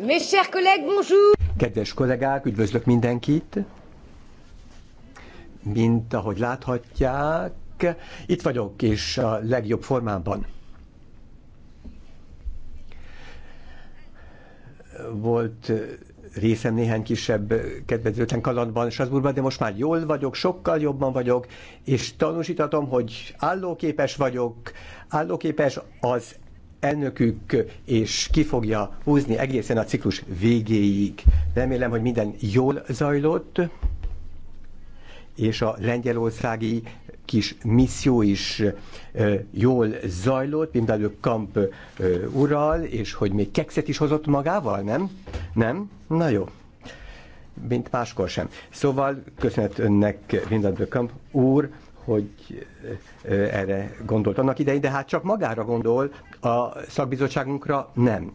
Mes chers collègues, bonjour! Kedves kollégák, üdvözlök mindenkit! Mint ahogy láthatják, itt vagyok, és a legjobb formában. Volt részem néhány kisebb kedvezőtlen kalandban Strasbourgban, de most már jól vagyok, sokkal jobban vagyok, és tanúsítatom, hogy állóképes vagyok, állóképes az elnökük, és ki fogja húzni egészen a ciklus végéig. Remélem, hogy minden jól zajlott, és a lengyelországi kis misszió is ö, jól zajlott, előbb Kamp ö, ural, és hogy még kekszet is hozott magával, nem? Nem? Na jó. Mint máskor sem. Szóval köszönet önnek, Vindan Kamp úr, hogy erre gondolt annak idején, de hát csak magára gondol, a szakbizottságunkra nem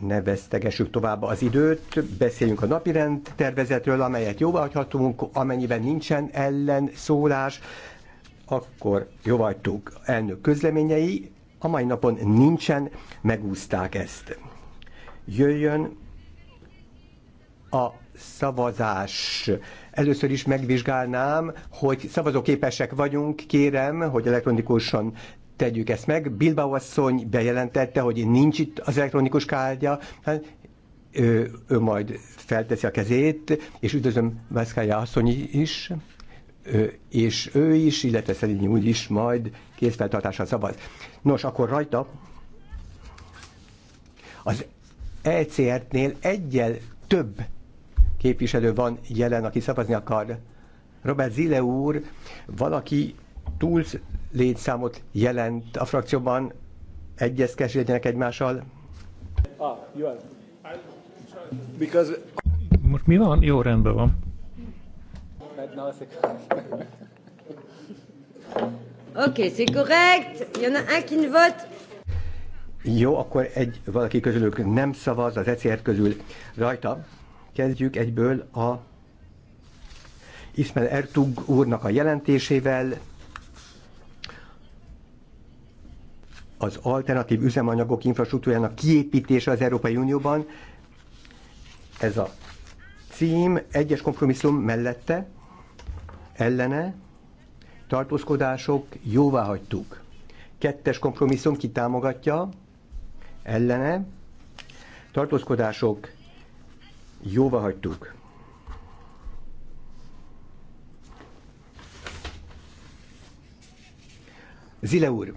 ne vesztegessük tovább az időt, beszéljünk a napirend tervezetről, amelyet jóváhagyhatunk, amennyiben nincsen ellenszólás, akkor jóváhagytuk elnök közleményei, a mai napon nincsen, megúzták ezt. Jöjjön a szavazás. Először is megvizsgálnám, hogy szavazóképesek vagyunk, kérem, hogy elektronikusan tegyük ezt meg. Bilbao asszony bejelentette, hogy nincs itt az elektronikus kártya, ő, hát, ő majd felteszi a kezét, és üdvözlöm Vászkája asszony is, ő, és ő is, illetve szerint úgy is majd készfeltartással szavaz. Nos, akkor rajta az ECR-nél egyel több képviselő van jelen, aki szavazni akar. Robert Zile úr, valaki túl létszámot jelent a frakcióban, egyezkesüljenek egymással. Ah, jó. Because... Most mi van? Jó, rendben van. okay, c'est correct. Jön a un qui ne vote. Jó, akkor egy valaki közülük nem szavaz, az ECR közül rajta. Kezdjük egyből a Ismail Ertug úrnak a jelentésével. az alternatív üzemanyagok infrastruktúrának kiépítése az Európai Unióban. Ez a cím egyes kompromisszum mellette, ellene, tartózkodások, jóvá hagytuk. Kettes kompromisszum ki támogatja, ellene, tartózkodások, jóvá hagytuk. Zile úr!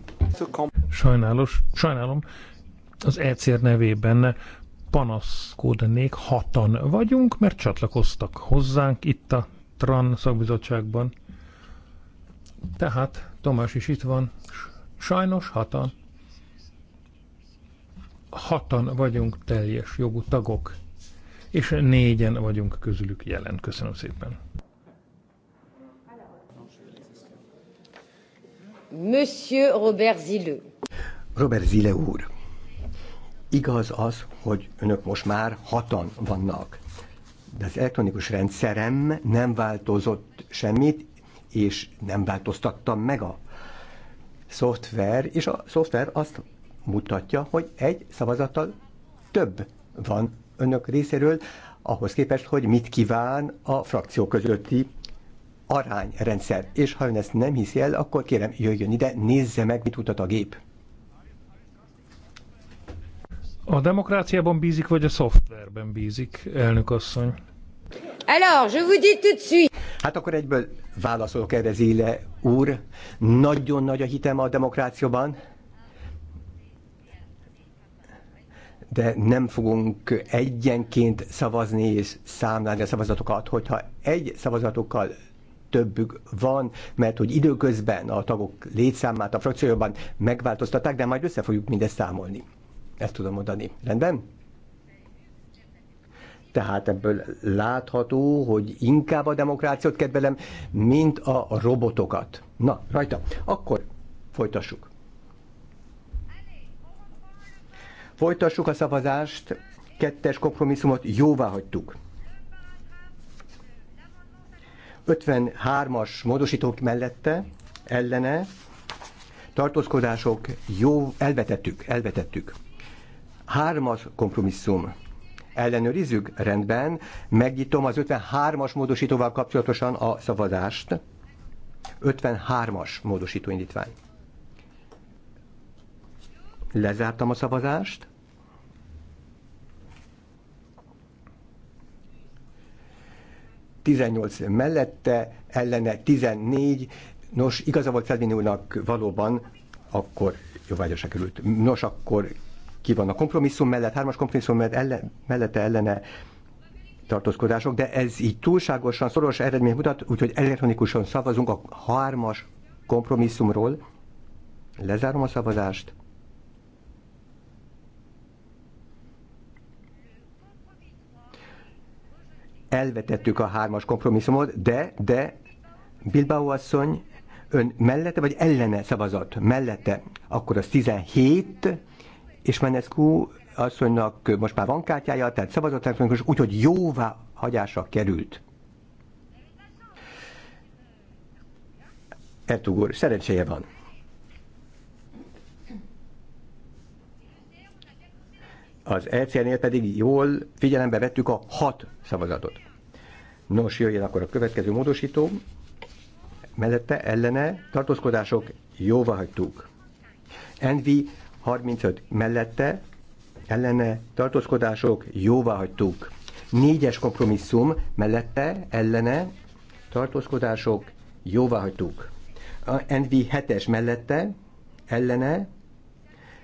Sajnálos, sajnálom, az ECR nevében panaszkodnék, hatan vagyunk, mert csatlakoztak hozzánk itt a TRAN szakbizottságban. Tehát Tomás is itt van. Sajnos hatan. Hatan vagyunk teljes jogú tagok, és négyen vagyunk közülük jelen. Köszönöm szépen. Monsieur Robert Zille. Robert Zille úr, igaz az, hogy önök most már hatan vannak, de az elektronikus rendszerem nem változott semmit, és nem változtattam meg a szoftver, és a szoftver azt mutatja, hogy egy szavazattal több van önök részéről, ahhoz képest, hogy mit kíván a frakció közötti arányrendszer. És ha ön ezt nem hiszi el, akkor kérem, jöjjön ide, nézze meg, mit mutat a gép. A demokráciában bízik, vagy a szoftverben bízik, elnök asszony? Alors, je vous dis tout de suite. Hát akkor egyből válaszolok erre, Zile úr. Nagyon nagy a hitem a demokrációban. de nem fogunk egyenként szavazni és számlálni a szavazatokat. Hogyha egy szavazatokkal többük van, mert hogy időközben a tagok létszámát a frakcióban megváltoztatták, de majd össze fogjuk mindezt számolni. Ezt tudom mondani. Rendben? Tehát ebből látható, hogy inkább a demokrációt kedvelem, mint a robotokat. Na, rajta. Akkor folytassuk. Folytassuk a szavazást, kettes kompromisszumot jóvá hagytuk. 53-as módosítók mellette, ellene, tartózkodások, jó, elvetettük, elvetettük. Hármas kompromisszum. Ellenőrizzük, rendben, megnyitom az 53-as módosítóval kapcsolatosan a szavazást. 53-as módosító indítvány. Lezártam a szavazást. 18 mellette, ellene 14. Nos, igaza volt Fedmin úrnak valóban, akkor jóvágyasra került. Nos, akkor ki van a kompromisszum mellett, hármas kompromisszum mellett, ellen, mellette ellene tartózkodások, de ez így túlságosan szoros eredmény mutat, úgyhogy elektronikusan szavazunk a hármas kompromisszumról. Lezárom a szavazást. elvetettük a hármas kompromisszumot, de, de Bilbao asszony ön mellette vagy ellene szavazott? Mellette. Akkor az 17, és Menescu asszonynak most már van kártyája, tehát szavazott elektronikus, úgyhogy jóvá hagyásra került. Ertugor, szerencséje van. Az ecn nél pedig jól figyelembe vettük a hat szavazatot. Nos, jöjjön akkor a következő módosító. Mellette ellene tartózkodások jóvá hagytuk. NV 35 mellette ellene tartózkodások jóvá hagytuk. Négyes kompromisszum mellette ellene tartózkodások jóvá hagytuk. A NV 7-es mellette ellene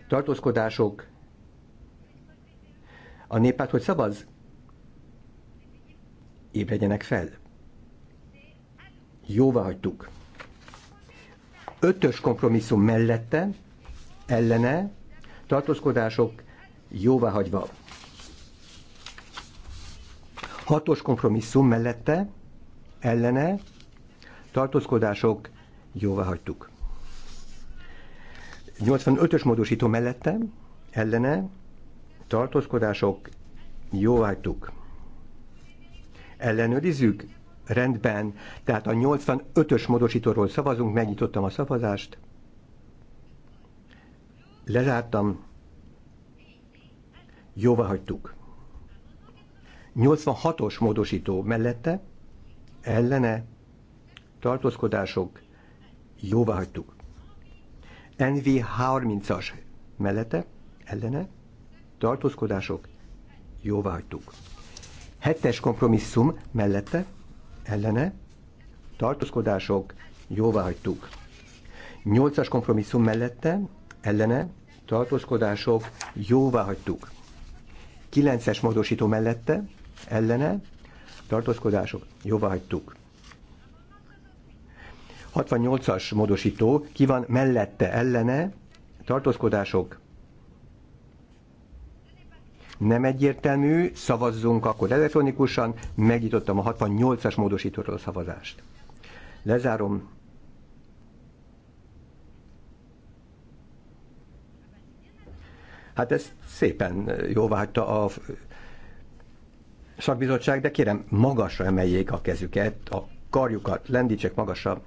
tartózkodások a néppárt hogy szavaz? ébredjenek fel. Jóvá hagytuk. Ötös kompromisszum mellette, ellene, tartózkodások jóvá hagyva. Hatos kompromisszum mellette, ellene, tartózkodások jóvá hagytuk. 85-ös módosító mellette, ellene, tartózkodások jóvá hagytuk ellenőrizzük? Rendben. Tehát a 85-ös módosítóról szavazunk, megnyitottam a szavazást. Lezártam. Jóvá hagytuk. 86-os módosító mellette, ellene, tartózkodások, jóvá hagytuk. NV 30-as mellette, ellene, tartózkodások, jóvá hagytuk. Hetes kompromisszum mellette, ellene, tartózkodások, jóvá hagytuk. Nyolcas kompromisszum mellette, ellene, tartózkodások, jóvá hagytuk. Kilences módosító mellette, ellene, tartózkodások, jóvá hagytuk. 68-as módosító, ki van mellette, ellene, tartózkodások, nem egyértelmű, szavazzunk akkor elektronikusan, megnyitottam a 68-as módosítóról a szavazást. Lezárom. Hát ez szépen hagyta a szakbizottság, de kérem, magasra emeljék a kezüket, a karjukat, lendítsék magasra.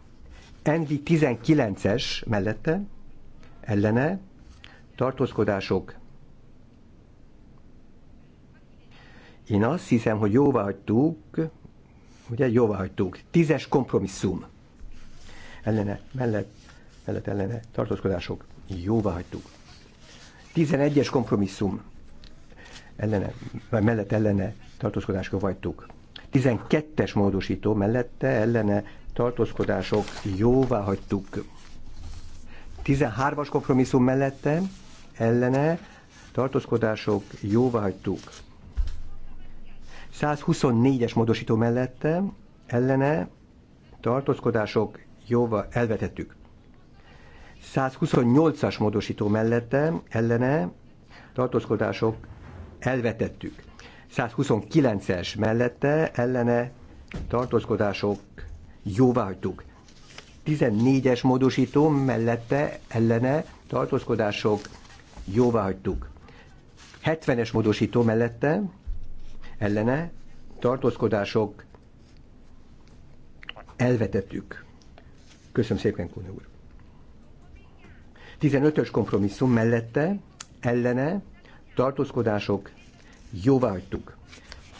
Envi 19-es mellette, ellene, tartózkodások Én azt hiszem, hogy jóvá hagytuk, ugye jóvá hagytuk. Tízes kompromisszum. Ellene, mellett, mellett ellene tartózkodások. Jóvá hagytuk. Tizenegyes kompromisszum. Ellene, vagy mellett ellene tartózkodások vagytuk. tizenkettes módosító mellette ellene tartózkodások jóvá hagytuk. 13-as kompromisszum mellette ellene tartózkodások jóvá hagytuk. 124-es módosító mellette ellene tartózkodások jóva elvetettük. 128-as módosító mellette ellene tartózkodások elvetettük. 129-es mellette ellene tartózkodások jóváhagytuk. 14-es módosító mellette ellene tartózkodások jóváhagytuk. 70-es módosító mellette ellene tartózkodások elvetettük. Köszönöm szépen, Kuni úr. 15-ös kompromisszum mellette ellene tartózkodások jóváhagytuk.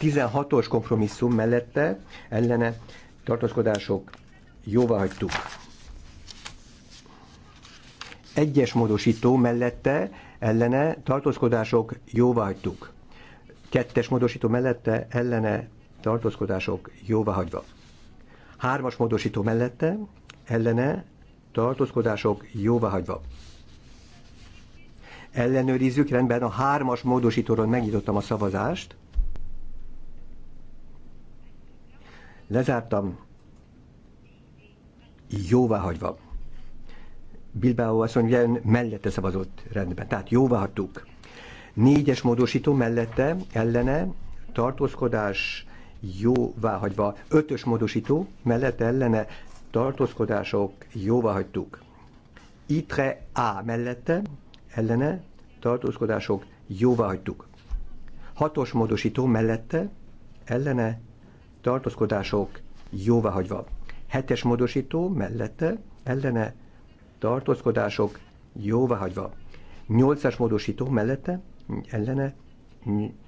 16-os kompromisszum mellette ellene tartózkodások jóváhagytuk. Egyes módosító mellette ellene tartózkodások jóváhagytuk. Kettes módosító mellette ellene tartózkodások jóváhagyva. Hármas módosító mellette ellene tartózkodások jóváhagyva. Ellenőrizzük, rendben a hármas módosítóról megnyitottam a szavazást. Lezártam. Jóváhagyva. Bilbao asszony mellette szavazott rendben. Tehát jóváhagytuk. Négyes módosító mellette, ellene, tartózkodás jóváhagyva. Ötös módosító mellette, ellene, tartózkodások jóváhagytuk. Itre A mellette, ellene, tartózkodások jóváhagytuk. Hatos módosító mellette, ellene, tartózkodások jóváhagyva. Hetes módosító mellette, ellene, tartózkodások jóváhagyva. Nyolcas módosító mellette, ellene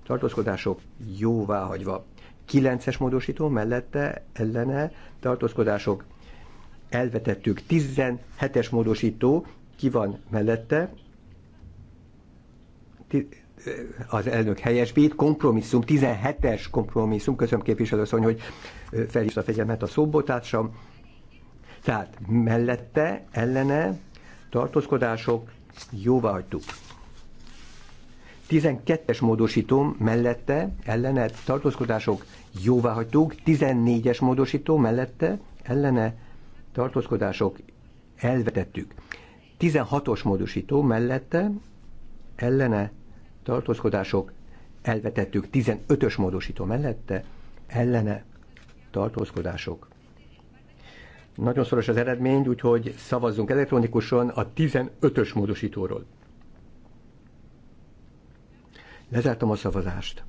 tartózkodások jóváhagyva. 9-es módosító mellette ellene tartózkodások elvetettük. 17-es módosító ki van mellette? Az elnök helyesbít, kompromisszum, 17-es kompromisszum, köszönöm képviselőszony, hogy felhívta a fegyelmet a szóbotársam. Tehát mellette, ellene tartózkodások hagytuk. 12-es módosító mellette ellene tartózkodások jóváhagytók, 14-es módosító mellette ellene tartózkodások elvetettük. 16-os módosító mellette ellene tartózkodások elvetettük, 15-ös módosító mellette ellene tartózkodások. Nagyon szoros az eredmény, úgyhogy szavazzunk elektronikusan a 15-ös módosítóról. Lezártam a szavazást.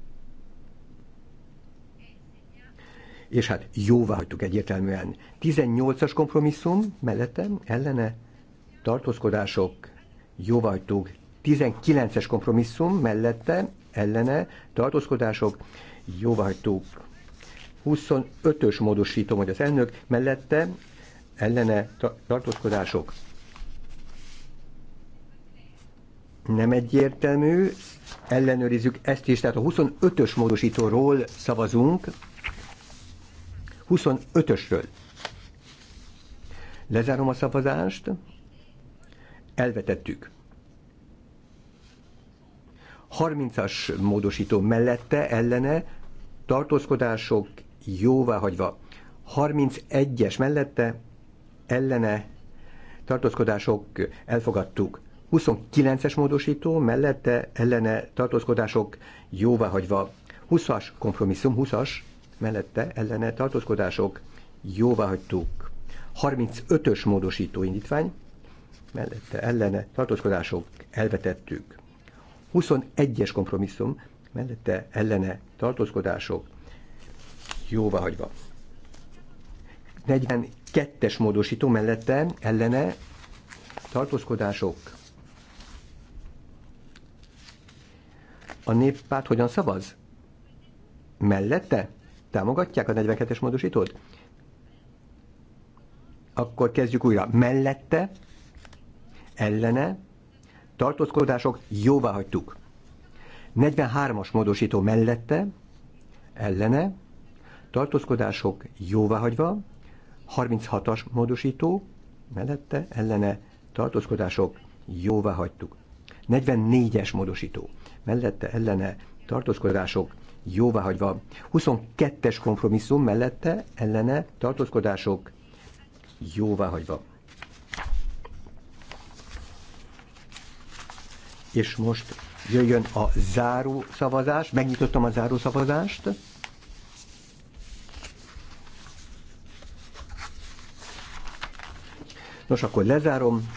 És hát jóvá hagytuk egyértelműen. 18-as kompromisszum mellettem, ellene tartózkodások jóvá hagytuk. 19-es kompromisszum mellette, ellene tartózkodások jóvá hagytuk. 25-ös módosítom, hogy az elnök mellette ellene tartózkodások nem egyértelmű, ellenőrizzük ezt is, tehát a 25-ös módosítóról szavazunk, 25-ösről. Lezárom a szavazást, elvetettük. 30-as módosító mellette, ellene, tartózkodások jóváhagyva. 31-es mellette, ellene, tartózkodások elfogadtuk. 29-es módosító mellette ellene tartózkodások jóváhagyva. 20-as kompromisszum, 20-as mellette ellene tartózkodások jóváhagytuk. 35-ös módosító indítvány mellette ellene tartózkodások elvetettük. 21-es kompromisszum mellette ellene tartózkodások jóváhagyva. 42-es módosító mellette ellene tartózkodások A néppárt hogyan szavaz? Mellette? Támogatják a 42-es módosítót? Akkor kezdjük újra. Mellette? Ellene? Tartózkodások? Jóvá hagytuk. 43-as módosító mellette? Ellene? Tartózkodások? Jóvá hagyva? 36-as módosító? Mellette? Ellene? Tartózkodások? Jóvá hagytuk. 44-es módosító mellette ellene tartózkodások jóváhagyva. 22-es kompromisszum mellette ellene tartózkodások jóváhagyva. És most jöjjön a záró szavazás. Megnyitottam a záró szavazást. Nos, akkor lezárom.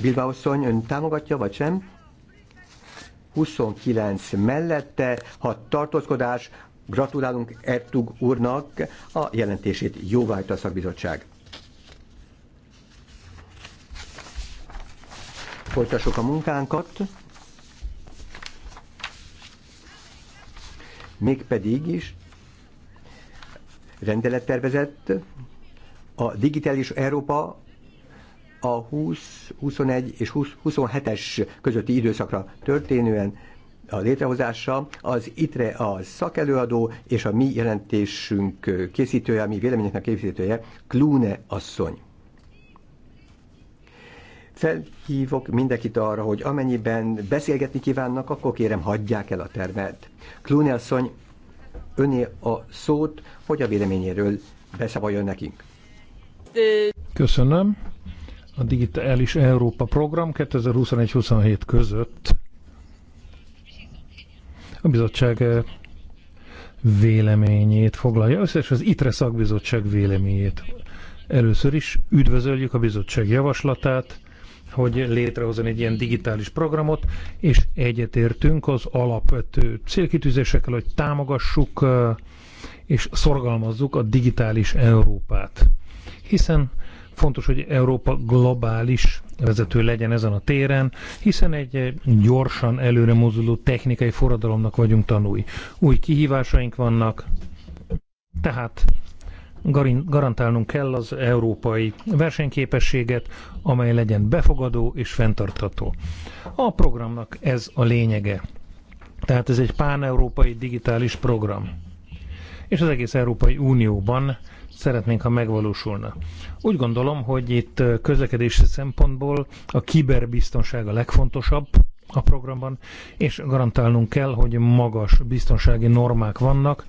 Bilbao ön támogatja, vagy sem? 29 mellette, ha tartózkodás, gratulálunk Ertug úrnak, a jelentését jóváhagyta a szakbizottság. Folytassuk a munkánkat. Mégpedig is rendelettervezett a Digitális Európa a 20, 21 és 20, 27-es közötti időszakra történően a létrehozása, az ITRE a szakelőadó, és a mi jelentésünk készítője, a mi véleményeknek készítője, Klune asszony. Felhívok mindenkit arra, hogy amennyiben beszélgetni kívánnak, akkor kérem, hagyják el a termet. Klune asszony, öné a szót, hogy a véleményéről beszavajon nekünk. Köszönöm a Digitális Európa program 2021-27 között a bizottság véleményét foglalja össze, és az ITRE szakbizottság véleményét. Először is üdvözöljük a bizottság javaslatát, hogy létrehozzon egy ilyen digitális programot, és egyetértünk az alapvető célkitűzésekkel, hogy támogassuk és szorgalmazzuk a digitális Európát. Hiszen Fontos, hogy Európa globális vezető legyen ezen a téren, hiszen egy gyorsan előre mozduló technikai forradalomnak vagyunk tanúi. Új kihívásaink vannak, tehát garantálnunk kell az európai versenyképességet, amely legyen befogadó és fenntartható. A programnak ez a lényege. Tehát ez egy európai digitális program. És az egész Európai Unióban szeretnénk, ha megvalósulna. Úgy gondolom, hogy itt közlekedési szempontból a kiberbiztonság a legfontosabb a programban, és garantálnunk kell, hogy magas biztonsági normák vannak,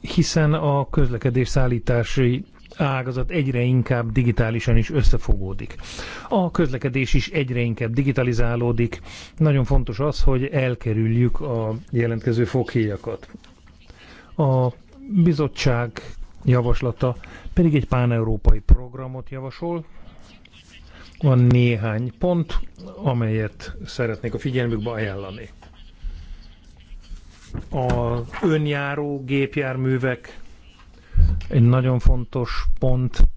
hiszen a közlekedés szállítási ágazat egyre inkább digitálisan is összefogódik. A közlekedés is egyre inkább digitalizálódik. Nagyon fontos az, hogy elkerüljük a jelentkező foghíjakat. A bizottság javaslata pedig egy páneurópai programot javasol. Van néhány pont, amelyet szeretnék a figyelmükbe ajánlani. A önjáró gépjárművek egy nagyon fontos pont.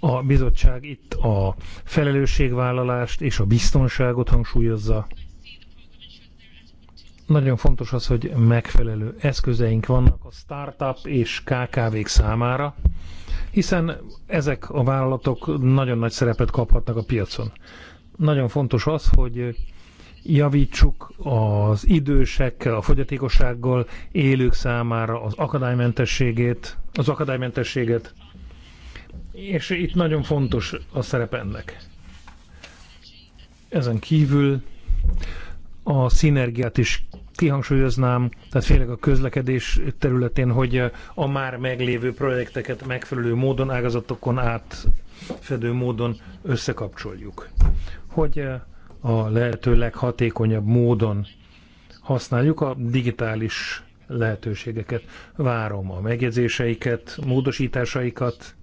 A bizottság itt a felelősségvállalást és a biztonságot hangsúlyozza nagyon fontos az, hogy megfelelő eszközeink vannak a startup és KKV-k számára, hiszen ezek a vállalatok nagyon nagy szerepet kaphatnak a piacon. Nagyon fontos az, hogy javítsuk az idősek, a fogyatékossággal élők számára az akadálymentességét, az akadálymentességet, és itt nagyon fontos a szerep ennek. Ezen kívül a szinergiát is kihangsúlyoznám, tehát főleg a közlekedés területén, hogy a már meglévő projekteket megfelelő módon, ágazatokon átfedő módon összekapcsoljuk. Hogy a lehető leghatékonyabb módon használjuk a digitális lehetőségeket. Várom a megjegyzéseiket, módosításaikat,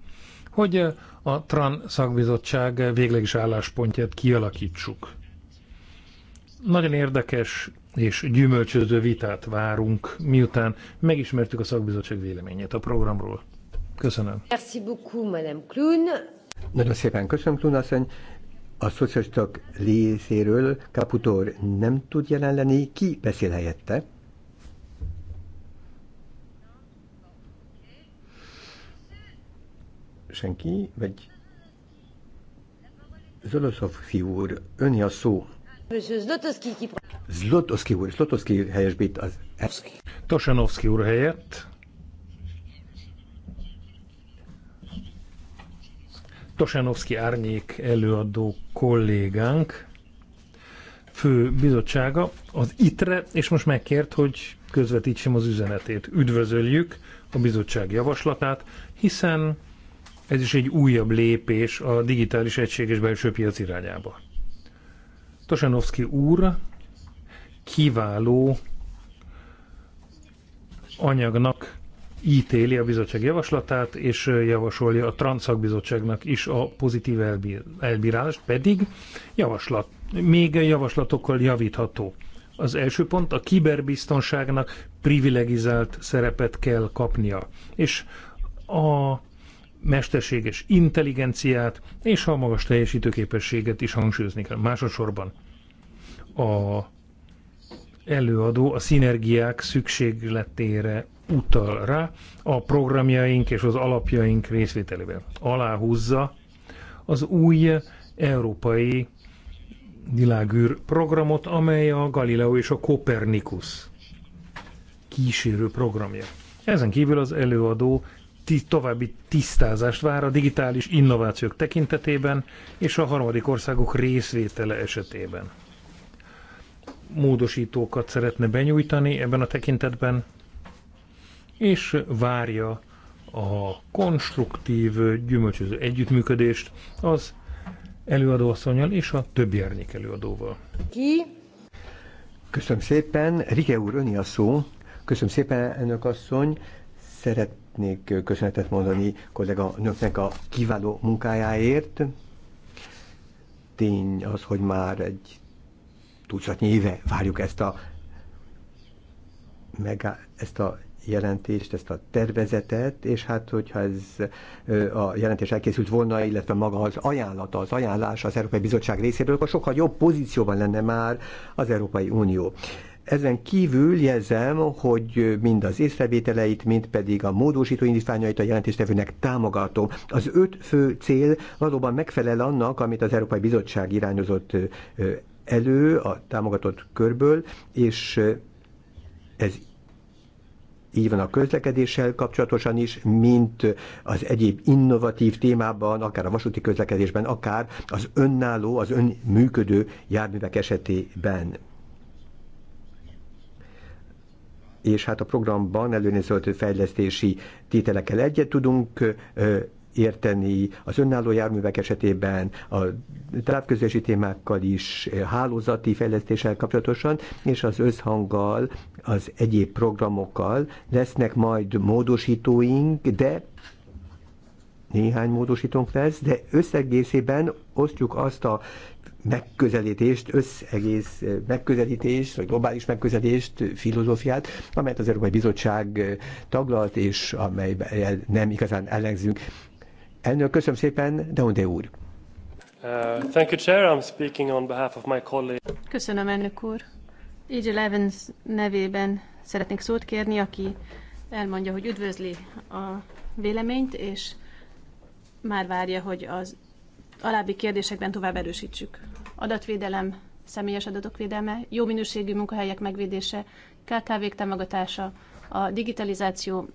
hogy a TRAN szakbizottság végleges álláspontját kialakítsuk. Nagyon érdekes és gyümölcsöző vitát várunk, miután megismertük a szakbizottság véleményét a programról. Köszönöm. Merci beaucoup, Madame Klun. Nagyon szépen köszönöm, Klun asszony. A szocialistak részéről Kaputor nem tud jelen lenni. Ki beszél helyette? Senki? Vagy Zoloszov fiúr, ön a szó. Zlotowski, ki... Zlotowski úr, Zlotowski helyesbít az... Tosanovski úr helyett. Tosanovski árnyék előadó kollégánk fő bizottsága az ITRE, és most megkért, hogy közvetítsem az üzenetét. Üdvözöljük a bizottság javaslatát, hiszen ez is egy újabb lépés a digitális egységes belső piac irányába. Tosanovszki úr kiváló anyagnak ítéli a bizottság javaslatát, és javasolja a Transzakbizottságnak is a pozitív elbírálást, pedig javaslat, még a javaslatokkal javítható. Az első pont, a kiberbiztonságnak privilegizált szerepet kell kapnia, és a mesterséges intelligenciát és a magas teljesítőképességet is hangsúlyozni kell. Másodszorban a előadó a szinergiák szükségletére utal rá a programjaink és az alapjaink részvételével. Aláhúzza az új európai világűr programot, amely a Galileo és a Kopernikus kísérő programja. Ezen kívül az előadó további tisztázást vár a digitális innovációk tekintetében és a harmadik országok részvétele esetében. Módosítókat szeretne benyújtani ebben a tekintetben, és várja a konstruktív gyümölcsöző együttműködést az előadóasszonyjal és a többi árnyék előadóval. Ki? Köszönöm szépen. Rike úr, öni a szó. Köszönöm szépen, elnök asszony. Szeret Szeretnék köszönetet mondani kollega nőknek a kiváló munkájáért. Tény az, hogy már egy tucatnyi éve várjuk ezt a, mega, ezt a jelentést, ezt a tervezetet, és hát hogyha ez a jelentés elkészült volna, illetve maga az ajánlata, az ajánlás az Európai Bizottság részéről, akkor sokkal jobb pozícióban lenne már az Európai Unió. Ezen kívül jelzem, hogy mind az észrevételeit, mind pedig a módosító indítványait a jelentéstevőnek támogatom. Az öt fő cél valóban megfelel annak, amit az Európai Bizottság irányozott elő a támogatott körből, és ez így van a közlekedéssel kapcsolatosan is, mint az egyéb innovatív témában, akár a vasúti közlekedésben, akár az önálló, az önműködő járművek esetében. és hát a programban előnyezöltő fejlesztési tételekkel egyet tudunk érteni az önálló járművek esetében, a távközlési témákkal is, hálózati fejlesztéssel kapcsolatosan, és az összhanggal, az egyéb programokkal lesznek majd módosítóink, de néhány módosítónk lesz, de összegészében osztjuk azt a megközelítést, összegész megközelítést, vagy globális megközelítést, filozófiát, amelyet az Európai Bizottság taglalt, és amelyben nem igazán ellenzünk. Ennél köszönöm szépen, Deonde úr! Uh, thank you, Chair. I'm speaking on behalf of my colleague. Köszönöm, elnök úr. E.J. Levens nevében szeretnék szót kérni, aki elmondja, hogy üdvözli a véleményt, és már várja, hogy az alábbi kérdésekben tovább erősítsük. Adatvédelem, személyes adatok védelme, jó minőségű munkahelyek megvédése, KKV-k támogatása, a digitalizáció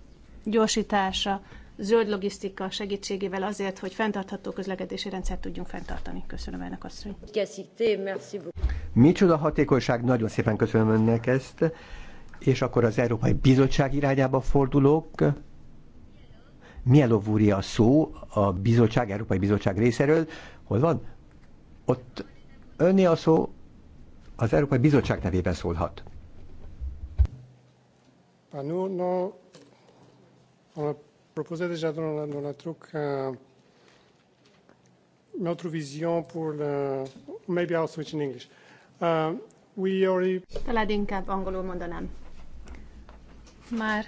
gyorsítása, zöld logisztika segítségével azért, hogy fenntartható közlekedési rendszert tudjunk fenntartani. Köszönöm, elnök asszony. Micsoda hatékonyság, nagyon szépen köszönöm önnek ezt. És akkor az Európai Bizottság irányába fordulok. Mielov a szó a bizottság, Európai Bizottság részéről. Hol van? Ott önné a szó az Európai Bizottság nevében szólhat. Panur, no, on proposé déjà dans la, dans la truc uh, notre vision pour the, maybe I'll switch in English. Uh, we already... Talán inkább angolul mondanám. Már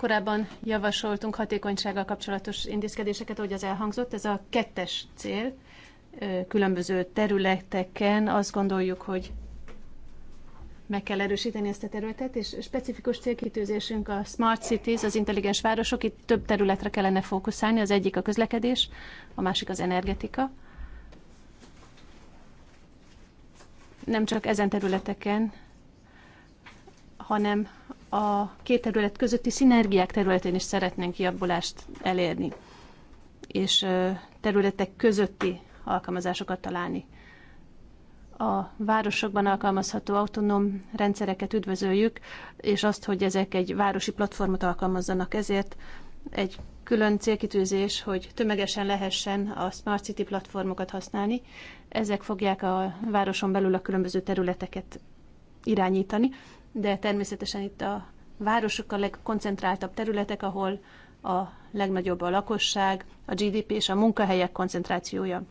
Korábban javasoltunk hatékonysággal kapcsolatos intézkedéseket, ahogy az elhangzott, ez a kettes cél. Különböző területeken azt gondoljuk, hogy meg kell erősíteni ezt a területet, és specifikus célkitűzésünk a Smart Cities, az intelligens városok, itt több területre kellene fókuszálni, az egyik a közlekedés, a másik az energetika. Nem csak ezen területeken, hanem a két terület közötti szinergiák területén is szeretnénk kiabbulást elérni, és területek közötti alkalmazásokat találni. A városokban alkalmazható autonóm rendszereket üdvözöljük, és azt, hogy ezek egy városi platformot alkalmazzanak ezért, egy külön célkitűzés, hogy tömegesen lehessen a Smart City platformokat használni. Ezek fogják a városon belül a különböző területeket irányítani, de természetesen itt a városok a legkoncentráltabb területek, ahol a legnagyobb a lakosság, a GDP és a munkahelyek koncentrációja.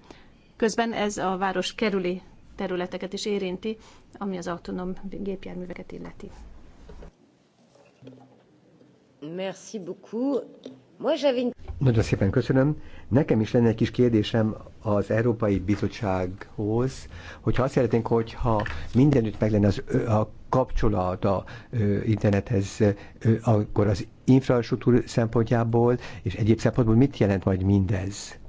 Közben ez a város kerüli területeket is érinti, ami az autonóm gépjárműveket illeti. Merci beaucoup. Moi, une... Nagyon szépen köszönöm. Nekem is lenne egy kis kérdésem az Európai Bizottsághoz, hogyha azt szeretnénk, hogyha mindenütt meg lenne az, a kapcsolat a internethez, akkor az infrastruktúr szempontjából és egyéb szempontból mit jelent majd mindez?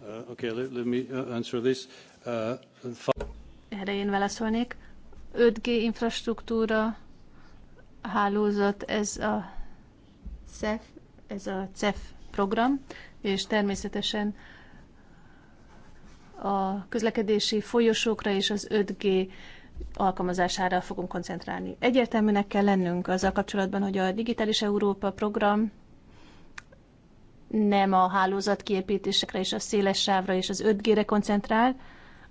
Uh, okay, let, let me uh, answer this. Uh, Erre én válaszolnék. 5G infrastruktúra hálózat, ez a CEF, ez a CEF program, és természetesen a közlekedési folyosókra és az 5G alkalmazására fogunk koncentrálni. Egyértelműnek kell lennünk azzal kapcsolatban, hogy a Digitális Európa program nem a hálózat kiépítésekre és a széles sávra és az 5G-re koncentrál,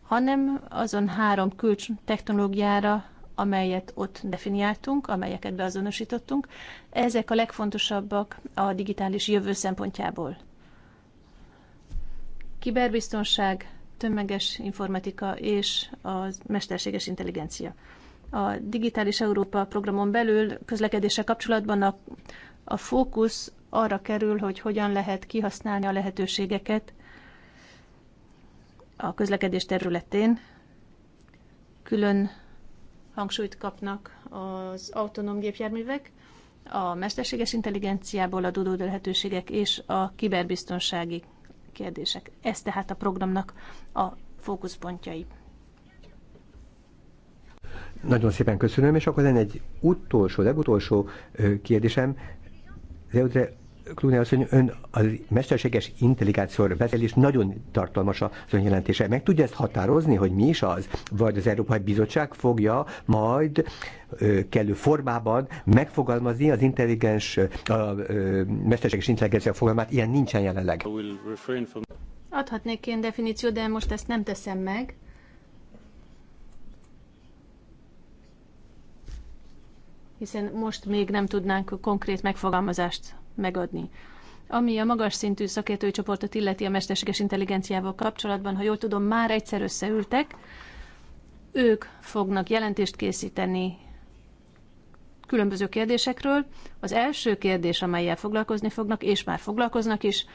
hanem azon három kulcs technológiára, amelyet ott definiáltunk, amelyeket beazonosítottunk. Ezek a legfontosabbak a digitális jövő szempontjából. Kiberbiztonság, tömeges informatika és a mesterséges intelligencia. A Digitális Európa programon belül közlekedése kapcsolatban a, a fókusz arra kerül, hogy hogyan lehet kihasználni a lehetőségeket a közlekedés területén. Külön hangsúlyt kapnak az autonóm gépjárművek, a mesterséges intelligenciából adódó lehetőségek és a kiberbiztonsági kérdések. Ez tehát a programnak a fókuszpontjai. Nagyon szépen köszönöm, és akkor lenne egy utolsó, legutolsó kérdésem Leodre Klúni asszony, ön a mesterséges intelligációról beszél, és nagyon tartalmas az ön jelentése. Meg tudja ezt határozni, hogy mi is az? Vagy az Európai Bizottság fogja majd kellő formában megfogalmazni az intelligens, a, ö, mesterséges intelligencia fogalmát, ilyen nincsen jelenleg. Adhatnék én definíciót, de most ezt nem teszem meg. hiszen most még nem tudnánk konkrét megfogalmazást megadni. Ami a magas szintű szakértőcsoportot illeti a mesterséges intelligenciával kapcsolatban, ha jól tudom, már egyszer összeültek, ők fognak jelentést készíteni különböző kérdésekről. Az első kérdés, amelyel foglalkozni fognak, és már foglalkoznak is,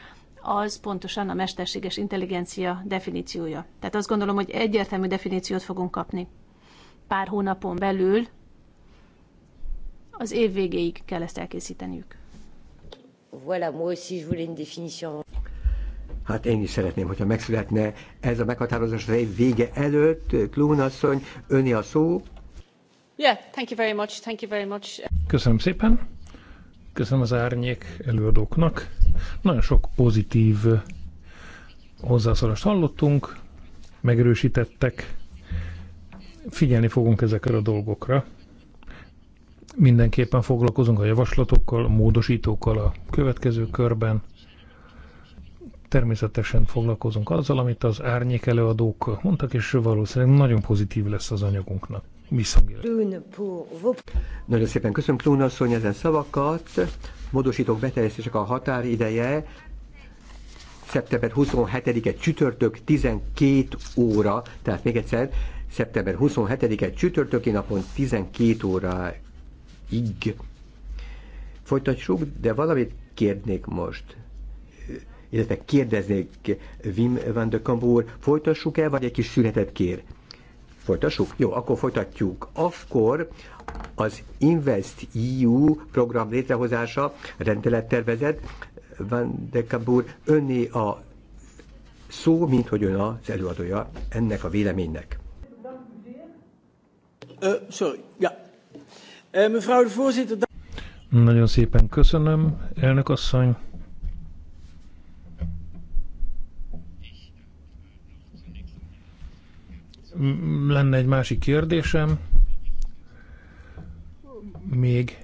az pontosan a mesterséges intelligencia definíciója. Tehát azt gondolom, hogy egyértelmű definíciót fogunk kapni. Pár hónapon belül az év végéig kell ezt elkészíteniük. Voilà, moi aussi je voulais une définition. Hát én is szeretném, hogyha megszületne ez a meghatározás év vége előtt. Klón asszony, öné a szó. Yeah, thank you very much, thank you very much. Köszönöm szépen. Köszönöm az árnyék előadóknak. Nagyon sok pozitív hozzászólást hallottunk, megerősítettek. Figyelni fogunk ezekre a dolgokra. Mindenképpen foglalkozunk a javaslatokkal, a módosítókkal a következő körben. Természetesen foglalkozunk azzal, amit az árnyék előadók mondtak, és valószínűleg nagyon pozitív lesz az anyagunknak. Nagyon szépen köszönöm Klún asszony ezen szavakat. Módosítók beteljesztések a határideje szeptember 27-e csütörtök 12 óra, tehát még egyszer szeptember 27-e csütörtöki napon 12 óra ig. Folytatjuk, de valamit kérnék most illetve kérdeznék Wim van de Kamp úr, folytassuk el, vagy egy kis szünetet kér? Folytassuk? Jó, akkor folytatjuk. Akkor az Invest EU program létrehozása, rendelettervezet, Van de Kamp úr, önné a szó, mint hogy ön az előadója ennek a véleménynek. Uh, sorry, yeah. Eh, mevrouw de voorzitter. Nagyon szépen köszönöm, elnök asszony. Lenne egy másik kérdésem. Még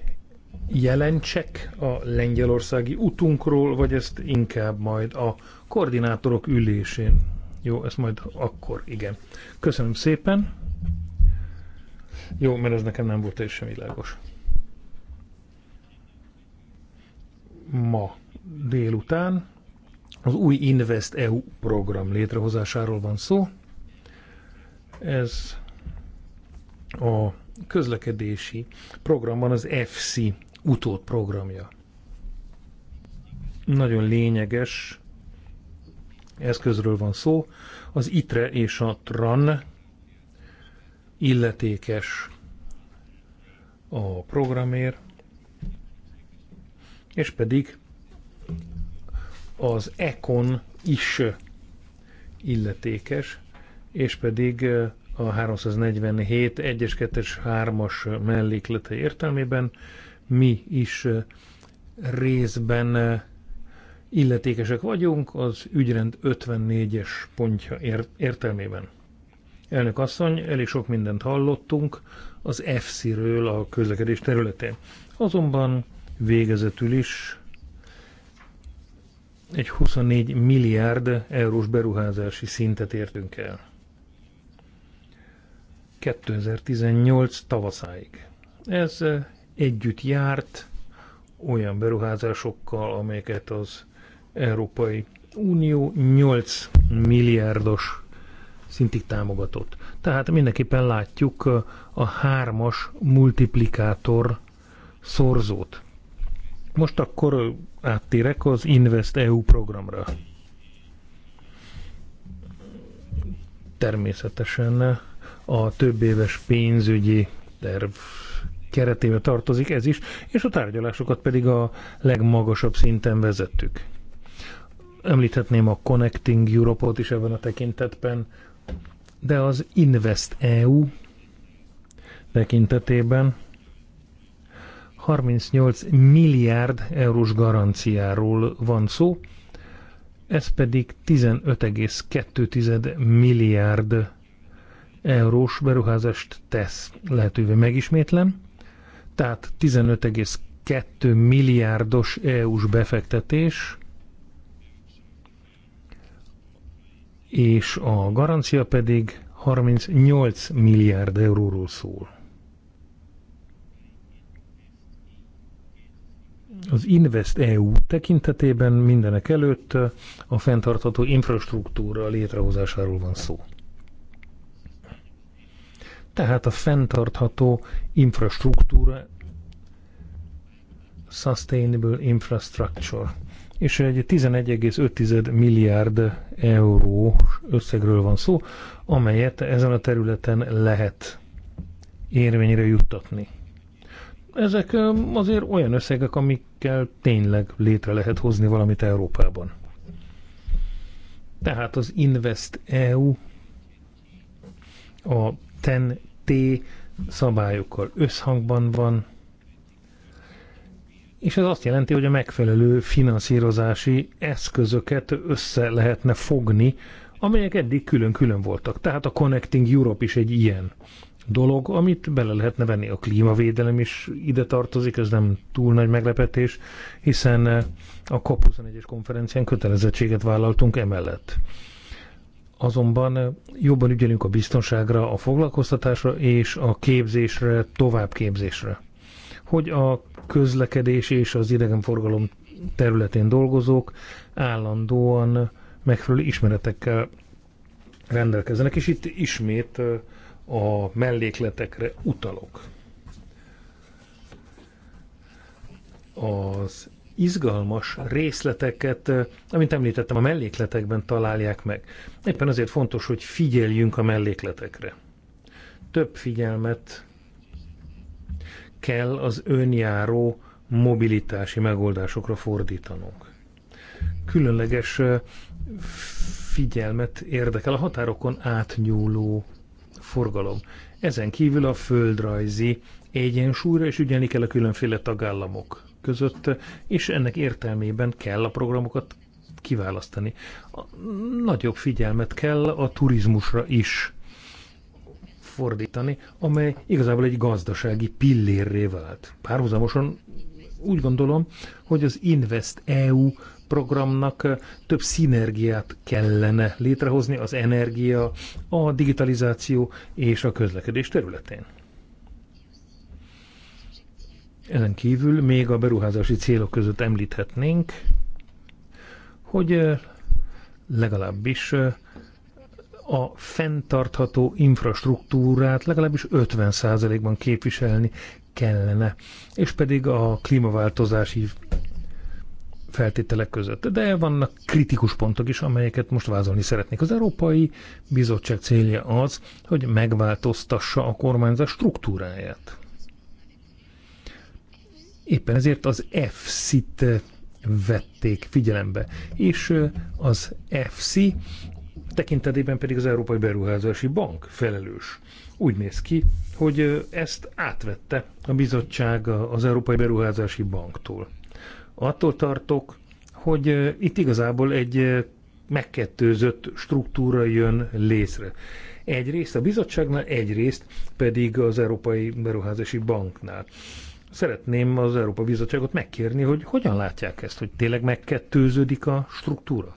jelentsek a lengyelországi utunkról, vagy ezt inkább majd a koordinátorok ülésén? Jó, ez majd akkor, igen. Köszönöm szépen. Jó, mert ez nekem nem volt teljesen világos. Ma délután az új Invest EU program létrehozásáról van szó. Ez a közlekedési programban az FC utód programja. Nagyon lényeges eszközről van szó. Az ITRE és a TRAN illetékes a programér és pedig az Econ is illetékes, és pedig a 347 1-es, 2-es, 3-as melléklete értelmében mi is részben illetékesek vagyunk az ügyrend 54-es pontja értelmében. Elnök asszony, elég sok mindent hallottunk az EFSZ-ről a közlekedés területén. Azonban végezetül is egy 24 milliárd eurós beruházási szintet értünk el. 2018 tavaszáig. Ez együtt járt olyan beruházásokkal, amelyeket az Európai Unió 8 milliárdos szintig támogatott. Tehát mindenképpen látjuk a hármas multiplikátor szorzót. Most akkor áttérek az Invest EU programra. Természetesen a több éves pénzügyi terv keretébe tartozik ez is, és a tárgyalásokat pedig a legmagasabb szinten vezettük. Említhetném a Connecting Europe-ot is ebben a tekintetben, de az Invest EU tekintetében 38 milliárd eurós garanciáról van szó, ez pedig 15,2 milliárd eurós beruházást tesz lehetővé. Megismétlem, tehát 15,2 milliárdos EU-s befektetés és a garancia pedig 38 milliárd euróról szól. Az Invest EU tekintetében mindenek előtt a fenntartható infrastruktúra létrehozásáról van szó. Tehát a fenntartható infrastruktúra, Sustainable Infrastructure és egy 11,5 milliárd euró összegről van szó, amelyet ezen a területen lehet érvényre juttatni. Ezek azért olyan összegek, amikkel tényleg létre lehet hozni valamit Európában. Tehát az Invest EU a TEN-T szabályokkal összhangban van, és ez azt jelenti, hogy a megfelelő finanszírozási eszközöket össze lehetne fogni, amelyek eddig külön-külön voltak. Tehát a Connecting Europe is egy ilyen dolog, amit bele lehetne venni. A klímavédelem is ide tartozik, ez nem túl nagy meglepetés, hiszen a COP21-es konferencián kötelezettséget vállaltunk emellett. Azonban jobban ügyelünk a biztonságra, a foglalkoztatásra és a képzésre, továbbképzésre hogy a közlekedés és az idegenforgalom területén dolgozók állandóan megfelelő ismeretekkel rendelkezzenek, és itt ismét a mellékletekre utalok. Az izgalmas részleteket, amint említettem, a mellékletekben találják meg. Éppen azért fontos, hogy figyeljünk a mellékletekre. Több figyelmet kell az önjáró mobilitási megoldásokra fordítanunk. Különleges figyelmet érdekel a határokon átnyúló forgalom. Ezen kívül a földrajzi egyensúlyra is ügyelni kell a különféle tagállamok között, és ennek értelmében kell a programokat kiválasztani. Nagyobb figyelmet kell a turizmusra is fordítani, amely igazából egy gazdasági pillérré vált. Párhuzamosan úgy gondolom, hogy az Invest EU programnak eh, több szinergiát kellene létrehozni az energia, a digitalizáció és a közlekedés területén. Ezen kívül még a beruházási célok között említhetnénk, hogy eh, legalábbis eh, a fenntartható infrastruktúrát legalábbis 50%-ban képviselni kellene, és pedig a klímaváltozási feltételek között. De vannak kritikus pontok is, amelyeket most vázolni szeretnék. Az Európai Bizottság célja az, hogy megváltoztassa a kormányzás struktúráját. Éppen ezért az EFSZ-t vették figyelembe, és az EFSI tekintetében pedig az Európai Beruházási Bank felelős. Úgy néz ki, hogy ezt átvette a bizottság az Európai Beruházási Banktól. Attól tartok, hogy itt igazából egy megkettőzött struktúra jön létre. Egyrészt a bizottságnál, egyrészt pedig az Európai Beruházási Banknál. Szeretném az Európa Bizottságot megkérni, hogy hogyan látják ezt, hogy tényleg megkettőződik a struktúra?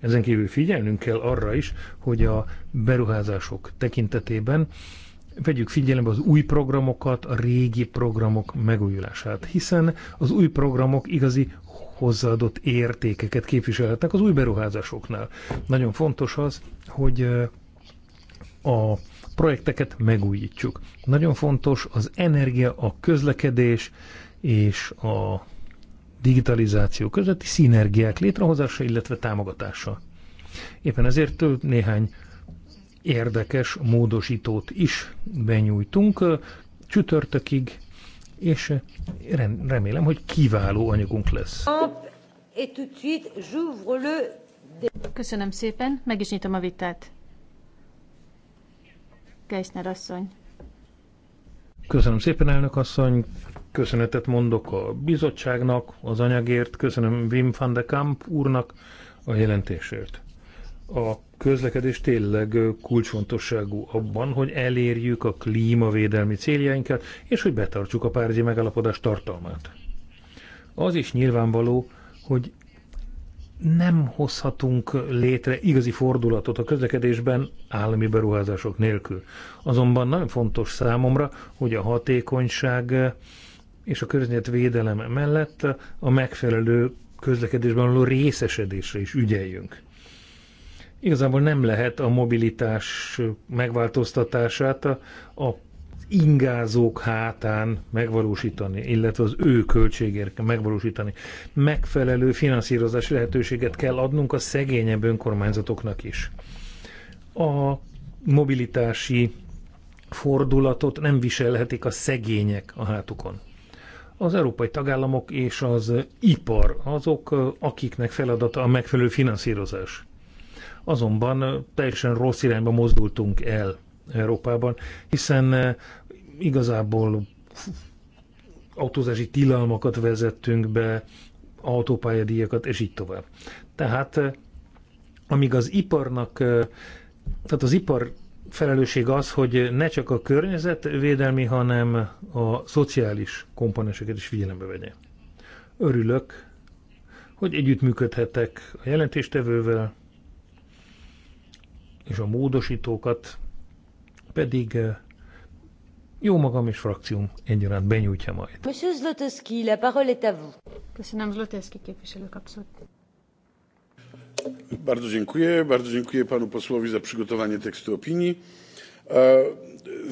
Ezen kívül figyelnünk kell arra is, hogy a beruházások tekintetében vegyük figyelembe az új programokat, a régi programok megújulását, hiszen az új programok igazi hozzáadott értékeket képviselhetnek az új beruházásoknál. Nagyon fontos az, hogy a projekteket megújítjuk. Nagyon fontos az energia, a közlekedés és a digitalizáció közötti szinergiák létrehozása, illetve támogatása. Éppen ezért néhány érdekes módosítót is benyújtunk csütörtökig, és remélem, hogy kiváló anyagunk lesz. Köszönöm szépen, meg is nyitom a vitát. Geisner asszony. Köszönöm szépen, elnök asszony köszönetet mondok a bizottságnak, az anyagért, köszönöm Wim van de Kamp úrnak a jelentésért. A közlekedés tényleg kulcsfontosságú abban, hogy elérjük a klímavédelmi céljainkat, és hogy betartsuk a párizsi megállapodás tartalmát. Az is nyilvánvaló, hogy nem hozhatunk létre igazi fordulatot a közlekedésben állami beruházások nélkül. Azonban nagyon fontos számomra, hogy a hatékonyság és a környezetvédelem mellett a megfelelő közlekedésben való részesedésre is ügyeljünk. Igazából nem lehet a mobilitás megváltoztatását a ingázók hátán megvalósítani, illetve az ő költségért megvalósítani. Megfelelő finanszírozási lehetőséget kell adnunk a szegényebb önkormányzatoknak is. A mobilitási fordulatot nem viselhetik a szegények a hátukon az európai tagállamok és az ipar azok, akiknek feladata a megfelelő finanszírozás. Azonban teljesen rossz irányba mozdultunk el Európában, hiszen eh, igazából autózási tilalmakat vezettünk be, autópályadíjakat, és így tovább. Tehát eh, amíg az iparnak, eh, tehát az ipar felelősség az, hogy ne csak a környezetvédelmi, hanem a szociális komponenseket is figyelembe vegye. Örülök, hogy együttműködhetek a jelentéstevővel, és a módosítókat pedig eh, jó magam és frakcióm egyaránt benyújtja majd. Köszönöm, Zlotowski képviselő kapszott. Bardzo dziękuję. Bardzo dziękuję panu posłowi za przygotowanie tekstu opinii. E,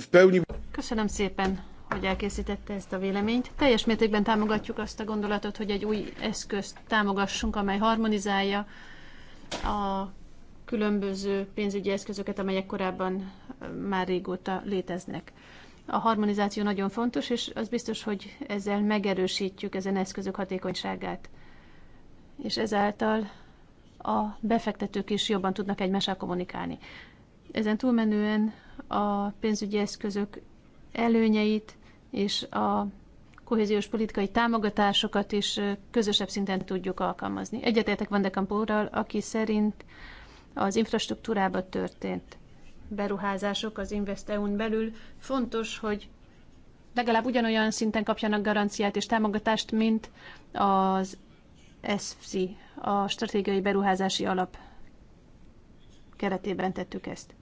w pełni... Köszönöm szépen, hogy elkészítette ezt a véleményt. Teljes mértékben támogatjuk azt a gondolatot, hogy egy új eszközt támogassunk, amely harmonizálja a különböző pénzügyi eszközöket, amelyek korábban e, már régóta léteznek. A harmonizáció nagyon fontos, és az biztos, hogy ezzel megerősítjük ezen eszközök hatékonyságát, és ezáltal a befektetők is jobban tudnak egymással kommunikálni. Ezen túlmenően a pénzügyi eszközök előnyeit és a kohéziós politikai támogatásokat is közösebb szinten tudjuk alkalmazni. Egyetértek Van de Kampóral, aki szerint az infrastruktúrába történt beruházások az InvestEU-n belül fontos, hogy legalább ugyanolyan szinten kapjanak garanciát és támogatást, mint az ESFSI, a Stratégiai Beruházási Alap keretében tettük ezt.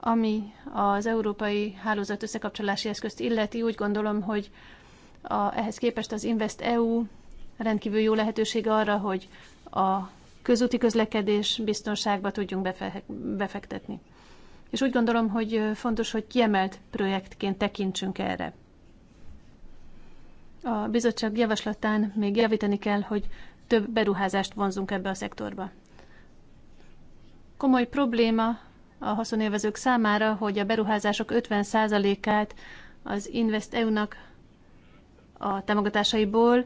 Ami az Európai Hálózat Összekapcsolási Eszközt illeti, úgy gondolom, hogy a, ehhez képest az Invest EU rendkívül jó lehetőség arra, hogy a közúti közlekedés biztonságba tudjunk befe befektetni. És úgy gondolom, hogy fontos, hogy kiemelt projektként tekintsünk erre. A bizottság javaslatán még javítani kell, hogy több beruházást vonzunk ebbe a szektorba. Komoly probléma a haszonélvezők számára, hogy a beruházások 50%-át az Invest EU-nak a támogatásaiból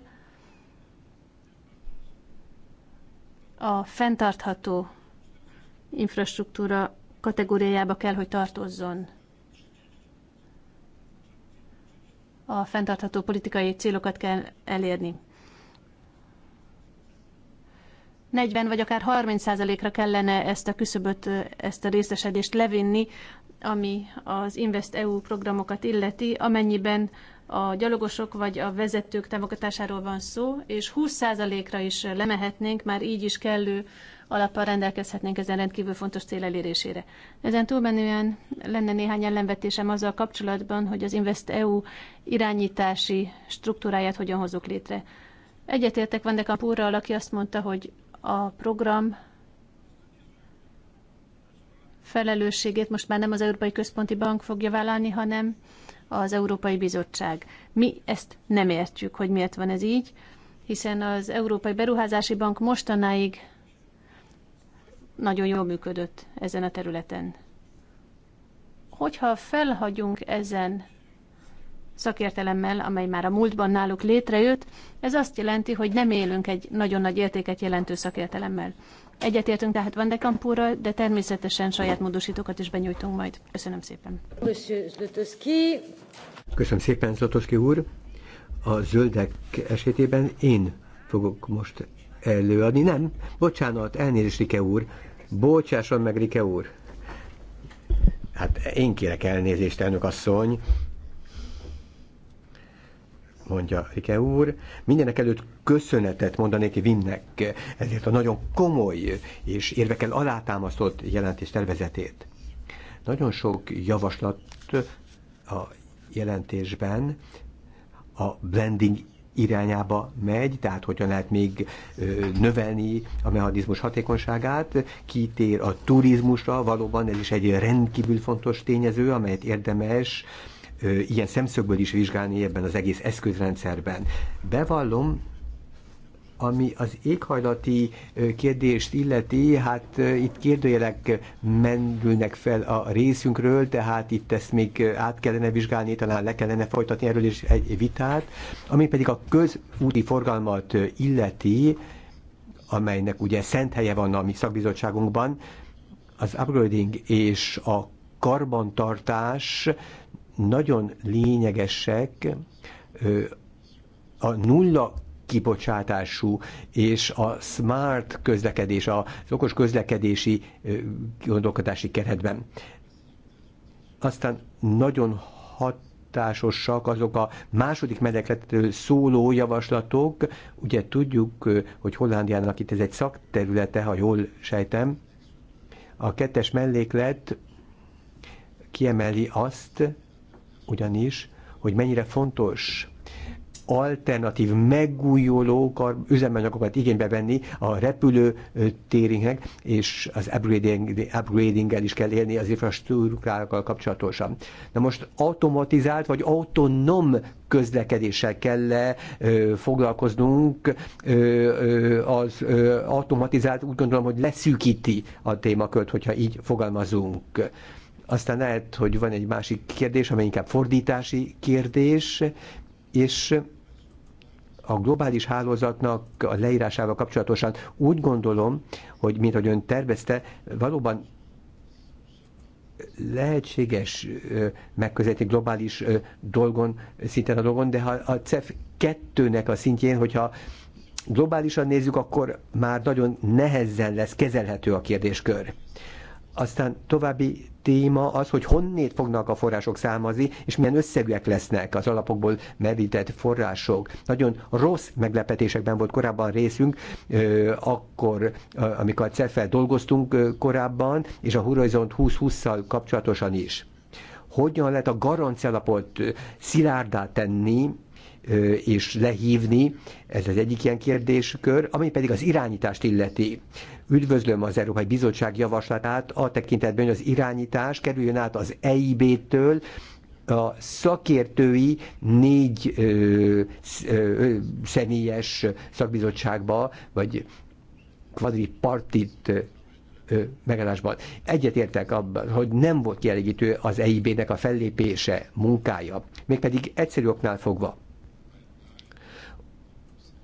a fenntartható infrastruktúra kategóriájába kell, hogy tartozzon. a fenntartható politikai célokat kell elérni. 40 vagy akár 30 százalékra kellene ezt a küszöböt, ezt a részesedést levinni, ami az Invest EU programokat illeti, amennyiben a gyalogosok vagy a vezetők támogatásáról van szó, és 20%-ra is lemehetnénk, már így is kellő alappal rendelkezhetnénk ezen rendkívül fontos cél elérésére. Ezen túlmenően lenne néhány ellenvetésem azzal kapcsolatban, hogy az Invest EU irányítási struktúráját hogyan hozzuk létre. Egyetértek Van de Kampúrral, aki azt mondta, hogy a program felelősségét most már nem az Európai Központi Bank fogja vállalni, hanem az Európai Bizottság. Mi ezt nem értjük, hogy miért van ez így, hiszen az Európai Beruházási Bank mostanáig nagyon jól működött ezen a területen. Hogyha felhagyunk ezen szakértelemmel, amely már a múltban náluk létrejött, ez azt jelenti, hogy nem élünk egy nagyon nagy értéket jelentő szakértelemmel. Egyetértünk tehát Van de Kampúrral, de természetesen saját módosítókat is benyújtunk majd. Köszönöm szépen. Köszönöm szépen, Zlotoszki úr. A zöldek esetében én fogok most előadni. Nem, bocsánat, elnézést, Rike úr. Bocsásson meg, Rike úr! Hát én kérek elnézést, elnök asszony, mondja Rike úr. Mindenek előtt köszönetet mondanék Vinnek, ezért a nagyon komoly és érvekkel alátámasztott jelentés tervezetét. Nagyon sok javaslat a jelentésben a blending irányába megy, tehát hogyan lehet még növelni a mechanizmus hatékonyságát, kitér a turizmusra, valóban ez is egy rendkívül fontos tényező, amelyet érdemes ilyen szemszögből is vizsgálni ebben az egész eszközrendszerben. Bevallom, ami az éghajlati kérdést illeti, hát itt kérdőjelek mendülnek fel a részünkről, tehát itt ezt még át kellene vizsgálni, talán le kellene folytatni erről is egy vitát. Ami pedig a közúti forgalmat illeti, amelynek ugye szent helye van a mi szakbizottságunkban, az upgrading és a karbantartás nagyon lényegesek, a nulla kibocsátású, és a smart közlekedés, az okos közlekedési gondolkodási keretben. Aztán nagyon hat hatásosak azok a második menekletről szóló javaslatok. Ugye tudjuk, hogy Hollandiának itt ez egy szakterülete, ha jól sejtem. A kettes melléklet kiemeli azt, ugyanis, hogy mennyire fontos alternatív, megújuló üzemanyagokat igénybe venni a repülőtérinknek, és az upgrading, upgradinggel is kell élni az infrastruktúrákkal kapcsolatosan. Na most automatizált vagy autonóm közlekedéssel kell -e, ö, foglalkoznunk, ö, ö, az ö, automatizált úgy gondolom, hogy leszűkíti a témakört, hogyha így fogalmazunk. Aztán lehet, hogy van egy másik kérdés, amely inkább fordítási kérdés, és a globális hálózatnak a leírásával kapcsolatosan úgy gondolom, hogy mint ahogy ön tervezte, valóban lehetséges megközelíteni globális dolgon, szinten a dolgon, de ha a CEF 2-nek a szintjén, hogyha globálisan nézzük, akkor már nagyon nehezen lesz kezelhető a kérdéskör. Aztán további téma az, hogy honnét fognak a források számazni, és milyen összegűek lesznek az alapokból merített források. Nagyon rossz meglepetésekben volt korábban részünk, akkor, amikor a cef dolgoztunk korábban, és a Horizont 2020-szal kapcsolatosan is. Hogyan lehet a garancialapot szilárdá tenni, és lehívni, ez az egyik ilyen kérdéskör, ami pedig az irányítást illeti. Üdvözlöm az Európai Bizottság javaslatát a tekintetben, hogy az irányítás kerüljön át az EIB-től a szakértői négy ö, ö, személyes szakbizottságba, vagy kvadripartit megállásban. Egyetértek abban, hogy nem volt kielégítő az EIB-nek a fellépése, munkája, mégpedig egyszerű oknál fogva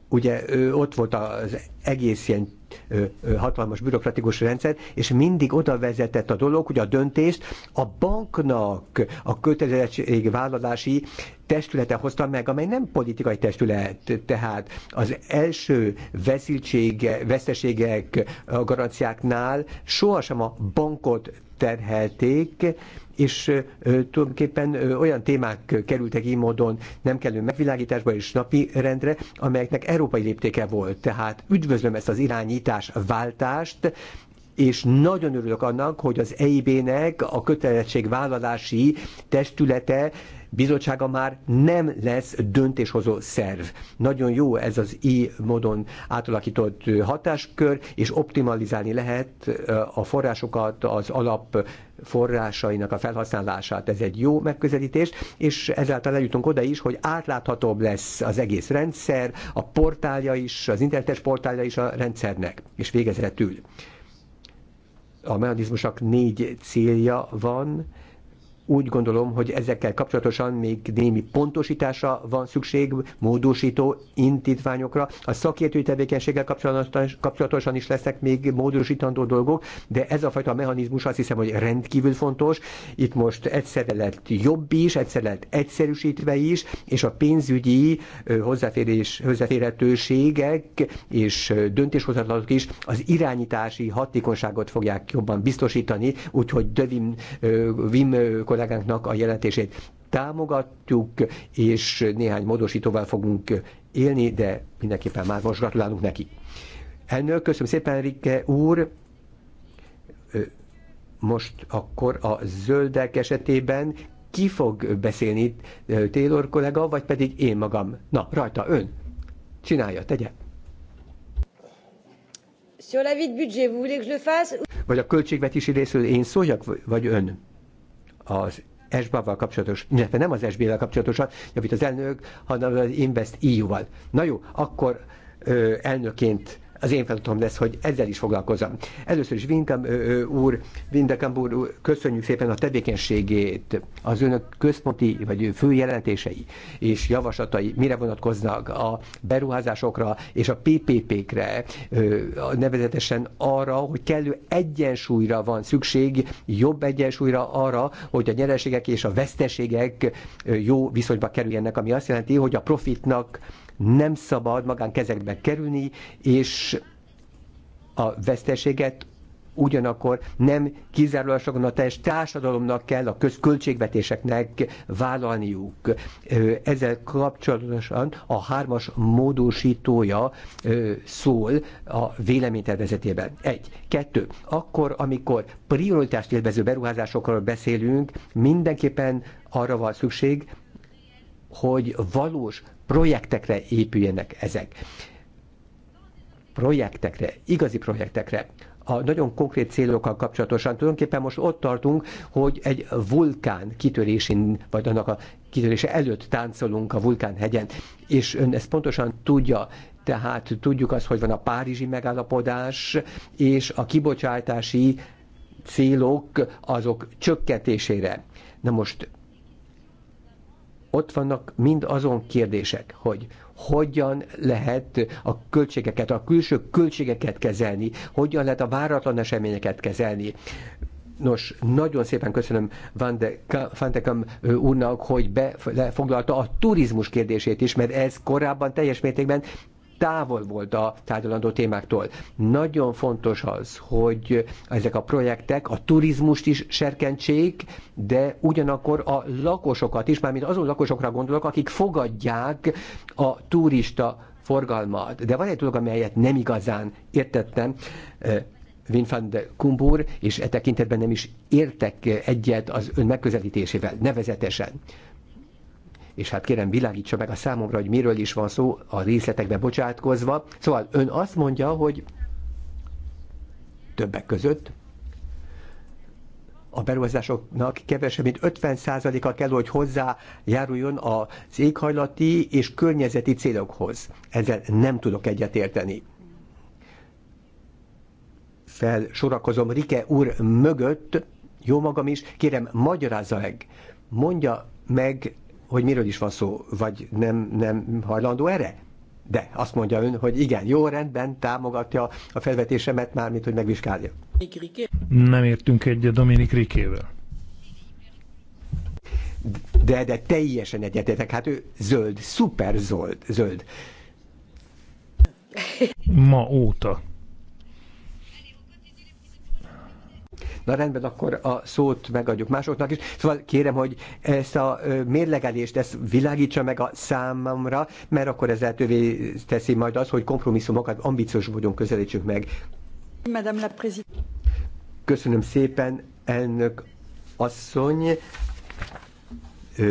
ugye ott volt az egész ilyen hatalmas bürokratikus rendszer, és mindig oda vezetett a dolog, hogy a döntést a banknak a vállalási testülete hozta meg, amely nem politikai testület, tehát az első veszteségek a garanciáknál sohasem a bankot terhelték, és tulajdonképpen olyan témák kerültek így módon nem kellő megvilágításba és napi rendre, amelyeknek európai léptéke volt. Tehát üdvözlöm ezt az irányítás váltást, és nagyon örülök annak, hogy az EIB-nek a kötelezettségvállalási testülete bizottsága már nem lesz döntéshozó szerv. Nagyon jó ez az i módon átalakított hatáskör, és optimalizálni lehet eh, a forrásokat, az alap forrásainak a felhasználását. Ez egy jó megközelítés, és ezáltal eljutunk oda is, hogy átláthatóbb lesz az egész rendszer, a portálja is, az internetes portálja is a rendszernek, és végezetül. A mechanizmusok négy célja van, úgy gondolom, hogy ezekkel kapcsolatosan még némi pontosításra van szükség, módosító intitványokra. A szakértői tevékenységgel kapcsolatosan is lesznek még módosítandó dolgok, de ez a fajta mechanizmus azt hiszem, hogy rendkívül fontos. Itt most egyszerre lett jobb is, egyszer lett egyszerűsítve is, és a pénzügyi hozzáférés, hozzáférhetőségek és döntéshozatlanok is az irányítási hatékonyságot fogják jobban biztosítani, úgyhogy Dövim Vim kollégánknak a jelentését támogatjuk, és néhány módosítóval fogunk élni, de mindenképpen már most gratulálunk neki. Elnök, köszönöm szépen, rikke, úr. Most akkor a zöldek esetében ki fog beszélni itt, Taylor kollega, vagy pedig én magam? Na, rajta, ön. Csinálja, tegye. Sur la vie de budget, vous voulez que je le fasse? Vagy a költségvetési részről én szóljak, vagy ön? az ESBA-val kapcsolatos, illetve nem az SB-vel kapcsolatosan, javít az elnök, hanem az Invest EU-val. Na jó, akkor ö, elnökként az én feladatom lesz, hogy ezzel is foglalkozom. Először is Vindekam úr, Vindekam úr, köszönjük szépen a tevékenységét, az önök központi vagy fő jelentései és javaslatai mire vonatkoznak a beruházásokra és a PPP-kre, nevezetesen arra, hogy kellő egyensúlyra van szükség, jobb egyensúlyra arra, hogy a nyereségek és a veszteségek jó viszonyba kerüljenek, ami azt jelenti, hogy a profitnak nem szabad magán kezekbe kerülni, és a veszteséget ugyanakkor nem kizárólagosan a teljes társadalomnak kell a közköltségvetéseknek vállalniuk. Ezzel kapcsolatosan a hármas módosítója szól a véleménytervezetében. Egy. Kettő. Akkor, amikor prioritást élvező beruházásokról beszélünk, mindenképpen arra van szükség, hogy valós projektekre épüljenek ezek. Projektekre, igazi projektekre a nagyon konkrét célokkal kapcsolatosan. Tulajdonképpen most ott tartunk, hogy egy vulkán kitörésén, vagy annak a kitörése előtt táncolunk a vulkánhegyen, és ön ezt pontosan tudja, tehát tudjuk azt, hogy van a párizsi megállapodás, és a kibocsátási célok azok csökkentésére. Na most ott vannak mind azon kérdések, hogy hogyan lehet a költségeket, a külső költségeket kezelni, hogyan lehet a váratlan eseményeket kezelni. Nos, nagyon szépen köszönöm Van de, Van Kam úrnak, hogy befoglalta a turizmus kérdését is, mert ez korábban teljes mértékben távol volt a tárgyalandó témáktól. Nagyon fontos az, hogy ezek a projektek a turizmust is serkentsék, de ugyanakkor a lakosokat is, mármint azon lakosokra gondolok, akik fogadják a turista forgalmat. De van egy dolog, amelyet nem igazán értettem, eh, Wim van de Kumbur, és e tekintetben nem is értek egyet az ön megközelítésével, nevezetesen és hát kérem világítsa meg a számomra, hogy miről is van szó a részletekbe bocsátkozva. Szóval ön azt mondja, hogy többek között a beruházásoknak kevesebb, mint 50%-a kell, hogy hozzájáruljon az éghajlati és környezeti célokhoz. Ezzel nem tudok egyetérteni. Felsorakozom Rike úr mögött, jó magam is, kérem, magyarázza meg, mondja meg hogy miről is van szó, vagy nem, nem hajlandó erre? De azt mondja ön, hogy igen, jó rendben támogatja a felvetésemet, mármint hogy megvizsgálja. Nem értünk egyet Dominik Rikével. De, de teljesen egyetetek, hát ő zöld, szuper zöld, zöld. Ma óta Na rendben, akkor a szót megadjuk másoknak is. Szóval kérem, hogy ezt a mérlegelést, ezt világítsa meg a számomra, mert akkor ez lehetővé teszi majd az, hogy kompromisszumokat ambiciós módon közelítsük meg. Madame la Köszönöm szépen, elnök asszony,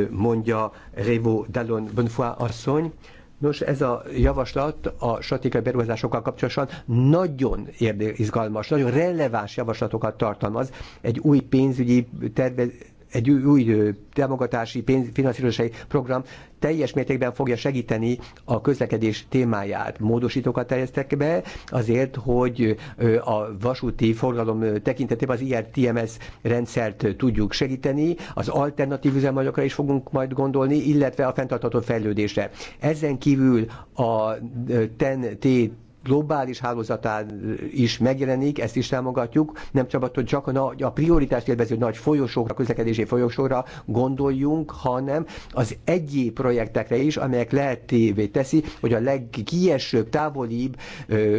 mondja Révo Dallon Bonfoy asszony. Nos, ez a javaslat a stratégiai beruházásokkal kapcsolatosan nagyon izgalmas, nagyon releváns javaslatokat tartalmaz. Egy új pénzügyi tervezés egy új, új támogatási pénz, finanszírozási program teljes mértékben fogja segíteni a közlekedés témáját. Módosítókat terjesztek be azért, hogy a vasúti forgalom tekintetében az IRTMS rendszert tudjuk segíteni, az alternatív üzemanyagokra is fogunk majd gondolni, illetve a fenntartható fejlődésre. Ezen kívül a TEN-T globális hálózatán is megjelenik, ezt is támogatjuk, nem csak, hogy csak a, a prioritást élvező nagy folyosókra, közlekedési folyosóra gondoljunk, hanem az egyéb projektekre is, amelyek lehetővé teszi, hogy a legkiesőbb, távolibb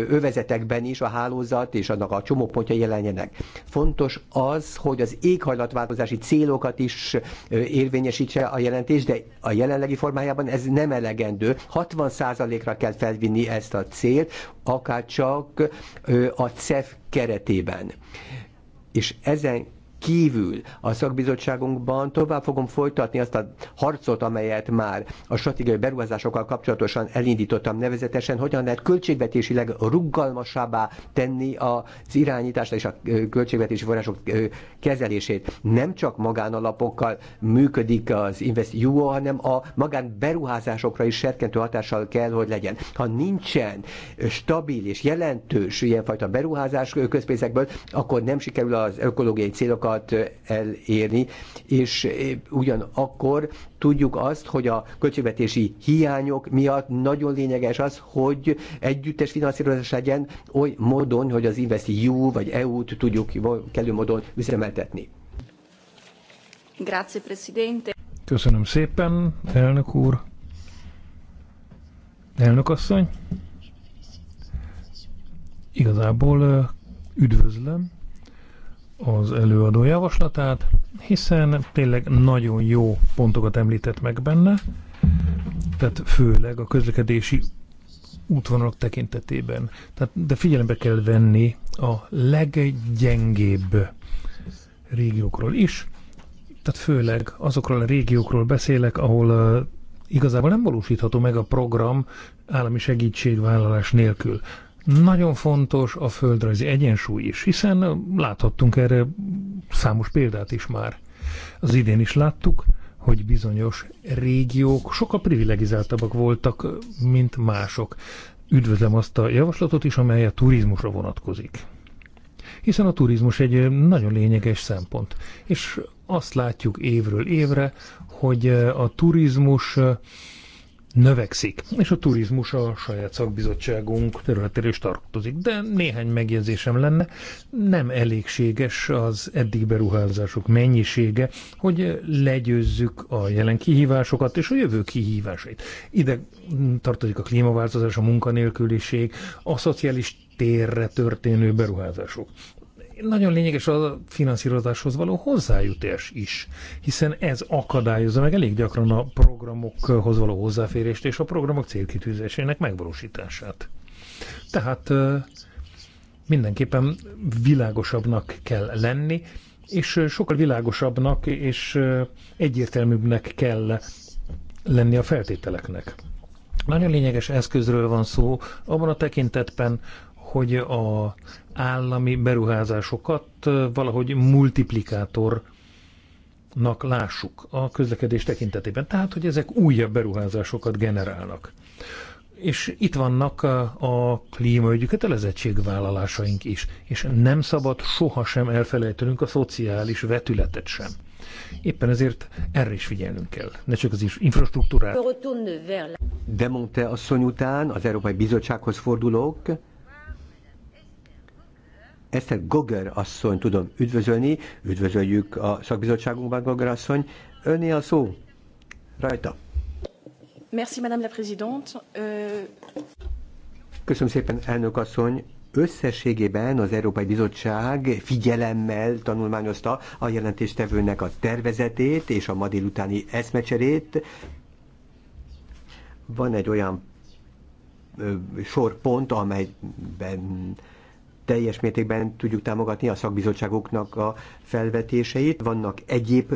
övezetekben is a hálózat és annak a csomópontja jelenjenek. Fontos az, hogy az éghajlatváltozási célokat is érvényesítse a jelentés, de a jelenlegi formájában ez nem elegendő. 60%-ra kell felvinni ezt a célt, akárcsak a CEF keretében. És ezen kívül a szakbizottságunkban tovább fogom folytatni azt a harcot, amelyet már a stratégiai beruházásokkal kapcsolatosan elindítottam nevezetesen, hogyan lehet költségvetésileg rugalmasabbá tenni az irányítást és a költségvetési források kezelését. Nem csak magánalapokkal működik az jó, hanem a magánberuházásokra is serkentő hatással kell, hogy legyen. Ha nincsen stabil és jelentős ilyenfajta beruházás közpénzekből, akkor nem sikerül az ökológiai célokat célokat elérni, és ugyanakkor tudjuk azt, hogy a költségvetési hiányok miatt nagyon lényeges az, hogy együttes finanszírozás legyen oly módon, hogy az investi jó vagy EU-t tudjuk kellő módon üzemeltetni. Grazie, Presidente. Köszönöm szépen, elnök úr. Elnök asszony. Igazából üdvözlöm az előadó javaslatát, hiszen tényleg nagyon jó pontokat említett meg benne, tehát főleg a közlekedési útvonalak tekintetében. Tehát, de figyelembe kell venni a leggyengébb régiókról is, tehát főleg azokról a régiókról beszélek, ahol igazából nem valósítható meg a program állami segítségvállalás nélkül. Nagyon fontos a földrajzi egyensúly is, hiszen láthattunk erre számos példát is már. Az idén is láttuk, hogy bizonyos régiók sokkal privilegizáltabbak voltak, mint mások. Üdvözlöm azt a javaslatot is, amely a turizmusra vonatkozik. Hiszen a turizmus egy nagyon lényeges szempont, és azt látjuk évről évre, hogy a turizmus növekszik, és a turizmus a saját szakbizottságunk területére is tartozik. De néhány megjegyzésem lenne, nem elégséges az eddig beruházások mennyisége, hogy legyőzzük a jelen kihívásokat és a jövő kihívásait. Ide tartozik a klímaváltozás, a munkanélküliség, a szociális térre történő beruházások nagyon lényeges a finanszírozáshoz való hozzájutás is, hiszen ez akadályozza meg elég gyakran a programokhoz való hozzáférést és a programok célkitűzésének megvalósítását. Tehát mindenképpen világosabbnak kell lenni, és sokkal világosabbnak és egyértelműbbnek kell lenni a feltételeknek. Nagyon lényeges eszközről van szó, abban a tekintetben, hogy a állami beruházásokat valahogy multiplikátornak lássuk a közlekedés tekintetében. Tehát, hogy ezek újabb beruházásokat generálnak. És itt vannak a klímaügyi kötelezettségvállalásaink is, és nem szabad sohasem elfelejtenünk a szociális vetületet sem. Éppen ezért erre is figyelnünk kell, ne csak az is infrastruktúrát. De mondta asszony után az Európai Bizottsághoz fordulók, Eszter Goger asszony tudom üdvözölni. Üdvözöljük a szakbizottságunkban, Goger asszony. Öné a szó. Rajta. Merci, Madame la Présidente. Euh, Köszönöm szépen, elnök asszony összességében az Európai Bizottság figyelemmel tanulmányozta a jelentéstevőnek a tervezetét és a ma délutáni eszmecserét. Van egy olyan sorpont, amelyben teljes mértékben tudjuk támogatni a szakbizottságoknak a felvetéseit. Vannak egyéb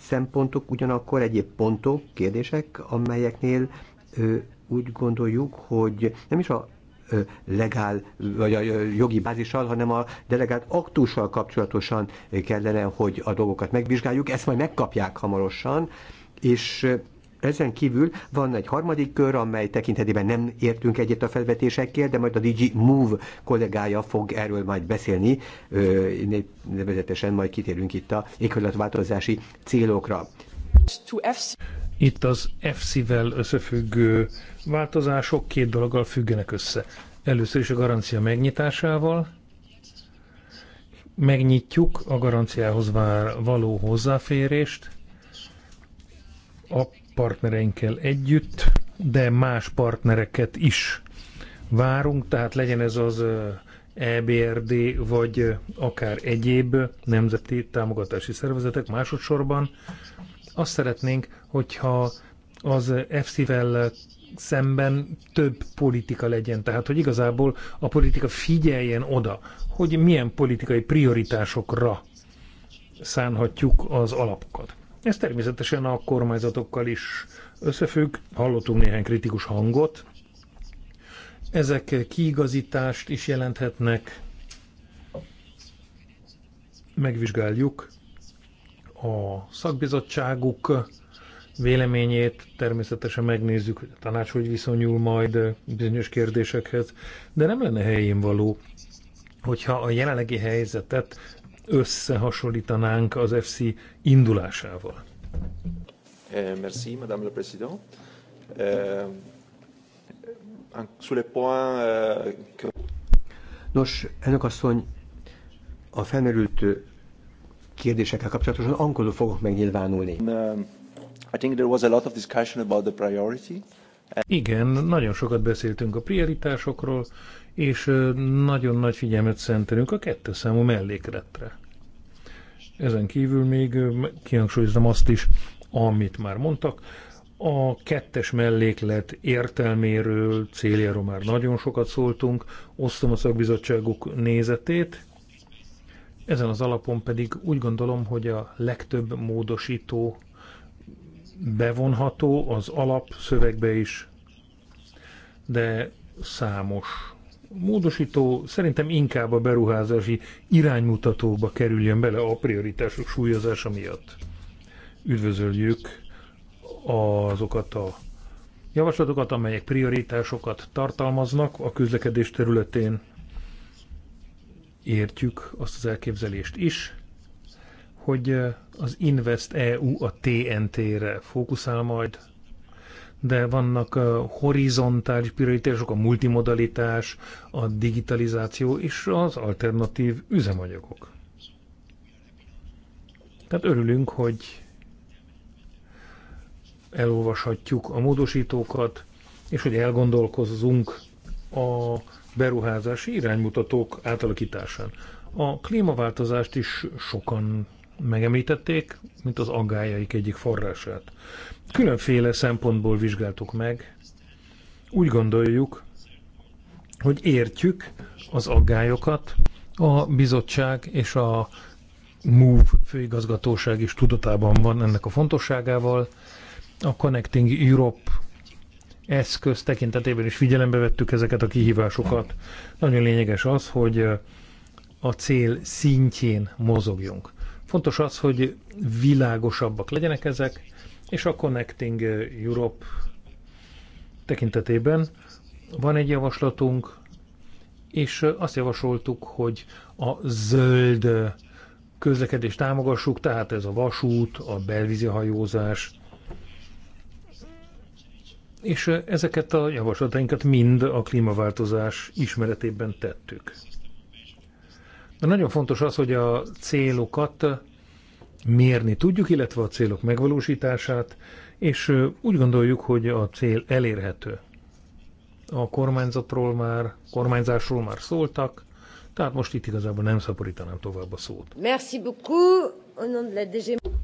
szempontok, ugyanakkor egyéb pontok, kérdések, amelyeknél úgy gondoljuk, hogy nem is a legál, vagy a jogi bázissal, hanem a delegált aktussal kapcsolatosan kellene, hogy a dolgokat megvizsgáljuk. Ezt majd megkapják hamarosan, és ezen kívül van egy harmadik kör, amely tekintetében nem értünk egyet a felvetésekkel, de majd a Digi Move kollégája fog erről majd beszélni, nevezetesen majd kitérünk itt a éghajlatváltozási célokra. Itt az EFSI-vel összefüggő változások két dologgal függenek össze. Először is a garancia megnyitásával, megnyitjuk a garanciához való hozzáférést, a partnereinkkel együtt, de más partnereket is várunk, tehát legyen ez az EBRD, vagy akár egyéb nemzeti támogatási szervezetek másodszorban. Azt szeretnénk, hogyha az EFSZ-vel szemben több politika legyen. Tehát, hogy igazából a politika figyeljen oda, hogy milyen politikai prioritásokra szánhatjuk az alapokat. Ez természetesen a kormányzatokkal is összefügg. Hallottunk néhány kritikus hangot. Ezek kiigazítást is jelenthetnek. Megvizsgáljuk a szakbizottságuk véleményét, természetesen megnézzük, hogy a tanács hogy viszonyul majd bizonyos kérdésekhez, de nem lenne helyén való, hogyha a jelenlegi helyzetet összehasonlítanánk az FC indulásával. Eh, merci, Madame la Présidente. Eh, eh, Nos, ennek asszony, a felmerült kérdésekkel kapcsolatosan angolul fogok megnyilvánulni. Um, I think there was a lot of discussion about the priority. Igen, nagyon sokat beszéltünk a prioritásokról, és nagyon nagy figyelmet szentelünk a kettő számú mellékletre. Ezen kívül még kihangsúlyozom azt is, amit már mondtak, a kettes melléklet értelméről, céljáról már nagyon sokat szóltunk, osztom a szakbizottságuk nézetét, ezen az alapon pedig úgy gondolom, hogy a legtöbb módosító bevonható az alapszövegbe is, de számos módosító szerintem inkább a beruházási iránymutatóba kerüljön bele a prioritások súlyozása miatt. Üdvözöljük azokat a javaslatokat, amelyek prioritásokat tartalmaznak a közlekedés területén. Értjük azt az elképzelést is, hogy az Invest EU a TNT-re fókuszál majd, de vannak a horizontális prioritások, a multimodalitás, a digitalizáció és az alternatív üzemanyagok. Tehát örülünk, hogy elolvashatjuk a módosítókat, és hogy elgondolkozzunk a beruházási iránymutatók átalakításán. A klímaváltozást is sokan megemlítették, mint az aggájaik egyik forrását. Különféle szempontból vizsgáltuk meg. Úgy gondoljuk, hogy értjük az aggályokat, a bizottság és a MOVE főigazgatóság is tudatában van ennek a fontosságával. A Connecting Europe eszköz tekintetében is figyelembe vettük ezeket a kihívásokat. Nagyon lényeges az, hogy a cél szintjén mozogjunk. Fontos az, hogy világosabbak legyenek ezek, és a Connecting Europe tekintetében van egy javaslatunk, és azt javasoltuk, hogy a zöld közlekedést támogassuk, tehát ez a vasút, a belvízi hajózás, és ezeket a javaslatainkat mind a klímaváltozás ismeretében tettük. De nagyon fontos az, hogy a célokat mérni tudjuk, illetve a célok megvalósítását, és úgy gondoljuk, hogy a cél elérhető. A kormányzatról már, kormányzásról már szóltak, tehát most itt igazából nem szaporítanám tovább a szót. Merci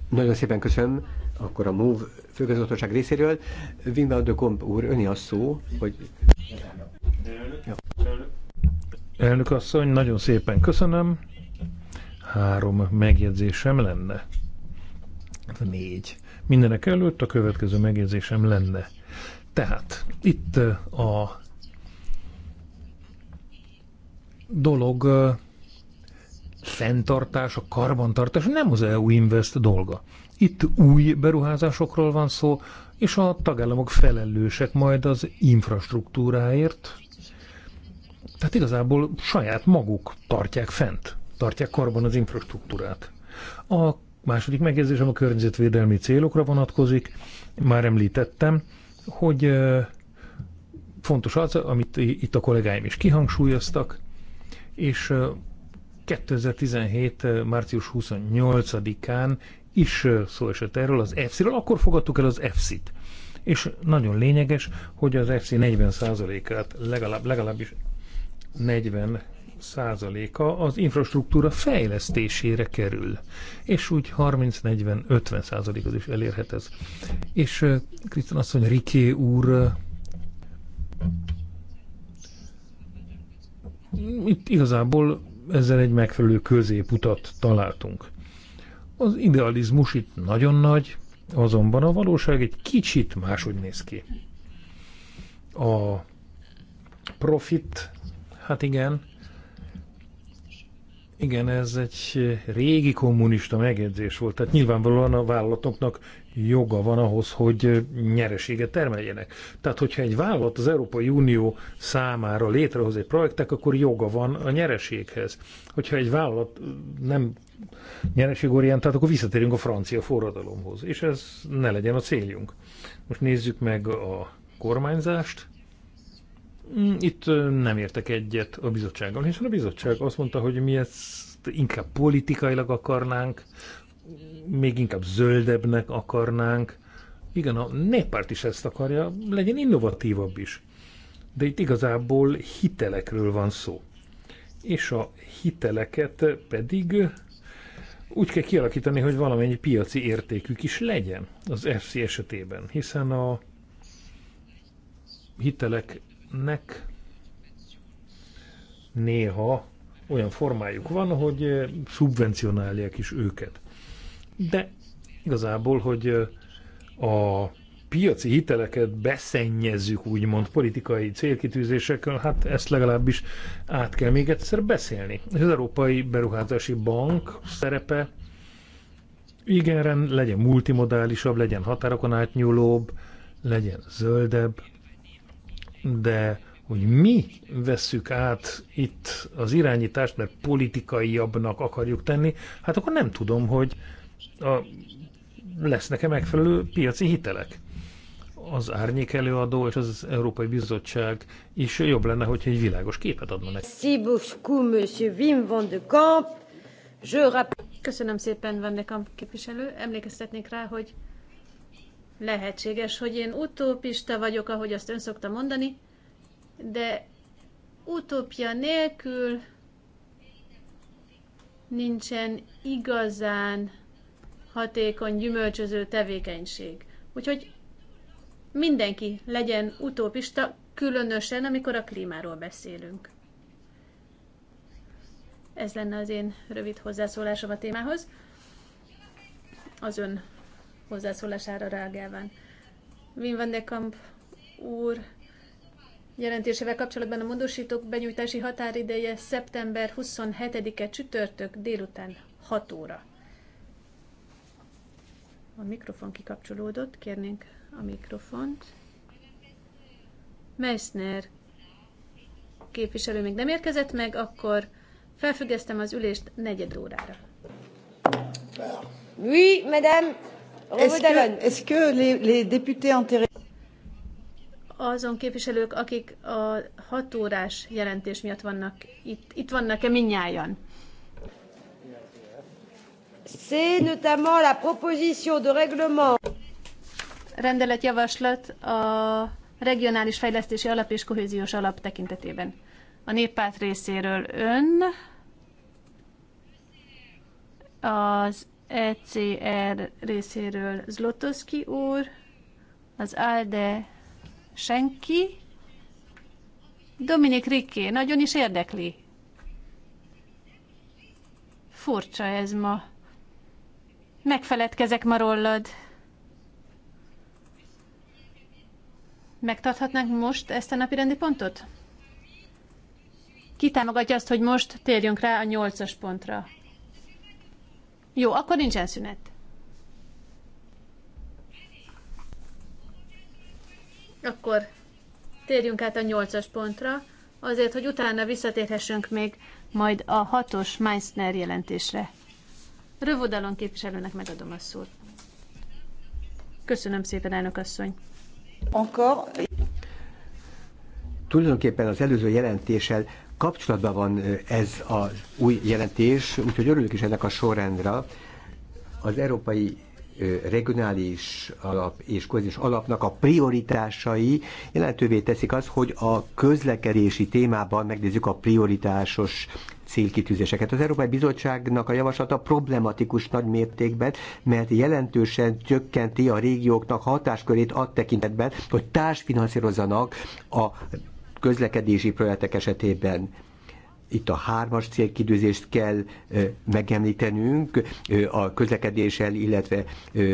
Nagyon szépen köszönöm. Akkor a MOVE főközgatóság részéről. Wimba de Komp úr, öni a szó, hogy... elnök asszony, nagyon szépen köszönöm három megjegyzésem lenne. négy. Mindenek előtt a következő megjegyzésem lenne. Tehát itt a dolog fenntartása, karbantartás nem az EU Invest dolga. Itt új beruházásokról van szó, és a tagállamok felelősek majd az infrastruktúráért. Tehát igazából saját maguk tartják fent tartják karban az infrastruktúrát. A második megjegyzésem a környezetvédelmi célokra vonatkozik. Már említettem, hogy fontos az, amit itt a kollégáim is kihangsúlyoztak, és 2017. március 28-án is szó esett erről az EFSZ-ről, akkor fogadtuk el az EFSZ-t. És nagyon lényeges, hogy az EFSZ 40%-át legalább, legalábbis 40 százaléka az infrastruktúra fejlesztésére kerül, és úgy 30-40-50 százalékot is elérhet ez. És Krisztán azt mondja, Riké úr, itt igazából ezzel egy megfelelő középutat találtunk. Az idealizmus itt nagyon nagy, azonban a valóság egy kicsit máshogy néz ki. A profit, hát igen, igen, ez egy régi kommunista megjegyzés volt, tehát nyilvánvalóan a vállalatoknak joga van ahhoz, hogy nyereséget termeljenek. Tehát, hogyha egy vállalat az Európai Unió számára létrehoz egy projektet, akkor joga van a nyereséghez. Hogyha egy vállalat nem nyereségorientált, akkor visszatérünk a francia forradalomhoz, és ez ne legyen a céljunk. Most nézzük meg a kormányzást. Mm, itt nem értek egyet a bizottsággal, hiszen a bizottság azt mondta, hogy mi ezt inkább politikailag akarnánk, még inkább zöldebbnek akarnánk. Igen, a néppárt is ezt akarja, legyen innovatívabb is. De itt igazából hitelekről van szó. És a hiteleket pedig úgy kell kialakítani, hogy valamennyi piaci értékük is legyen az FC esetében, hiszen a hitelek nek néha olyan formájuk van, hogy eh, szubvencionálják is őket. De igazából, hogy eh, a piaci hiteleket beszennyezzük, úgymond politikai célkitűzésekkel, hát ezt legalábbis át kell még egyszer beszélni. Az Európai Beruházási Bank szerepe igen, legyen multimodálisabb, legyen határokon átnyúlóbb, legyen zöldebb, de hogy mi vesszük át itt az irányítást, mert politikaiabbnak akarjuk tenni, hát akkor nem tudom, hogy a, lesznek-e megfelelő piaci hitelek. Az árnyék előadó és az Európai Bizottság is jobb lenne, hogyha egy világos képet adna nekik. Köszönöm szépen, Van de Kamp képviselő. Emlékeztetnék rá, hogy Lehetséges, hogy én utópista vagyok, ahogy azt ön szokta mondani, de utópia nélkül nincsen igazán hatékony, gyümölcsöző tevékenység. Úgyhogy mindenki legyen utópista, különösen, amikor a klímáról beszélünk. Ez lenne az én rövid hozzászólásom a témához. Az ön hozzászólására reagálván. Wim van de Kamp úr jelentésével kapcsolatban a módosítók benyújtási határideje szeptember 27-e csütörtök délután 6 óra. A mikrofon kikapcsolódott, kérnénk a mikrofont. Meissner képviselő még nem érkezett meg, akkor felfüggesztem az ülést negyed órára. Oui, madame. Est-ce que, est que les, les députés intéressés azon képviselők, akik a hatórás jelentés miatt vannak itt, itt vannak-e minnyáján? C'est notamment la proposition de règlement. Rendeletjavaslat a regionális fejlesztési alap és kohéziós alap tekintetében. A néppárt részéről ön, az ECR részéről Zlotowski úr, az ALDE senki, Dominik Riké, nagyon is érdekli. Furcsa ez ma. Megfeledkezek ma rólad. Megtarthatnánk most ezt a napi rendi pontot? Ki támogatja azt, hogy most térjünk rá a nyolcas pontra? Jó, akkor nincsen szünet. Akkor térjünk át a nyolcas pontra, azért, hogy utána visszatérhessünk még majd a hatos Meissner jelentésre. Rövodalon képviselőnek megadom a szót. Köszönöm szépen, elnök asszony. Encore. Tulajdonképpen az előző jelentéssel kapcsolatban van ez az új jelentés, úgyhogy örülök is ennek a sorrendre, Az Európai regionális alap és közös alapnak a prioritásai jelentővé teszik az, hogy a közlekedési témában megnézzük a prioritásos célkitűzéseket. Az Európai Bizottságnak a javaslata problematikus nagy mértékben, mert jelentősen csökkenti a régióknak hatáskörét a tekintetben, hogy társfinanszírozzanak a közlekedési projektek esetében itt a hármas célkidőzést kell megemlítenünk a közlekedéssel, illetve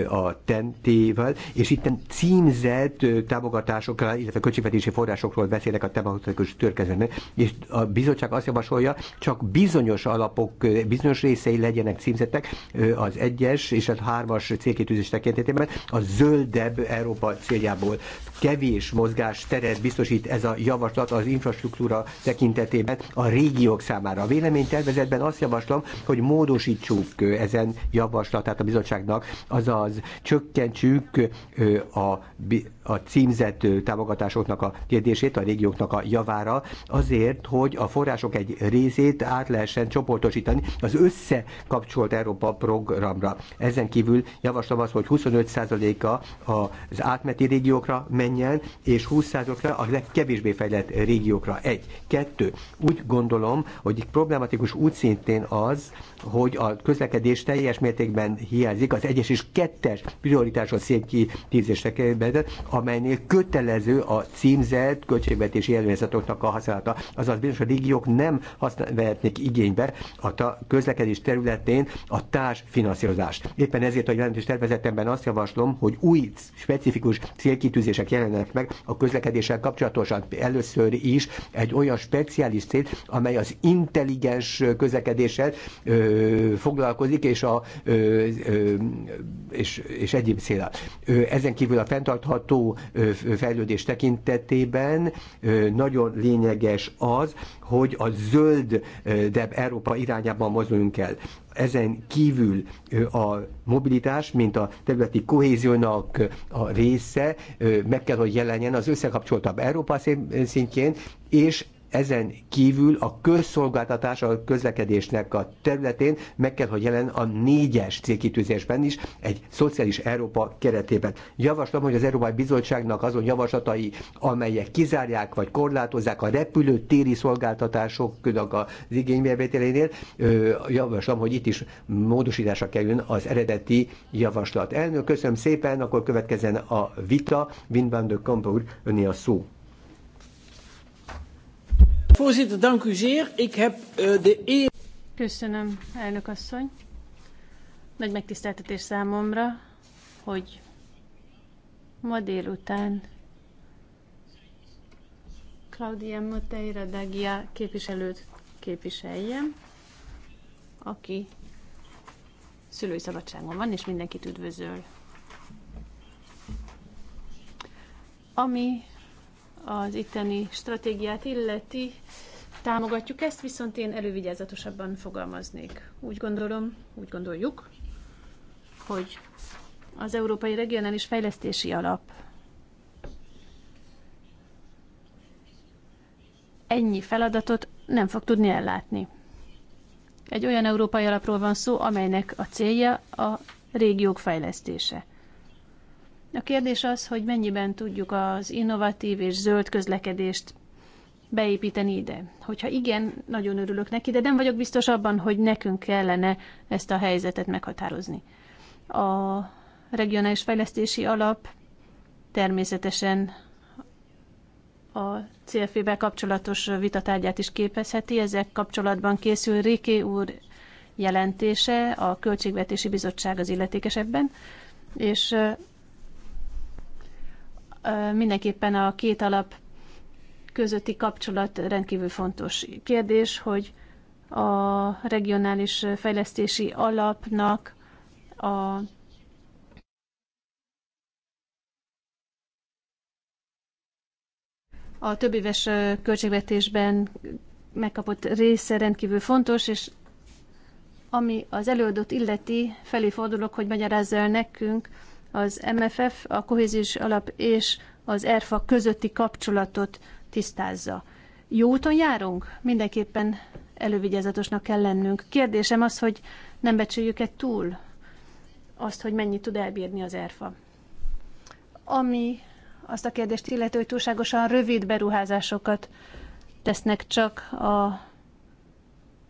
a tentével, és itt címzett támogatásokra, illetve költségvetési forrásokról beszélek a tematikus törkezetben, és a bizottság azt javasolja, csak bizonyos alapok, bizonyos részei legyenek címzettek az egyes és a hármas célkidőzés tekintetében a zöldebb Európa céljából. Kevés mozgás teret biztosít ez a javaslat az infrastruktúra tekintetében a régi régiók számára. A véleménytervezetben azt javaslom, hogy módosítsuk ezen javaslatát a bizottságnak, azaz csökkentsük a a címzett támogatásoknak a kérdését a régióknak a javára, azért, hogy a források egy részét át lehessen csoportosítani az összekapcsolt Európa programra. Ezen kívül javaslom azt, hogy 25%-a az átmeti régiókra menjen, és 20%-ra a legkevésbé fejlett régiókra. Egy. Kettő. Úgy gondolom, hogy problematikus úgy szintén az, hogy a közlekedés teljes mértékben hiányzik, az egyes és kettes prioritásos szénki tízésre amelynél kötelező a címzett költségvetési jelvényzatoknak a használata. Azaz bizonyos a régiók nem vehetnék igénybe a közlekedés területén a társfinanszírozást. Éppen ezért a jelentős tervezetemben azt javaslom, hogy új specifikus célkitűzések jelennek meg a közlekedéssel kapcsolatosan. Először is egy olyan speciális cél, amely az intelligens közlekedéssel ö, foglalkozik, és, a, ö, ö, és, és egyéb célra. Ezen kívül a fenntartható való fejlődés tekintetében nagyon lényeges az, hogy a zöld deb Európa irányában mozduljunk el. Ezen kívül a mobilitás, mint a területi kohéziónak a része meg kell, hogy jelenjen az összekapcsoltabb Európa szintjén, és ezen kívül a közszolgáltatás a közlekedésnek a területén meg kell, hogy jelen a négyes célkitűzésben is egy szociális Európa keretében. Javaslom, hogy az Európai Bizottságnak azon javaslatai, amelyek kizárják vagy korlátozzák a repülőtéri szolgáltatásoknak az igénybevételénél, javaslom, hogy itt is módosításra kerüljön az eredeti javaslat. Elnök, köszönöm szépen, akkor következzen a vita. Wim van de Kampa úr, öné a szó. Voorzitter, dank u zeer. Ik heb eh, de eer... Köszönöm, elnök asszony. Nagy megtiszteltetés számomra, hogy ma délután Claudia Moteira Dagia képviselőt képviseljem, aki szülői szabadságon van, és mindenkit üdvözöl. Ami az itteni stratégiát illeti, támogatjuk ezt, viszont én elővigyázatosabban fogalmaznék. Úgy gondolom, úgy gondoljuk, hogy az Európai Regionális Fejlesztési Alap ennyi feladatot nem fog tudni ellátni. Egy olyan európai alapról van szó, amelynek a célja a régiók fejlesztése. A kérdés az, hogy mennyiben tudjuk az innovatív és zöld közlekedést beépíteni ide. Hogyha igen, nagyon örülök neki, de nem vagyok biztos abban, hogy nekünk kellene ezt a helyzetet meghatározni. A regionális fejlesztési alap természetesen a CFP-vel kapcsolatos vitatárgyát is képezheti. Ezek kapcsolatban készül Riké úr jelentése, a Költségvetési Bizottság az illetékes ebben, és mindenképpen a két alap közötti kapcsolat rendkívül fontos kérdés, hogy a regionális fejlesztési alapnak a a éves költségvetésben megkapott része rendkívül fontos, és ami az előadót illeti, felé fordulok, hogy magyarázza el nekünk, az MFF, a kohéziós alap és az ERFA közötti kapcsolatot tisztázza. Jó úton járunk? Mindenképpen elővigyázatosnak kell lennünk. Kérdésem az, hogy nem becsüljük-e túl azt, hogy mennyit tud elbírni az ERFA. Ami azt a kérdést illető, hogy túlságosan rövid beruházásokat tesznek csak a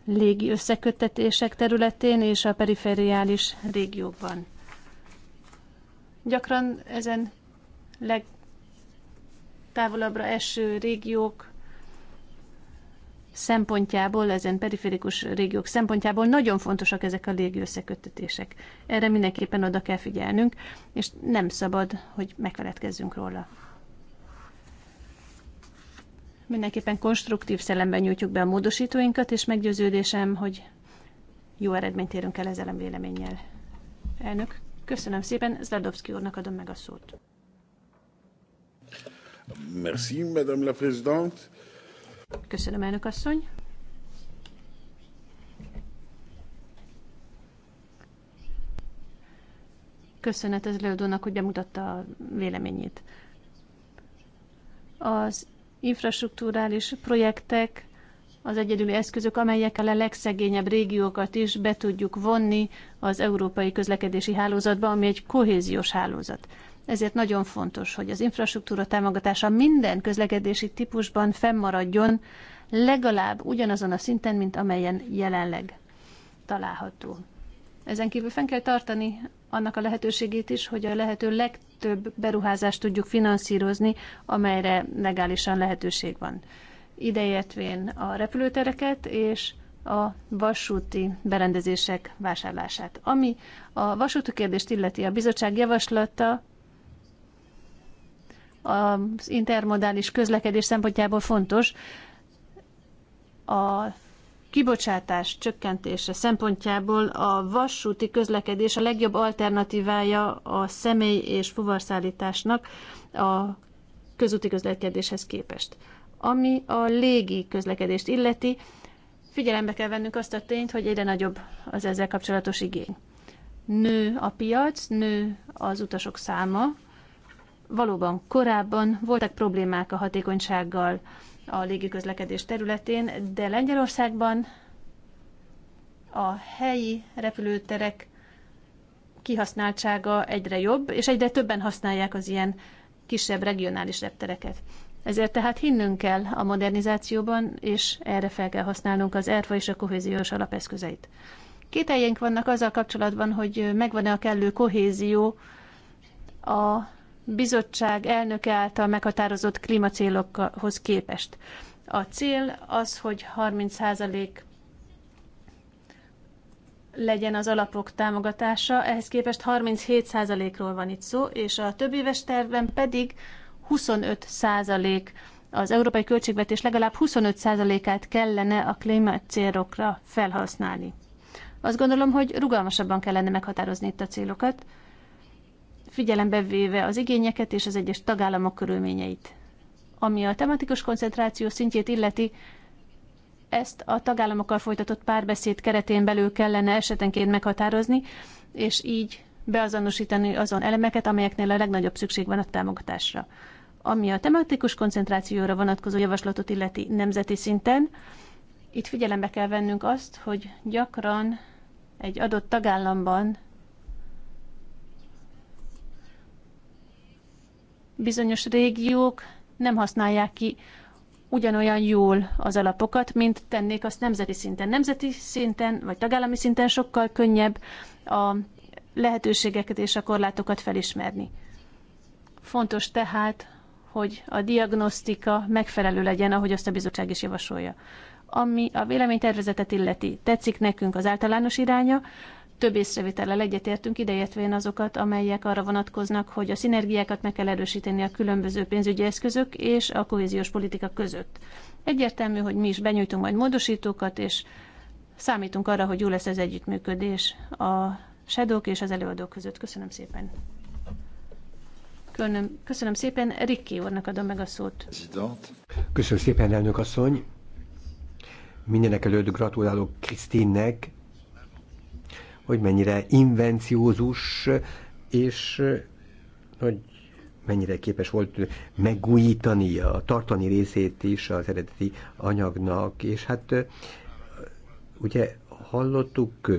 légi összeköttetések területén és a perifériális régiókban. Gyakran ezen legtávolabbra eső régiók szempontjából, ezen periférikus régiók szempontjából nagyon fontosak ezek a légi összeköttetések. Erre mindenképpen oda kell figyelnünk, és nem szabad, hogy megfeledkezzünk róla. Mindenképpen konstruktív szellemben nyújtjuk be a módosítóinkat, és meggyőződésem, hogy jó eredményt érünk el ezzel a véleménnyel. Elnök, Köszönöm szépen, Zladovszki úrnak adom meg a szót. Merci, Madame la Présidente. Köszönöm, elnök asszony. Köszönet az Leodónak, hogy bemutatta a véleményét. Az infrastruktúrális projektek az egyedüli eszközök, amelyekkel a legszegényebb régiókat is be tudjuk vonni az európai közlekedési hálózatba, ami egy kohéziós hálózat. Ezért nagyon fontos, hogy az infrastruktúra támogatása minden közlekedési típusban fennmaradjon, legalább ugyanazon a szinten, mint amelyen jelenleg található. Ezen kívül fenn kell tartani annak a lehetőségét is, hogy a lehető legtöbb beruházást tudjuk finanszírozni, amelyre legálisan lehetőség van ideértvén a repülőtereket és a vasúti berendezések vásárlását. Ami a vasúti kérdést illeti, a bizottság javaslata az intermodális közlekedés szempontjából fontos. A kibocsátás csökkentése szempontjából a vasúti közlekedés a legjobb alternatívája a személy és fuvarszállításnak a közúti közlekedéshez képest. Ami a légi közlekedést illeti, figyelembe kell vennünk azt a tényt, hogy egyre nagyobb az ezzel kapcsolatos igény. Nő a piac, nő az utasok száma. Valóban korábban voltak problémák a hatékonysággal a légiközlekedés területén, de Lengyelországban a helyi repülőterek kihasználtsága egyre jobb, és egyre többen használják az ilyen kisebb regionális reptereket. Ezért tehát hinnünk kell a modernizációban, és erre fel kell használnunk az ERFA és a kohéziós alapeszközeit. Kételjeink vannak azzal kapcsolatban, hogy megvan-e a kellő kohézió a bizottság elnöke által meghatározott klímacélokhoz képest. A cél az, hogy 30% legyen az alapok támogatása, ehhez képest 37%-ról van itt szó, és a többéves éves tervben pedig 25 százalék az európai költségvetés legalább 25%-át kellene a klíma célokra felhasználni. Azt gondolom, hogy rugalmasabban kellene meghatározni itt a célokat, figyelembe véve az igényeket és az egyes tagállamok körülményeit. Ami a tematikus koncentráció szintjét illeti, ezt a tagállamokkal folytatott párbeszéd keretén belül kellene esetenként meghatározni, és így beazonosítani azon elemeket, amelyeknél a legnagyobb szükség van a támogatásra. Ami a tematikus koncentrációra vonatkozó javaslatot illeti nemzeti szinten, itt figyelembe kell vennünk azt, hogy gyakran egy adott tagállamban bizonyos régiók nem használják ki ugyanolyan jól az alapokat, mint tennék azt nemzeti szinten. Nemzeti szinten vagy tagállami szinten sokkal könnyebb a lehetőségeket és a korlátokat felismerni. Fontos tehát, hogy a diagnosztika megfelelő legyen, ahogy azt a bizottság is javasolja. Ami a véleménytervezetet illeti, tetszik nekünk az általános iránya, több észrevétellel egyetértünk, ideértvén azokat, amelyek arra vonatkoznak, hogy a szinergiákat meg kell erősíteni a különböző pénzügyi eszközök és a kohéziós politika között. Egyértelmű, hogy mi is benyújtunk majd módosítókat, és számítunk arra, hogy jó lesz az együttműködés a sedók és az előadók között. Köszönöm szépen! Köszönöm, köszönöm szépen, Rikki úrnak adom meg a szót. Köszönöm szépen, elnök asszony. Mindenek előtt gratulálok Krisztinnek, hogy mennyire invenciózus, és hogy mennyire képes volt megújítani a tartani részét is az eredeti anyagnak, és hát ugye hallottuk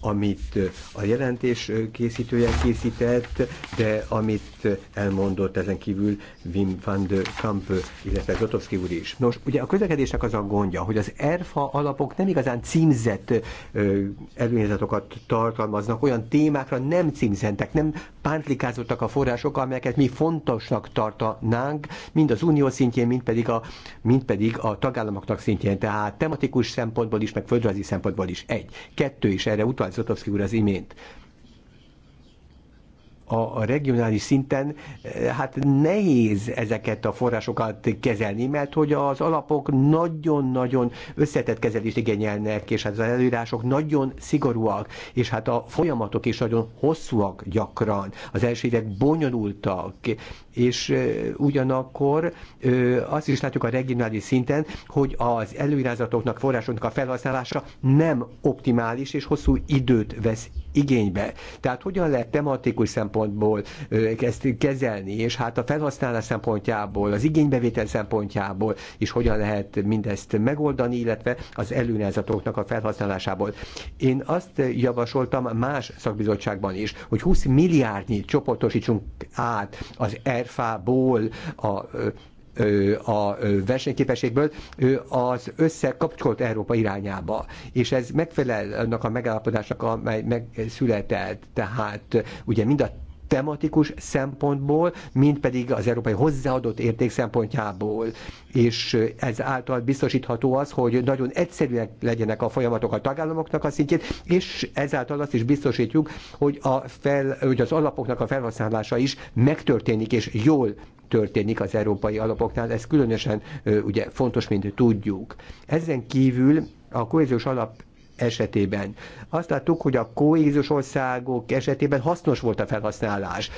amit a jelentés készítője készített, de amit elmondott ezen kívül Wim van de Kamp, illetve Zotowski úr is. Nos, ugye a közlekedésnek az a gondja, hogy az ERFA alapok nem igazán címzett előnyezetokat tartalmaznak, olyan témákra nem címzentek, nem pántlikázottak a források, amelyeket mi fontosnak tartanánk, mind az unió szintjén, mind pedig a, mind pedig a tagállamoknak szintjén. Tehát tematikus szempontból is, meg földrajzi szempontból is. Egy. Kettő is erre utal Zlatovszki úr az imént a regionális szinten eh, hát nehéz ezeket a forrásokat kezelni, mert hogy az alapok nagyon-nagyon összetett kezelést igényelnek, és hát az előírások nagyon szigorúak, és hát a folyamatok is nagyon hosszúak gyakran. Az első évek bonyolultak, és eh, ugyanakkor eh, azt is látjuk a regionális szinten, hogy az előírázatoknak, forrásoknak a felhasználása nem optimális, és hosszú időt vesz igénybe. Tehát hogyan lehet tematikus szempontból ezt kezelni, és hát a felhasználás szempontjából, az igénybevétel szempontjából is hogyan lehet mindezt megoldani, illetve az előnyelzatoknak a felhasználásából. Én azt javasoltam más szakbizottságban is, hogy 20 milliárdnyit csoportosítsunk át az rfa ból a a versenyképességből az összekapcsolt Európa irányába. És ez megfelel annak a megállapodásnak, amely megszületett. Tehát ugye mind a tematikus szempontból, mint pedig az európai hozzáadott érték szempontjából. És ez által biztosítható az, hogy nagyon egyszerűek legyenek a folyamatok a tagállamoknak a szintjén, és ezáltal azt is biztosítjuk, hogy, a fel, hogy az alapoknak a felhasználása is megtörténik, és jól történik az európai alapoknál. Ez különösen ugye fontos, mint tudjuk. Ezen kívül a kohéziós alap esetében. Azt láttuk, hogy a kóézus országok esetében hasznos volt a felhasználás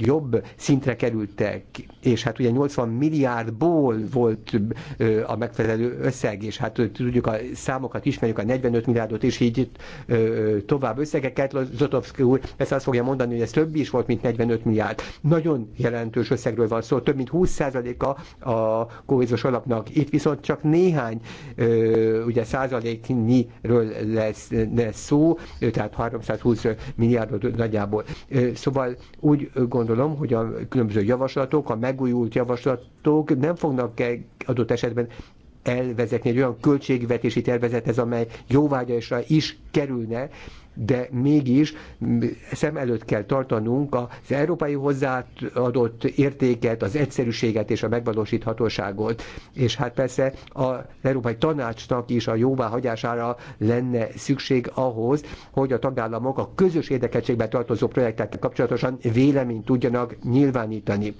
jobb szintre kerültek, és hát ugye 80 milliárdból volt a megfelelő összeg, és hát tudjuk a számokat, ismerjük a 45 milliárdot, és így tovább összegeket. Zotovszki úr ezt azt fogja mondani, hogy ez több is volt, mint 45 milliárd. Nagyon jelentős összegről van szó, több mint 20%-a a kohéziós alapnak. Itt viszont csak néhány ugye százaléknyiről lesz, lesz szó, tehát 320 milliárdot nagyjából. Szóval úgy gondolom, gondolom, hogy a különböző javaslatok, a megújult javaslatok nem fognak adott esetben elvezetni egy olyan költségvetési ez, amely jóvágyásra is kerülne, de mégis szem előtt kell tartanunk az európai hozzáadott értéket, az egyszerűséget és a megvalósíthatóságot. És hát persze az Európai Tanácsnak is a jóváhagyására lenne szükség ahhoz, hogy a tagállamok a közös érdekeltségben tartozó projektekkel kapcsolatosan véleményt tudjanak nyilvánítani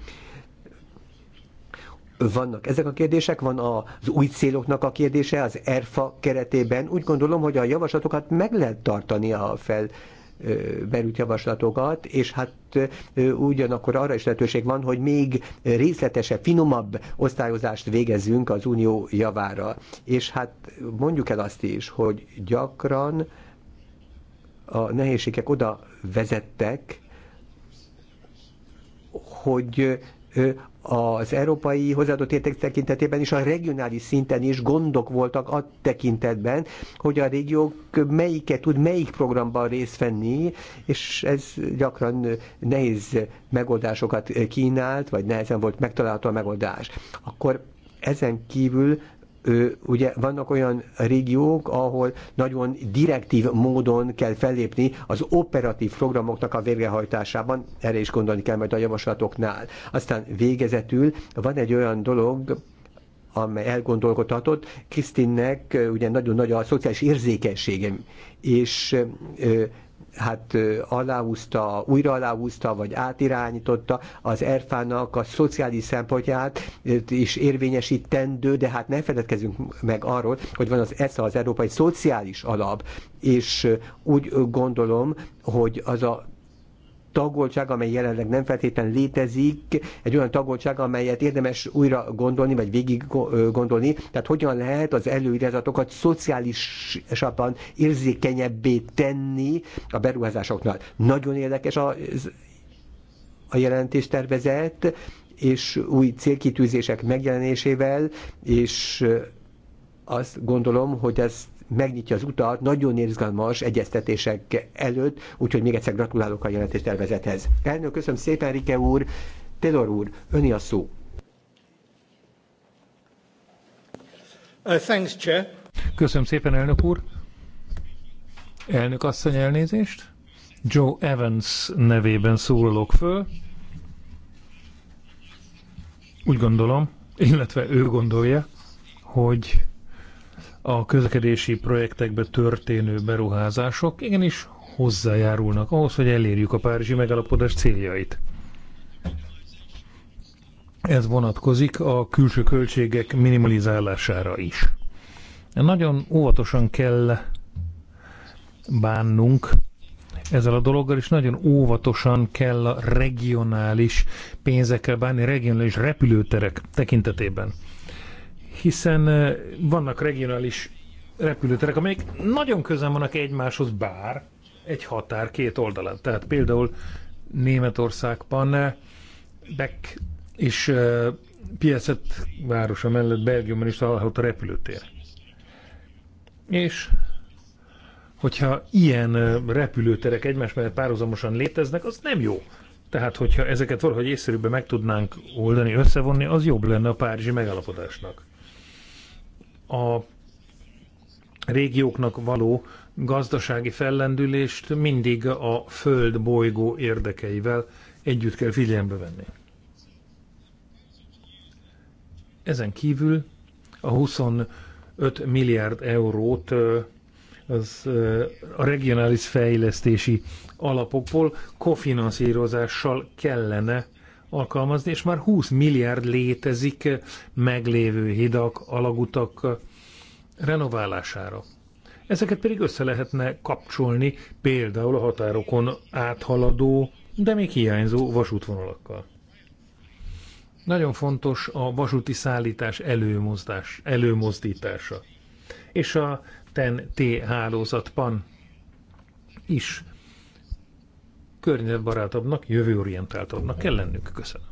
vannak ezek a kérdések, van az új céloknak a kérdése az ERFA keretében. Úgy gondolom, hogy a javaslatokat meg lehet tartani a fel merült javaslatokat, és hát ugyanakkor arra is lehetőség van, hogy még részletesebb, finomabb osztályozást végezzünk az unió javára. És hát mondjuk el azt is, hogy gyakran a nehézségek oda vezettek, hogy az európai hozzáadott érték tekintetében és a regionális szinten is gondok voltak a tekintetben, hogy a régiók melyiket tud melyik programban részt venni, és ez gyakran nehéz megoldásokat kínált, vagy nehezen volt megtalálható a megoldás. Akkor ezen kívül ugye vannak olyan régiók, ahol nagyon direktív módon kell fellépni az operatív programoknak a végrehajtásában, erre is gondolni kell majd a javaslatoknál. Aztán végezetül van egy olyan dolog, amely elgondolkodhatott. Krisztinnek ugye nagyon nagy a szociális érzékenységem, és hát aláhúzta, újra aláhúzta, vagy átirányította az erfának a szociális szempontját is érvényesítendő, de hát ne feledkezzünk meg arról, hogy van az ESZA, az Európai Szociális Alap, és úgy gondolom, hogy az a tagoltság, amely jelenleg nem feltétlen létezik, egy olyan tagoltság, amelyet érdemes újra gondolni, vagy végig gondolni, tehát hogyan lehet az előirázatokat szociálisabban érzékenyebbé tenni a beruházásoknál. Nagyon érdekes a, a tervezett, és új célkitűzések megjelenésével, és azt gondolom, hogy ezt megnyitja az utat nagyon érzgalmas egyeztetések előtt, úgyhogy még egyszer gratulálok a jelentés tervezethez. Elnök, köszönöm szépen, Rike úr, Tedor úr, öni a szó. Uh, thanks, Chair. Köszönöm szépen, elnök úr. Elnök asszony elnézést. Joe Evans nevében szólalok föl. Úgy gondolom, illetve ő gondolja, hogy a közlekedési projektekbe történő beruházások igenis hozzájárulnak ahhoz, hogy elérjük a párizsi megállapodás céljait. Ez vonatkozik a külső költségek minimalizálására is. Nagyon óvatosan kell bánnunk ezzel a dologgal, és nagyon óvatosan kell a regionális pénzekkel bánni, regionális repülőterek tekintetében hiszen eh, vannak regionális repülőterek, amelyek nagyon közel vannak egymáshoz, bár egy határ két oldalán. Tehát például Németországban eh, Beck és eh, Piacet városa mellett Belgiumban is található a repülőtér. És hogyha ilyen repülőterek egymás mellett párhuzamosan léteznek, az nem jó. Tehát, hogyha ezeket valahogy észszerűbben meg tudnánk oldani, összevonni, az jobb lenne a párizsi megállapodásnak a régióknak való gazdasági fellendülést mindig a föld bolygó érdekeivel együtt kell figyelembe venni. Ezen kívül a 25 milliárd eurót az, a regionális fejlesztési alapokból kofinanszírozással kellene alkalmazni, és már 20 milliárd létezik meglévő hidak, alagutak renoválására. Ezeket pedig össze lehetne kapcsolni például a határokon áthaladó, de még hiányzó vasútvonalakkal. Nagyon fontos a vasúti szállítás előmozdás, előmozdítása. És a TEN-T hálózatban is környezetbarátabbnak, jövőorientáltabbnak kell lennünk. Köszönöm.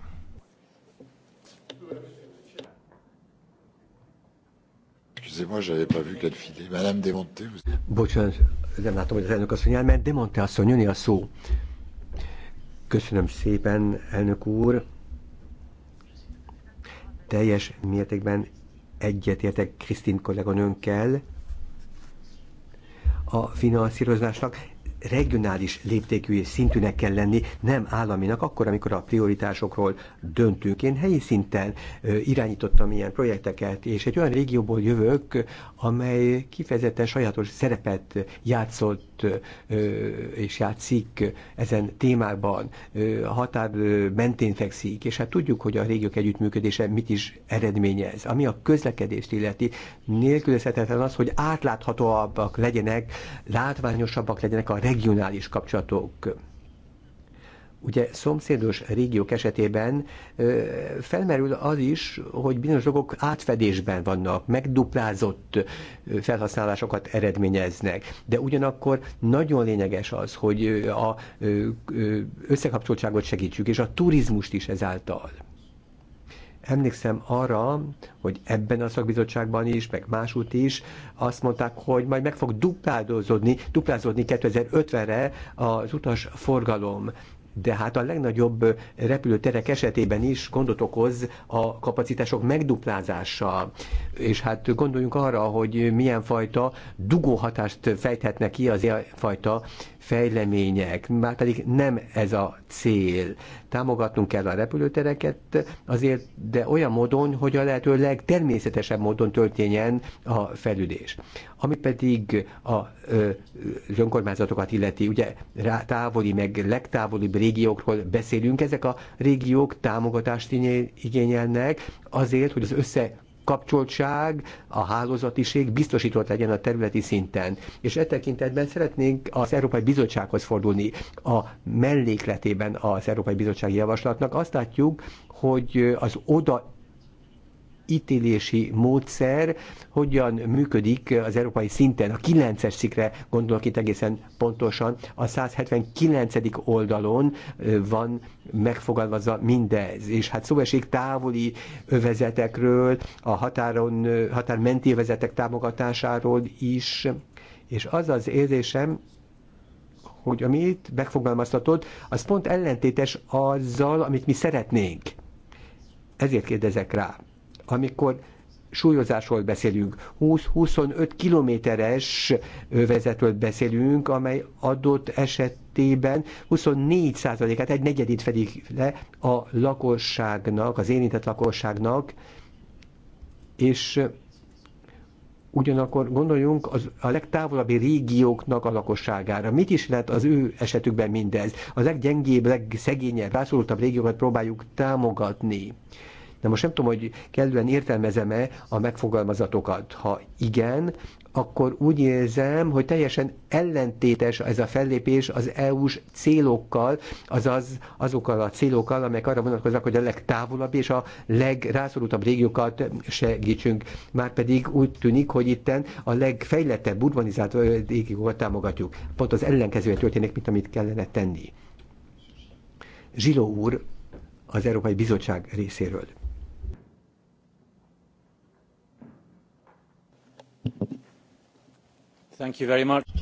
Bocsánat, nem látom, hogy az elnök asszony elment. Demonte asszony, jönni a szó. Köszönöm szépen, elnök úr. Teljes mértékben egyetértek Krisztin kolléganőnkkel. A finanszírozásnak regionális léptékű és szintűnek kell lenni, nem államinak, akkor, amikor a prioritásokról döntünk. Én helyi szinten irányítottam ilyen projekteket, és egy olyan régióból jövök, amely kifejezetten sajátos szerepet játszott játszott és játszik ezen témában, a határ mentén fekszik, és hát tudjuk, hogy a régiók együttműködése mit is eredményez. Ami a közlekedést illeti, nélkülözhetetlen az, hogy átláthatóabbak legyenek, látványosabbak legyenek a regionális kapcsolatok ugye szomszédos régiók esetében ö, felmerül az is, hogy bizonyos dolgok átfedésben vannak, megduplázott felhasználásokat eredményeznek. De ugyanakkor nagyon lényeges az, hogy a összekapcsoltságot segítsük, és a turizmust is ezáltal. Emlékszem arra, hogy ebben a szakbizottságban is, meg másút is azt mondták, hogy majd meg fog duplázódni, duplázódni 2050-re az utas forgalom de hát a legnagyobb repülőterek esetében is gondot okoz a kapacitások megduplázása. És hát gondoljunk arra, hogy milyen fajta dugóhatást fejthetnek ki az ilyen fajta fejlemények, már pedig nem ez a cél. Támogatnunk kell a repülőtereket azért, de olyan módon, hogy a lehető legtermészetesebb módon történjen a felüdés. Ami pedig a az önkormányzatokat illeti, ugye rá, távoli, meg legtávolibb régiókról beszélünk, ezek a régiók támogatást igényelnek azért, hogy az össze kapcsoltság, a hálózatiség biztosított legyen a területi szinten. És e tekintetben szeretnénk az Európai Bizottsághoz fordulni. A mellékletében az Európai Bizottsági Javaslatnak azt látjuk, hogy az oda ítélési módszer hogyan működik az európai szinten. A 9-es szikre gondolok itt egészen pontosan. A 179. oldalon van megfogalmazva mindez. És hát szó esik távoli övezetekről, a határon, határmenti övezetek támogatásáról is. És az az érzésem, hogy amit megfogalmaztatod, az pont ellentétes azzal, amit mi szeretnénk. Ezért kérdezek rá amikor súlyozásról beszélünk, 20-25 kilométeres övezetről beszélünk, amely adott esetében 24 százalékát, egy negyedét fedik le a lakosságnak, az érintett lakosságnak, és ugyanakkor gondoljunk az, a legtávolabbi régióknak a lakosságára. Mit is lehet az ő esetükben mindez? A leggyengébb, legszegényebb, rászorultabb régiókat próbáljuk támogatni. De most nem tudom, hogy kellően értelmezem-e a megfogalmazatokat. Ha igen, akkor úgy érzem, hogy teljesen ellentétes ez a fellépés az EU-s célokkal, azaz azokkal a célokkal, amelyek arra vonatkoznak, hogy a legtávolabb és a legrászorultabb régiókat segítsünk. Márpedig úgy tűnik, hogy itten a legfejlettebb urbanizált régiókat támogatjuk. Pont az ellenkezője történik, mint amit kellene tenni. Zsiló úr az Európai Bizottság részéről.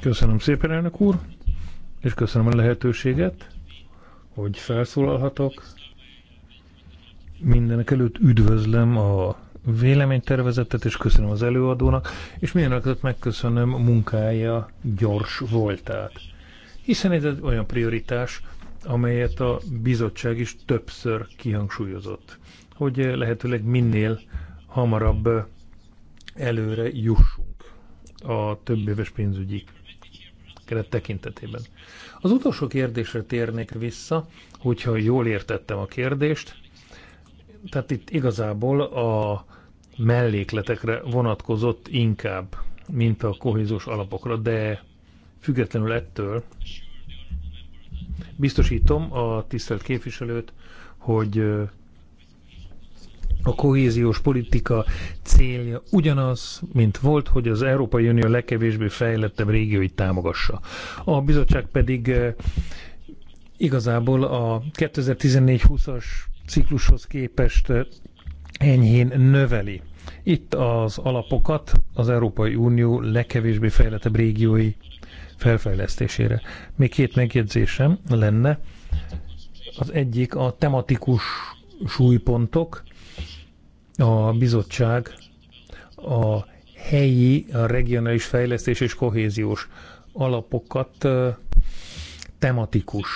Köszönöm szépen, elnök úr, és köszönöm a lehetőséget, hogy felszólalhatok. Mindenek előtt üdvözlöm a véleménytervezetet, és köszönöm az előadónak, és előtt megköszönöm a munkája gyors voltát. Hiszen ez egy olyan prioritás, amelyet a bizottság is többször kihangsúlyozott, hogy lehetőleg minél hamarabb előre jussunk a több éves pénzügyi keret tekintetében. Az utolsó kérdésre térnék vissza, hogyha jól értettem a kérdést. Tehát itt igazából a mellékletekre vonatkozott inkább, mint a kohézós alapokra, de függetlenül ettől biztosítom a tisztelt képviselőt, hogy a kohéziós politika célja ugyanaz, mint volt, hogy az Európai Unió legkevésbé fejlettebb régióit támogassa. A bizottság pedig eh, igazából a 2014-20-as ciklushoz képest eh, enyhén növeli itt az alapokat az Európai Unió legkevésbé fejlettebb régiói felfejlesztésére. Még két megjegyzésem lenne. Az egyik a tematikus súlypontok, a bizottság a helyi, a regionális fejlesztés és kohéziós alapokat tematikus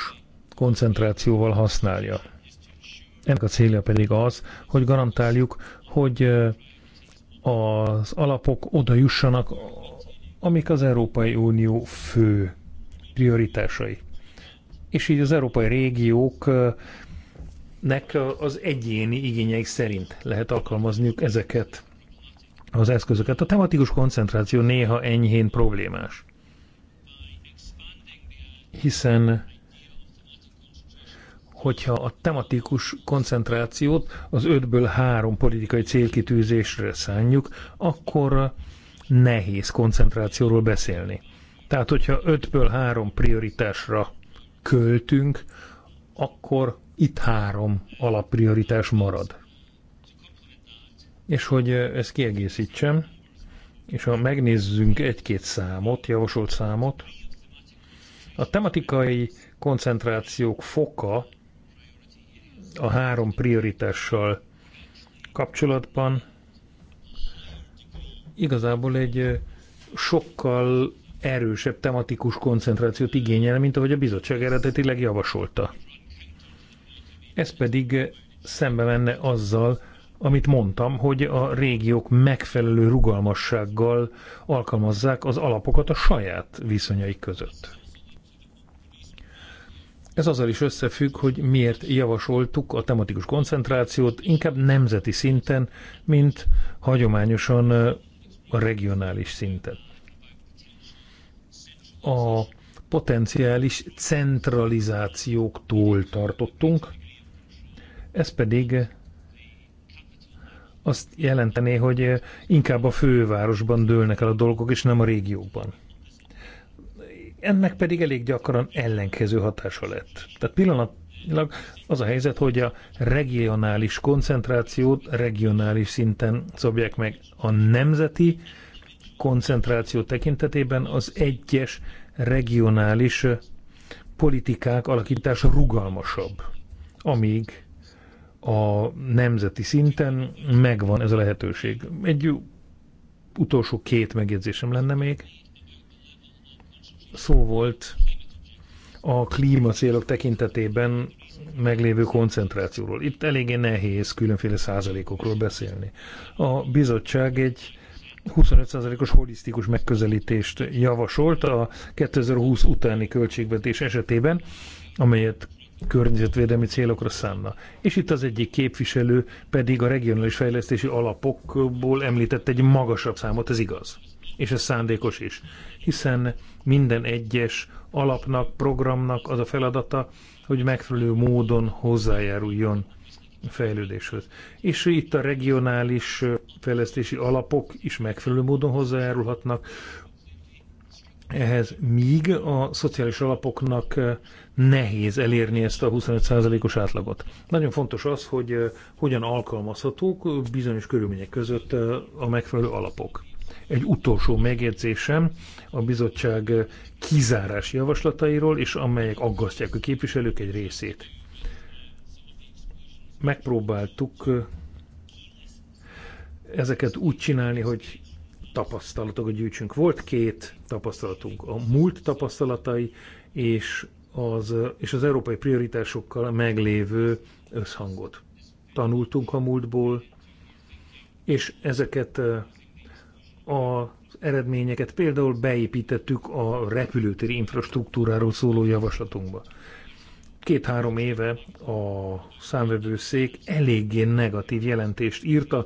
koncentrációval használja. Ennek a célja pedig az, hogy garantáljuk, hogy az alapok oda jussanak, amik az Európai Unió fő prioritásai. És így az európai régiók nek az egyéni igényeik szerint lehet alkalmazniuk ezeket az eszközöket. A tematikus koncentráció néha enyhén problémás, hiszen hogyha a tematikus koncentrációt az ötből három politikai célkitűzésre szánjuk, akkor nehéz koncentrációról beszélni. Tehát, hogyha ötből három prioritásra költünk, akkor itt három alapprioritás marad. És hogy ezt kiegészítsem, és ha megnézzünk egy-két számot, javasolt számot, a tematikai koncentrációk foka a három prioritással kapcsolatban igazából egy sokkal erősebb tematikus koncentrációt igényel, mint ahogy a bizottság eredetileg javasolta. Ez pedig eh, szembe menne azzal, amit mondtam, hogy a régiók megfelelő rugalmassággal alkalmazzák az alapokat a saját viszonyaik között. Ez azzal is összefügg, hogy miért javasoltuk a tematikus koncentrációt inkább nemzeti szinten, mint hagyományosan eh, a regionális szinten. A potenciális centralizációktól tartottunk, ez pedig azt jelentené, hogy inkább a fővárosban dőlnek el a dolgok, és nem a régiókban. Ennek pedig elég gyakran ellenkező hatása lett. Tehát pillanatnyilag az a helyzet, hogy a regionális koncentrációt regionális szinten szabják meg a nemzeti koncentráció tekintetében az egyes regionális politikák alakítása rugalmasabb, amíg a nemzeti szinten megvan ez a lehetőség. Egy utolsó két megjegyzésem lenne még. Szó volt a klímacélok tekintetében meglévő koncentrációról. Itt eléggé nehéz különféle százalékokról beszélni. A bizottság egy 25%-os holisztikus megközelítést javasolt a 2020 utáni költségvetés esetében, amelyet környezetvédelmi célokra szánna. És itt az egyik képviselő pedig a regionális fejlesztési alapokból említett egy magasabb számot, ez igaz. És ez szándékos is. Hiszen minden egyes alapnak, programnak az a feladata, hogy megfelelő módon hozzájáruljon a fejlődéshöz. És itt a regionális fejlesztési alapok is megfelelő módon hozzájárulhatnak, ehhez míg a szociális alapoknak eh, nehéz elérni ezt a 25%-os átlagot. Nagyon fontos az, hogy eh, hogyan alkalmazhatók bizonyos körülmények között eh, a megfelelő alapok. Egy utolsó megjegyzésem a bizottság kizárás javaslatairól, és amelyek aggasztják a képviselők egy részét. Megpróbáltuk ezeket úgy csinálni, hogy tapasztalatokat gyűjtsünk. Volt két tapasztalatunk, a múlt tapasztalatai és az, és az európai prioritásokkal meglévő összhangot. Tanultunk a múltból, és ezeket eh, az eredményeket például beépítettük a repülőtéri infrastruktúráról szóló javaslatunkba. Két-három éve a számvevőszék eléggé negatív jelentést írt a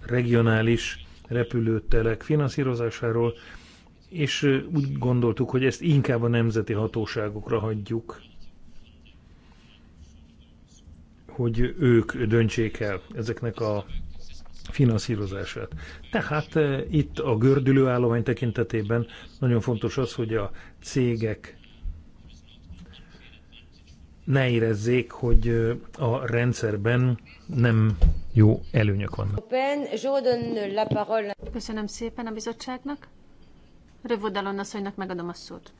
regionális repülőtelek finanszírozásáról, és úgy gondoltuk, hogy ezt inkább a nemzeti hatóságokra hagyjuk, hogy ők döntsék el ezeknek a finanszírozását. Tehát itt a gördülő állomány tekintetében nagyon fontos az, hogy a cégek ne érezzék, hogy a rendszerben nem jó előnyök vannak. Köszönöm szépen a bizottságnak. Rövodalon asszonynak megadom a szót.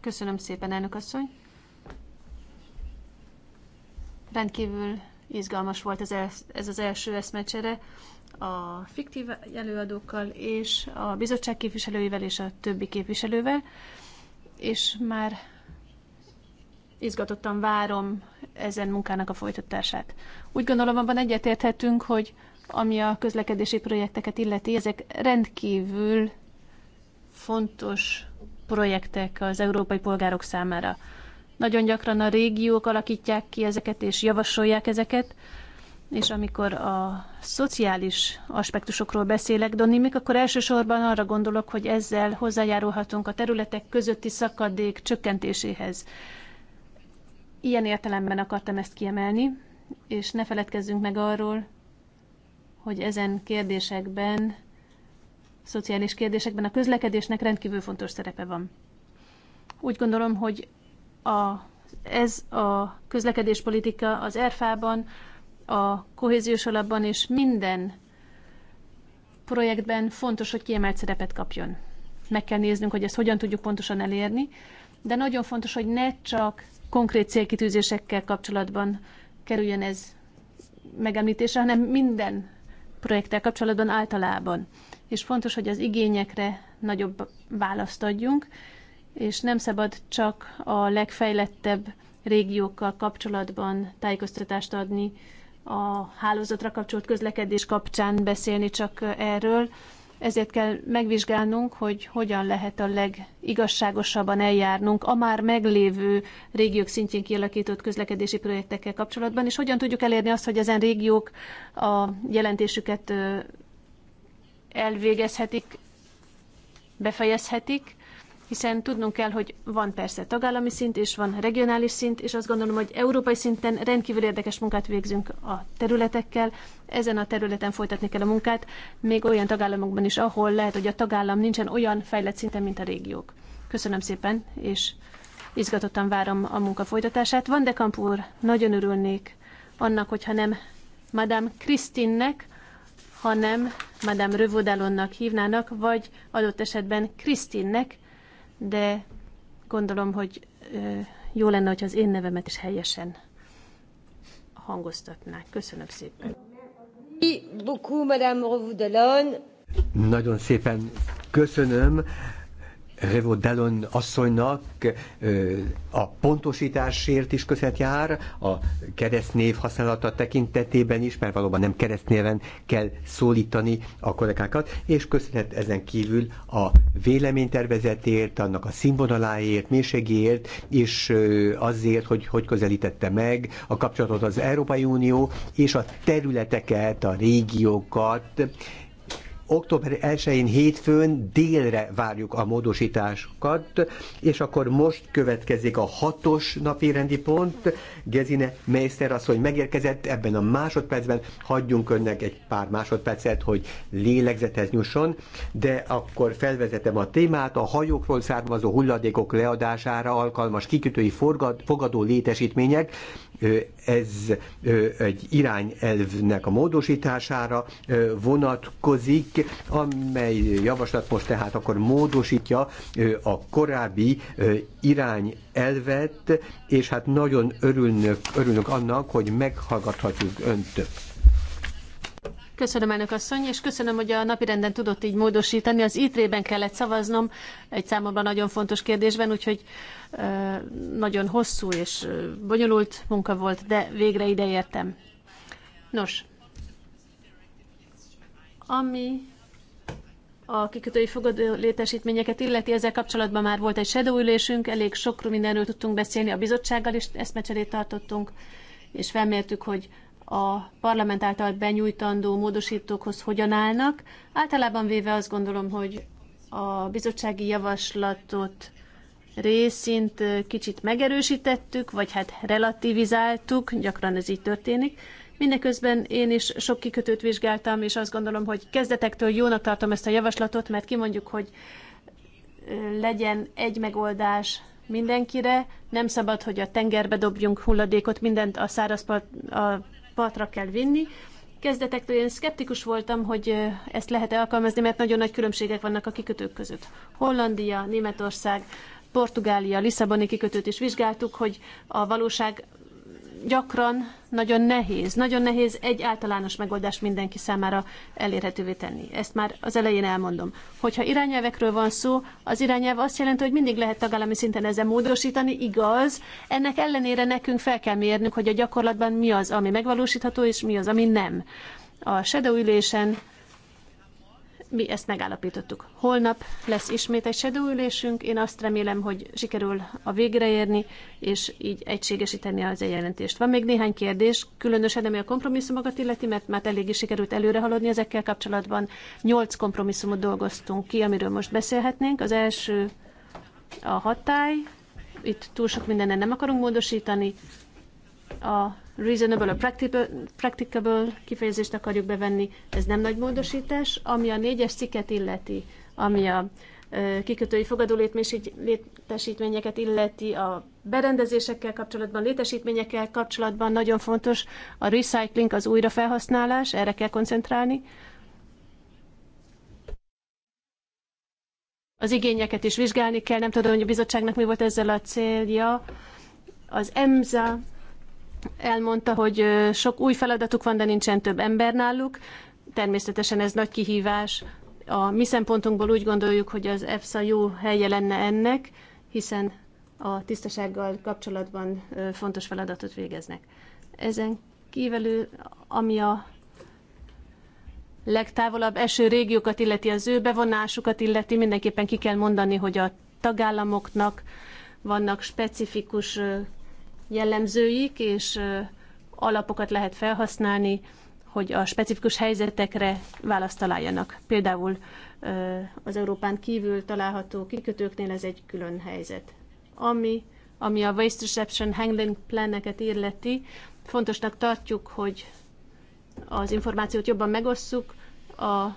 Köszönöm szépen, elnök asszony. Rendkívül izgalmas volt ez, ez az első eszmecsere a fiktív előadókkal és a bizottság képviselőivel és a többi képviselővel, és már izgatottan várom ezen munkának a folytatását. Úgy gondolom, abban egyetérthetünk, hogy ami a közlekedési projekteket illeti, ezek rendkívül fontos projektek az európai polgárok számára. Nagyon gyakran a régiók alakítják ki ezeket és javasolják ezeket, és amikor a szociális aspektusokról beszélek, Donimik, akkor elsősorban arra gondolok, hogy ezzel hozzájárulhatunk a területek közötti szakadék csökkentéséhez. Ilyen értelemben akartam ezt kiemelni, és ne feledkezzünk meg arról, hogy ezen kérdésekben, szociális kérdésekben a közlekedésnek rendkívül fontos szerepe van. Úgy gondolom, hogy a, ez a közlekedéspolitika az ERFA-ban, a kohéziós alapban és minden projektben fontos, hogy kiemelt szerepet kapjon. Meg kell néznünk, hogy ezt hogyan tudjuk pontosan elérni, de nagyon fontos, hogy ne csak konkrét célkitűzésekkel kapcsolatban kerüljön ez megemlítésre, hanem minden projekttel kapcsolatban általában. És fontos, hogy az igényekre nagyobb választ adjunk, és nem szabad csak a legfejlettebb régiókkal kapcsolatban tájékoztatást adni, a hálózatra kapcsolt közlekedés kapcsán beszélni csak erről, ezért kell megvizsgálnunk, hogy hogyan lehet a legigazságosabban eljárnunk a már meglévő régiók szintjén kialakított közlekedési projektekkel kapcsolatban, és hogyan tudjuk elérni azt, hogy ezen régiók a jelentésüket elvégezhetik, befejezhetik, hiszen tudnunk kell, hogy van persze tagállami szint, és van regionális szint, és azt gondolom, hogy európai szinten rendkívül érdekes munkát végzünk a területekkel. Ezen a területen folytatni kell a munkát, még olyan tagállamokban is, ahol lehet, hogy a tagállam nincsen olyan fejlett szinten, mint a régiók. Köszönöm szépen, és izgatottan várom a munka folytatását. Van de Kampur nagyon örülnék annak, hogyha nem Madame Kristinnek, hanem Madame Rövodalonnak hívnának, vagy adott esetben Krisztinnek, de gondolom, hogy jó lenne, hogy az én nevemet is helyesen hangoztatnák. Köszönöm szépen. Beaucoup, Madame Nagyon szépen köszönöm. Revo Delon asszonynak a pontosításért is köszönet jár, a keresztnév használata tekintetében is, mert valóban nem keresztnéven kell szólítani a kollégákat, és köszönet ezen kívül a véleménytervezetért, annak a színvonaláért, mélységéért, és azért, hogy hogy közelítette meg a kapcsolatot az Európai Unió és a területeket, a régiókat, október 1-én hétfőn délre várjuk a módosításokat, és akkor most következik a hatos napi rendi pont. Gezine Meister hogy megérkezett, ebben a másodpercben hagyjunk önnek egy pár másodpercet, hogy lélegzethez nyusson, de akkor felvezetem a témát, a hajókról származó hulladékok leadására alkalmas kikötői forgad, fogadó létesítmények, ez egy irányelvnek a módosítására vonatkozik, amely javaslat most tehát akkor módosítja a korábbi irány elvet, és hát nagyon örülnök, örülnök annak, hogy meghallgathatjuk önt. Köszönöm, elnök asszony, és köszönöm, hogy a napirenden tudott így módosítani. Az ITRE-ben kellett szavaznom egy számomra nagyon fontos kérdésben, úgyhogy nagyon hosszú és bonyolult munka volt, de végre ide értem. Nos, ami a kikötői fogadó létesítményeket illeti. Ezzel kapcsolatban már volt egy shadow ülésünk, elég sok mindenről tudtunk beszélni, a bizottsággal is eszmecserét tartottunk, és felmértük, hogy a parlament által benyújtandó módosítókhoz hogyan állnak. Általában véve azt gondolom, hogy a bizottsági javaslatot részint kicsit megerősítettük, vagy hát relativizáltuk, gyakran ez így történik, Mindeközben én is sok kikötőt vizsgáltam, és azt gondolom, hogy kezdetektől jónak tartom ezt a javaslatot, mert kimondjuk, hogy legyen egy megoldás mindenkire, nem szabad, hogy a tengerbe dobjunk hulladékot, mindent a száraz part, a partra kell vinni. Kezdetektől én szkeptikus voltam, hogy ezt lehet-e alkalmazni, mert nagyon nagy különbségek vannak a kikötők között. Hollandia, Németország, Portugália, Lisszaboni kikötőt is vizsgáltuk, hogy a valóság gyakran nagyon nehéz, nagyon nehéz egy általános megoldást mindenki számára elérhetővé tenni. Ezt már az elején elmondom. Hogyha irányelvekről van szó, az irányelv azt jelenti, hogy mindig lehet tagállami szinten ezzel módosítani, igaz. Ennek ellenére nekünk fel kell mérnünk, hogy a gyakorlatban mi az, ami megvalósítható, és mi az, ami nem. A shadow ülésen mi ezt megállapítottuk. Holnap lesz ismét egy sedőülésünk, ülésünk, én azt remélem, hogy sikerül a végre érni, és így egységesíteni az jelentést. Van még néhány kérdés, különösen ami a kompromisszumokat illeti, mert már elég is sikerült előre haladni ezekkel kapcsolatban. Nyolc kompromisszumot dolgoztunk ki, amiről most beszélhetnénk. Az első a hatály, itt túl sok mindenen nem akarunk módosítani. A reasonable, a practicable, practicable kifejezést akarjuk bevenni, ez nem nagy módosítás. Ami a négyes cikket illeti, ami a kikötői fogadó létesítményeket illeti, a berendezésekkel kapcsolatban, létesítményekkel kapcsolatban nagyon fontos a recycling, az újrafelhasználás, erre kell koncentrálni. Az igényeket is vizsgálni kell, nem tudom, hogy a bizottságnak mi volt ezzel a célja. Az EMSA elmondta, hogy sok új feladatuk van, de nincsen több ember náluk. Természetesen ez nagy kihívás. A mi szempontunkból úgy gondoljuk, hogy az EFSA jó helye lenne ennek, hiszen a tisztasággal kapcsolatban fontos feladatot végeznek. Ezen kívül, ami a legtávolabb eső régiókat illeti, az ő bevonásukat illeti, mindenképpen ki kell mondani, hogy a tagállamoknak vannak specifikus jellemzőik, és alapokat lehet felhasználni, hogy a specifikus helyzetekre választ találjanak. Például az Európán kívül található kikötőknél ez egy külön helyzet. Ami, ami a Waste Reception Handling Planeket illeti, fontosnak tartjuk, hogy az információt jobban megosszuk, a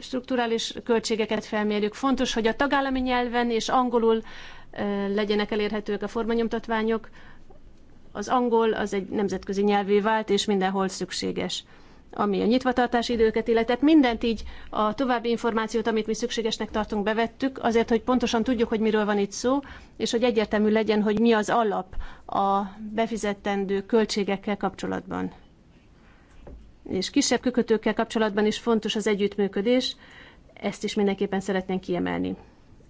strukturális költségeket felmérjük. Fontos, hogy a tagállami nyelven és angolul legyenek elérhetőek a formanyomtatványok, az angol az egy nemzetközi nyelvé vált, és mindenhol szükséges ami a nyitvatartási időket illetett. Mindent így a további információt, amit mi szükségesnek tartunk, bevettük, azért, hogy pontosan tudjuk, hogy miről van itt szó, és hogy egyértelmű legyen, hogy mi az alap a befizetendő költségekkel kapcsolatban. És kisebb kökötőkkel kapcsolatban is fontos az együttműködés, ezt is mindenképpen szeretnénk kiemelni.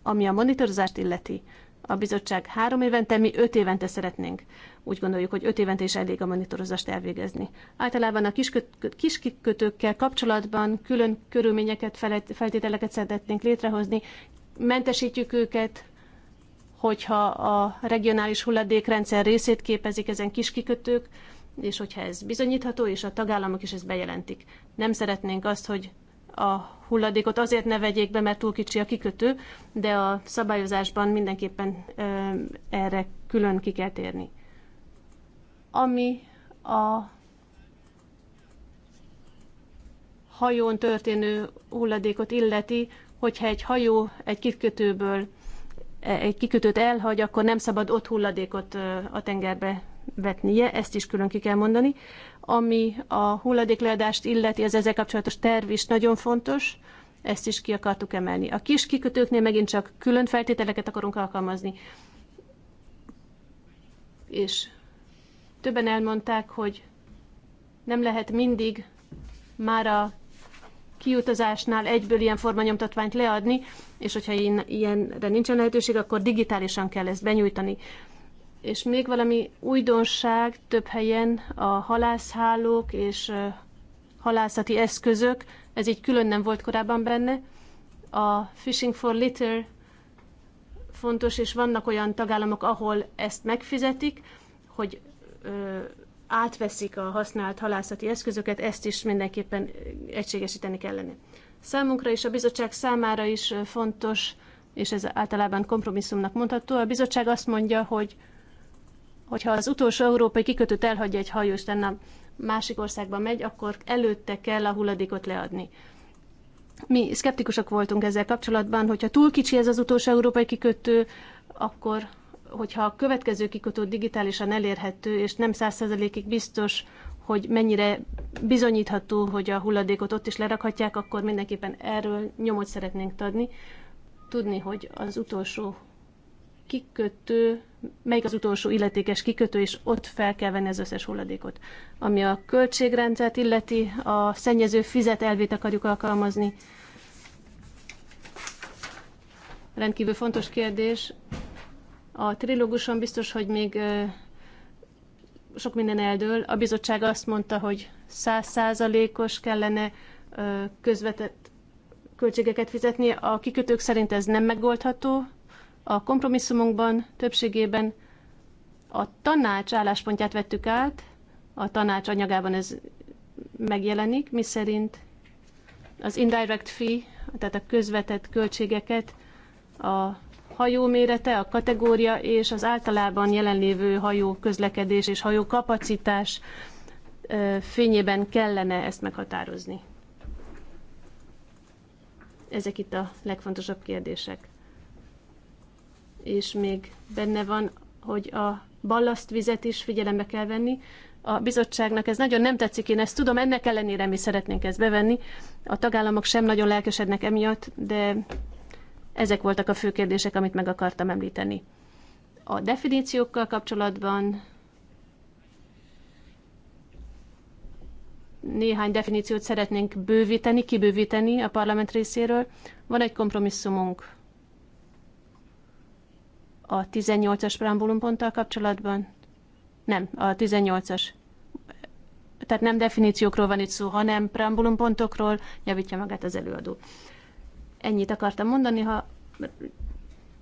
Ami a monitorozást illeti, a bizottság három évente, mi öt évente szeretnénk úgy gondoljuk, hogy öt évente is elég a monitorozást elvégezni. Általában a kiskikötőkkel kapcsolatban külön körülményeket, feltételeket szeretnénk létrehozni, mentesítjük őket, hogyha a regionális hulladékrendszer részét képezik ezen kiskikötők, és hogyha ez bizonyítható, és a tagállamok is ezt bejelentik. Nem szeretnénk azt, hogy a hulladékot azért ne vegyék be, mert túl kicsi a kikötő, de a szabályozásban mindenképpen erre külön ki kell térni. Ami a hajón történő hulladékot illeti, hogyha egy hajó egy kikötőből egy kikötőt elhagy, akkor nem szabad ott hulladékot a tengerbe vetnie, ezt is külön ki kell mondani. Ami a hulladékleadást illeti, az ezzel kapcsolatos terv is nagyon fontos, ezt is ki akartuk emelni. A kis kikötőknél megint csak külön feltételeket akarunk alkalmazni, és Többen elmondták, hogy nem lehet mindig már a kiutazásnál egyből ilyen formanyomtatványt leadni, és hogyha ilyenre nincsen lehetőség, akkor digitálisan kell ezt benyújtani. És még valami újdonság több helyen a halászhálók és halászati eszközök, ez így külön nem volt korábban benne. A Fishing for Litter fontos, és vannak olyan tagállamok, ahol ezt megfizetik, hogy átveszik a használt halászati eszközöket, ezt is mindenképpen egységesíteni kellene. Számunkra és a bizottság számára is fontos, és ez általában kompromisszumnak mondható, a bizottság azt mondja, hogy hogyha az utolsó európai kikötőt elhagyja egy hajó, és a másik országba megy, akkor előtte kell a hulladékot leadni. Mi szkeptikusok voltunk ezzel kapcsolatban, hogyha túl kicsi ez az utolsó európai kikötő, akkor hogyha a következő kikötő digitálisan elérhető, és nem százszerzelékig biztos, hogy mennyire bizonyítható, hogy a hulladékot ott is lerakhatják, akkor mindenképpen erről nyomot szeretnénk adni. Tudni, hogy az utolsó kikötő, melyik az utolsó illetékes kikötő, és ott fel kell venni az összes hulladékot. Ami a költségrendszert illeti, a szennyező fizet elvét akarjuk alkalmazni. Rendkívül fontos kérdés, a trilóguson biztos, hogy még sok minden eldől. A bizottság azt mondta, hogy százszázalékos kellene közvetett költségeket fizetni. A kikötők szerint ez nem megoldható. A kompromisszumunkban többségében a tanács álláspontját vettük át, a tanács anyagában ez megjelenik, miszerint az indirect fee, tehát a közvetett költségeket a hajó mérete, a kategória és az általában jelenlévő hajó közlekedés és hajó kapacitás fényében kellene ezt meghatározni. Ezek itt a legfontosabb kérdések. És még benne van, hogy a ballasztvizet is figyelembe kell venni. A bizottságnak ez nagyon nem tetszik, én ezt tudom, ennek ellenére mi szeretnénk ezt bevenni. A tagállamok sem nagyon lelkesednek emiatt, de ezek voltak a fő kérdések, amit meg akartam említeni. A definíciókkal kapcsolatban néhány definíciót szeretnénk bővíteni, kibővíteni a parlament részéről. Van egy kompromisszumunk a 18-as preambulumponttal kapcsolatban. Nem, a 18-as. Tehát nem definíciókról van itt szó, hanem preambulumpontokról, javítja magát az előadó. Ennyit akartam mondani, ha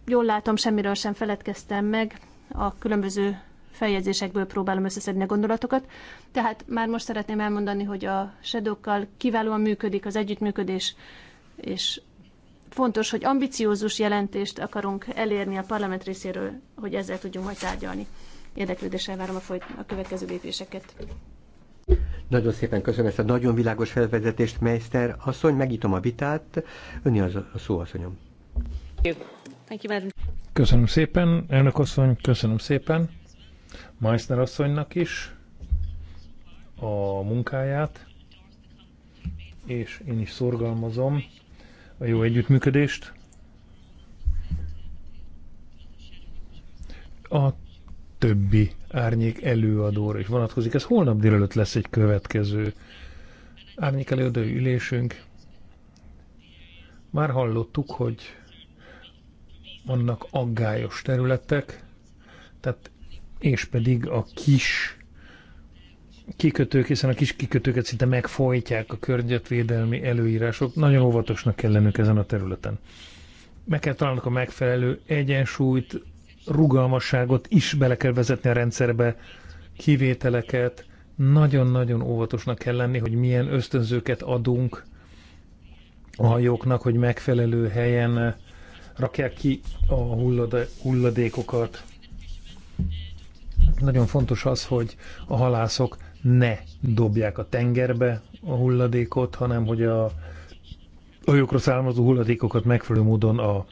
jól látom, semmiről sem feledkeztem meg, a különböző feljegyzésekből próbálom összeszedni a gondolatokat. Tehát már most szeretném elmondani, hogy a sedokkal kiválóan működik az együttműködés, és fontos, hogy ambiciózus jelentést akarunk elérni a parlament részéről, hogy ezzel tudjunk majd tárgyalni. Érdeklődéssel várom a, folyt- a következő lépéseket. Nagyon szépen köszönöm ezt a nagyon világos felvezetést, Meister. Asszony, megítom a vitát. Öni az a szó, asszonyom. Köszönöm szépen, elnök asszony, köszönöm szépen. Meister asszonynak is a munkáját, és én is szorgalmazom a jó együttműködést. A többi árnyék előadóra is vonatkozik. Ez holnap délelőtt lesz egy következő árnyék előadó ülésünk. Már hallottuk, hogy vannak aggályos területek, tehát és pedig a kis kikötők, hiszen a kis kikötőket szinte megfojtják a környezetvédelmi előírások. Nagyon óvatosnak kell lennünk ezen a területen. Meg kell találnunk a megfelelő egyensúlyt rugalmasságot is bele kell vezetni a rendszerbe, kivételeket, nagyon-nagyon óvatosnak kell lenni, hogy milyen ösztönzőket adunk a hajóknak, hogy megfelelő helyen rakják ki a hulladékokat. Nagyon fontos az, hogy a halászok ne dobják a tengerbe a hulladékot, hanem hogy a hajókra származó hulladékokat megfelelő módon a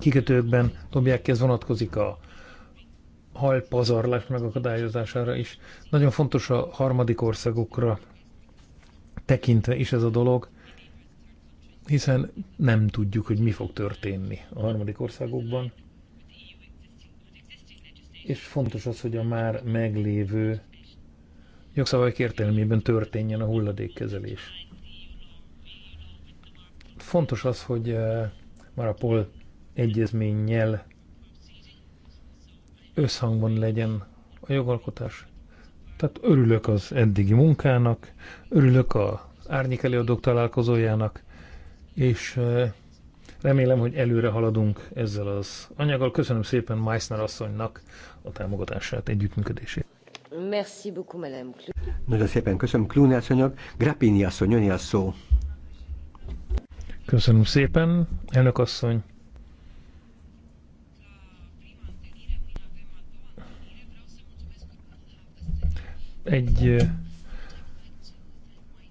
kikötőkben dobják ki, ez vonatkozik a halpazarlás megakadályozására is. Nagyon fontos a harmadik országokra tekintve is ez a dolog, hiszen nem tudjuk, hogy mi fog történni a harmadik országokban. És fontos az, hogy a már meglévő jogszabályok értelmében történjen a hulladékkezelés. Fontos az, hogy eh, már a Pol egyezménnyel összhangban legyen a jogalkotás. Tehát örülök az eddigi munkának, örülök a árnyék előadók találkozójának, és remélem, hogy előre haladunk ezzel az anyaggal. Köszönöm szépen Meissner asszonynak a támogatását, együttműködését. Merci beaucoup, Madame Clu. Nagyon szépen köszönöm Klúni asszonyok. Grappini asszony, a szó. Köszönöm szépen, elnök asszony. egy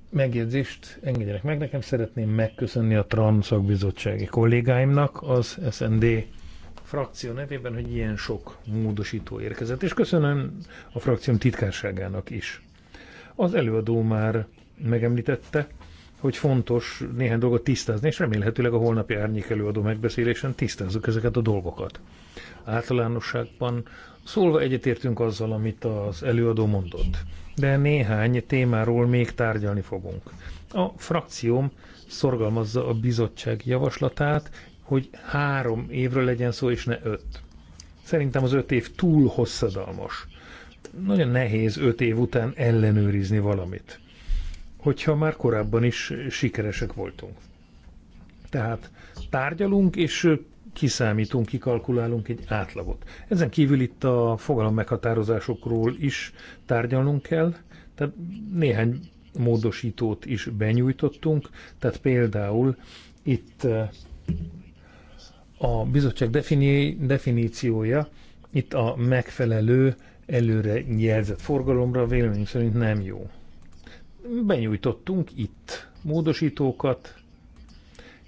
megjegyzést engedjenek meg nekem. Szeretném megköszönni a TRAN szakbizottsági kollégáimnak az SND frakció nevében, hogy ilyen sok módosító érkezett, és köszönöm a frakcióm titkárságának is. Az előadó már megemlítette, hogy fontos néhány dolgot tisztázni, és remélhetőleg a holnapi árnyék előadó megbeszélésen tisztázzuk ezeket a dolgokat általánosságban szólva egyetértünk azzal, amit az előadó mondott, de néhány témáról még tárgyalni fogunk. A frakcióm szorgalmazza a bizottság javaslatát, hogy három évről legyen szó, és ne öt. Szerintem az öt év túl hosszadalmas. Nagyon nehéz öt év után ellenőrizni valamit, hogyha már korábban is sikeresek voltunk. Tehát tárgyalunk, és kiszámítunk, kikalkulálunk egy átlagot. Ezen kívül itt a fogalom meghatározásokról is tárgyalnunk kell, tehát néhány módosítót is benyújtottunk, tehát például itt eh, a bizottság defini- definíciója, itt a megfelelő előre jelzett forgalomra vélemény szerint nem jó. Benyújtottunk itt módosítókat,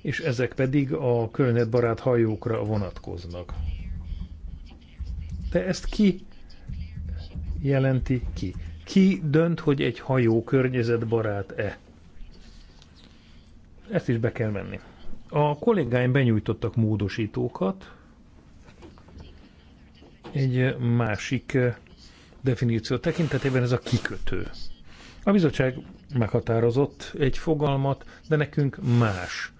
és ezek pedig a környezetbarát hajókra vonatkoznak. De ezt ki jelenti ki? Ki dönt, hogy egy hajó környezetbarát-e? Ezt is be kell menni. A kollégáim benyújtottak módosítókat, egy másik definíció tekintetében ez a kikötő. A bizottság meghatározott egy fogalmat, de nekünk más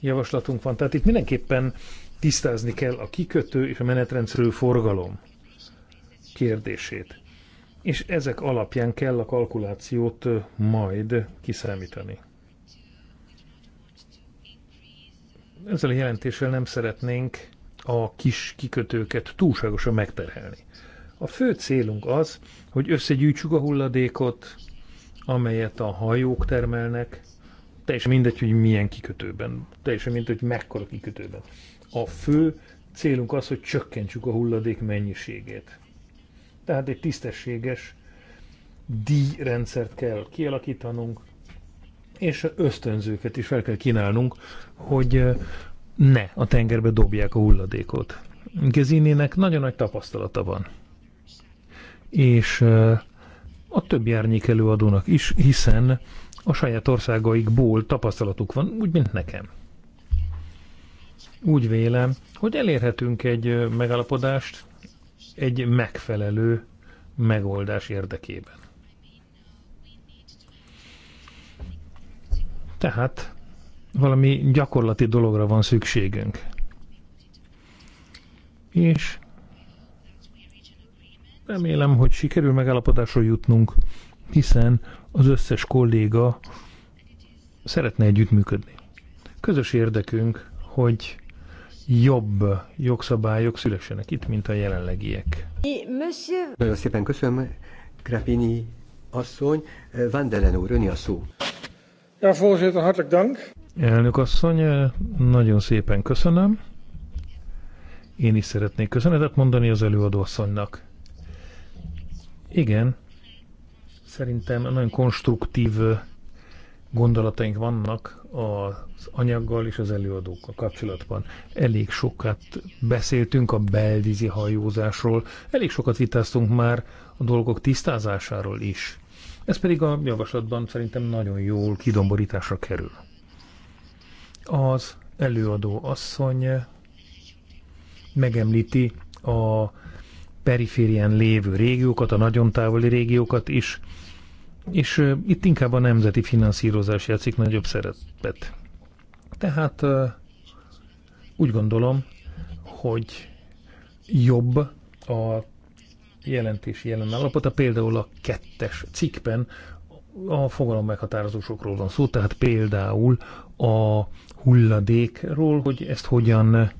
javaslatunk van. Tehát itt mindenképpen tisztázni kell a kikötő és a menetrendszerű forgalom kérdését. És ezek alapján kell a kalkulációt majd kiszámítani. Ezzel a jelentéssel nem szeretnénk a kis kikötőket túlságosan megterhelni. A fő célunk az, hogy összegyűjtsük a hulladékot, amelyet a hajók termelnek, teljesen mindegy, hogy milyen kikötőben, teljesen mindegy, hogy mekkora kikötőben. A fő célunk az, hogy csökkentsük a hulladék mennyiségét. Tehát egy tisztességes díjrendszert kell kialakítanunk, és ösztönzőket is fel kell kínálnunk, hogy eh, ne a tengerbe dobják a hulladékot. Gezinének nagyon nagy tapasztalata van. És eh, a többi árnyék előadónak is, hiszen a saját országaikból tapasztalatuk van, úgy, mint nekem. Úgy vélem, hogy elérhetünk egy megállapodást egy megfelelő megoldás érdekében. Tehát valami gyakorlati dologra van szükségünk. És remélem, hogy sikerül megállapodásra jutnunk, hiszen az összes kolléga szeretne együttműködni. Közös érdekünk, hogy jobb jogszabályok szülessenek itt, mint a jelenlegiek. Monsieur... Nagyon szépen köszönöm, Krapini asszony. Vandelen úr, öni a szó. Ja, voorzitter, hartelijk dank. Elnök asszony, nagyon szépen köszönöm. Én is szeretnék köszönetet mondani az előadó asszonynak. Igen, Szerintem nagyon konstruktív gondolataink vannak az anyaggal és az előadókkal kapcsolatban. Elég sokat beszéltünk a belvízi hajózásról, elég sokat vitáztunk már a dolgok tisztázásáról is. Ez pedig a javaslatban szerintem nagyon jól kidomborításra kerül. Az előadó asszony megemlíti a periférián lévő régiókat, a nagyon távoli régiókat is, és itt inkább a nemzeti finanszírozás játszik nagyobb szerepet. Tehát úgy gondolom, hogy jobb a jelentési jelen állapota, például a kettes cikkben a fogalom meghatározósokról van szó, tehát például a hulladékról, hogy ezt hogyan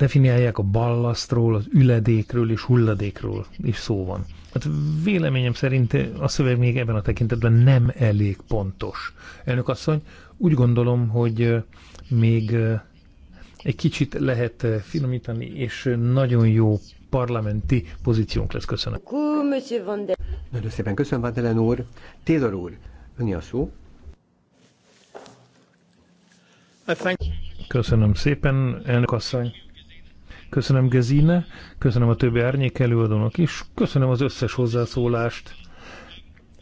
definiálják a ballasztról, az üledékről és hulladékról is szó van. Hát véleményem szerint a szöveg még ebben a tekintetben nem elég pontos. Elnök asszony, úgy gondolom, hogy még egy kicsit lehet finomítani, és nagyon jó parlamenti pozíciónk lesz. Köszönöm. Nagyon szépen köszönöm, Vandelen úr. Taylor úr, öni a szó. Köszönöm szépen, elnök asszony. Köszönöm Gezine, köszönöm a többi árnyék előadónak is, köszönöm az összes hozzászólást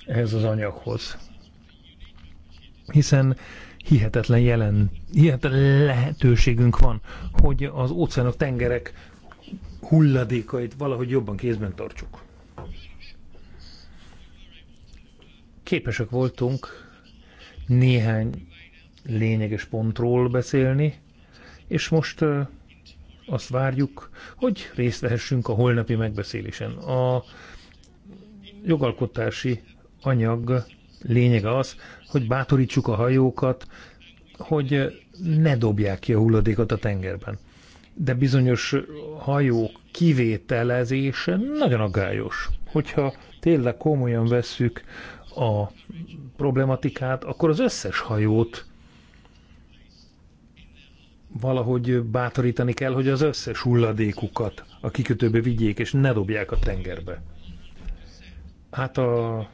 ehhez az anyaghoz. Hiszen hihetetlen jelen, hihetetlen lehetőségünk van, hogy az óceánok, tengerek hulladékait valahogy jobban kézben tartsuk. Képesek voltunk néhány lényeges pontról beszélni, és most azt várjuk, hogy részt vehessünk a holnapi megbeszélésen. A jogalkotási anyag lényege az, hogy bátorítsuk a hajókat, hogy ne dobják ki a hulladékot a tengerben. De bizonyos hajók kivételezése nagyon aggályos. Hogyha tényleg komolyan vesszük a problematikát, akkor az összes hajót valahogy bátorítani kell, hogy az összes hulladékukat a kikötőbe vigyék, és ne dobják a tengerbe. Hát a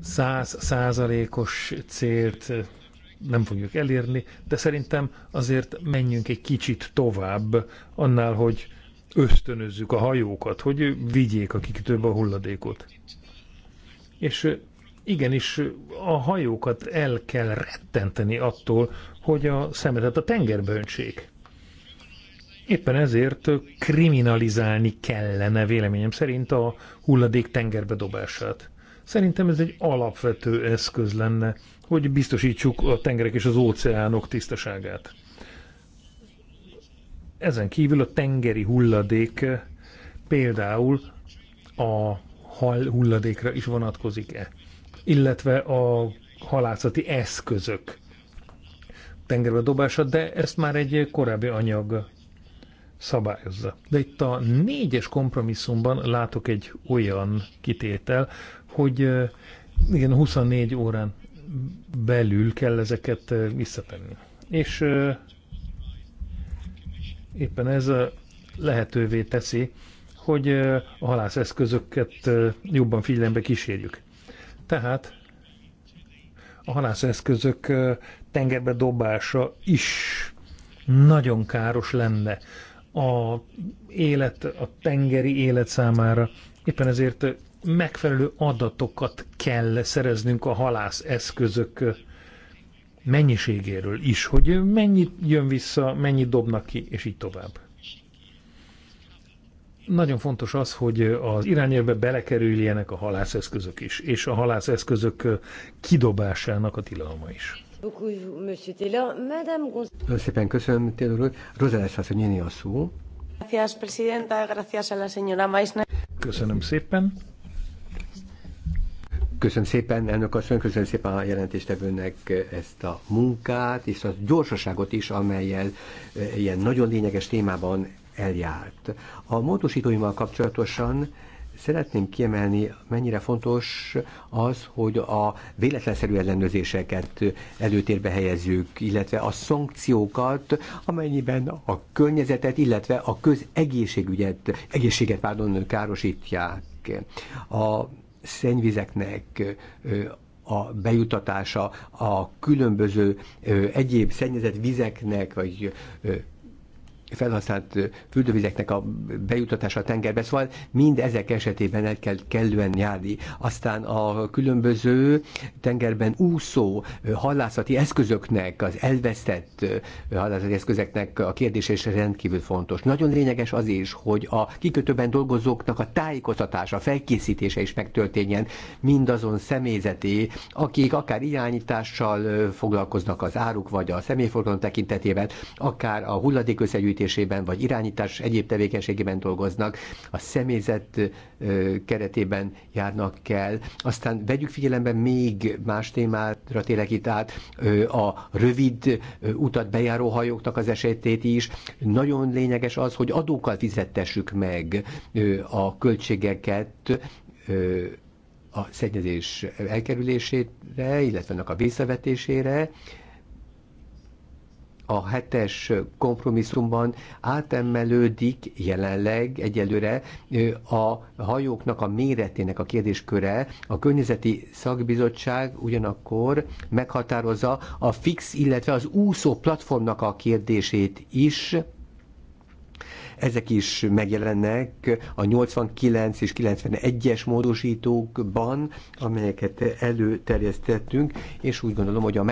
száz százalékos célt nem fogjuk elérni, de szerintem azért menjünk egy kicsit tovább annál, hogy ösztönözzük a hajókat, hogy vigyék a kikötőbe a hulladékot. És igenis a hajókat el kell rettenteni attól, hogy a szemetet a tengerbe öntsék. Éppen ezért kriminalizálni kellene véleményem szerint a hulladék tengerbe dobását. Szerintem ez egy alapvető eszköz lenne, hogy biztosítsuk a tengerek és az óceánok tisztaságát. Ezen kívül a tengeri hulladék például a hal hulladékra is vonatkozik-e? illetve a halászati eszközök tengerbe dobása, de ezt már egy korábbi anyag szabályozza. De itt a négyes kompromisszumban látok egy olyan kitétel, hogy igen, 24 órán belül kell ezeket visszatenni. És éppen ez lehetővé teszi, hogy a halászeszközöket jobban figyelembe kísérjük. Tehát a halászeszközök tengerbe dobása is nagyon káros lenne a élet, a tengeri élet számára. Éppen ezért megfelelő adatokat kell szereznünk a halászeszközök mennyiségéről is, hogy mennyi jön vissza, mennyit dobnak ki, és így tovább. Nagyon fontos az, hogy az irányelvbe belekerüljenek a halászeszközök is, és a halászeszközök kidobásának a tilalma is. Nagyon szépen köszönöm, Taylor úr. az, hogy a szó. Köszönöm szépen. Köszönöm szépen, elnök asszony, köszönöm szépen a jelentéstevőnek ezt a munkát, és a gyorsaságot is, amelyel eh, ilyen nagyon lényeges témában eljárt. A módosítóimmal kapcsolatosan szeretném kiemelni, mennyire fontos az, hogy a véletlenszerű ellenőrzéseket előtérbe helyezzük, illetve a szankciókat, amennyiben a környezetet, illetve a közegészségügyet, egészséget pardon, károsítják. A szennyvizeknek a bejutatása a különböző egyéb szennyezett vizeknek, vagy felhasznált fürdővizeknek a bejutatása a tengerbe, szóval mind ezek esetében el kell kellően járni. Aztán a különböző tengerben úszó halászati eszközöknek, az elvesztett halászati eszközöknek a kérdése is rendkívül fontos. Nagyon lényeges az is, hogy a kikötőben dolgozóknak a tájékoztatása, a felkészítése is megtörténjen mindazon személyzeté, akik akár irányítással foglalkoznak az áruk vagy a személyforgalom tekintetében, akár a összegyűjtés építésében, vagy irányítás egyéb tevékenységében dolgoznak, a személyzet keretében járnak kell, Aztán vegyük figyelembe még más témára tényleg itt át a rövid utat bejáró hajóknak az esetét is. Nagyon lényeges az, hogy adókkal fizettessük meg a költségeket, a szennyezés elkerülésére, illetve annak a visszavetésére, a hetes kompromisszumban átemelődik jelenleg egyelőre a hajóknak a méretének a kérdésköre. A környezeti szakbizottság ugyanakkor meghatározza a fix, illetve az úszó platformnak a kérdését is, ezek is megjelennek a 89 és 91-es módosítókban, amelyeket előterjesztettünk, és úgy gondolom, hogy a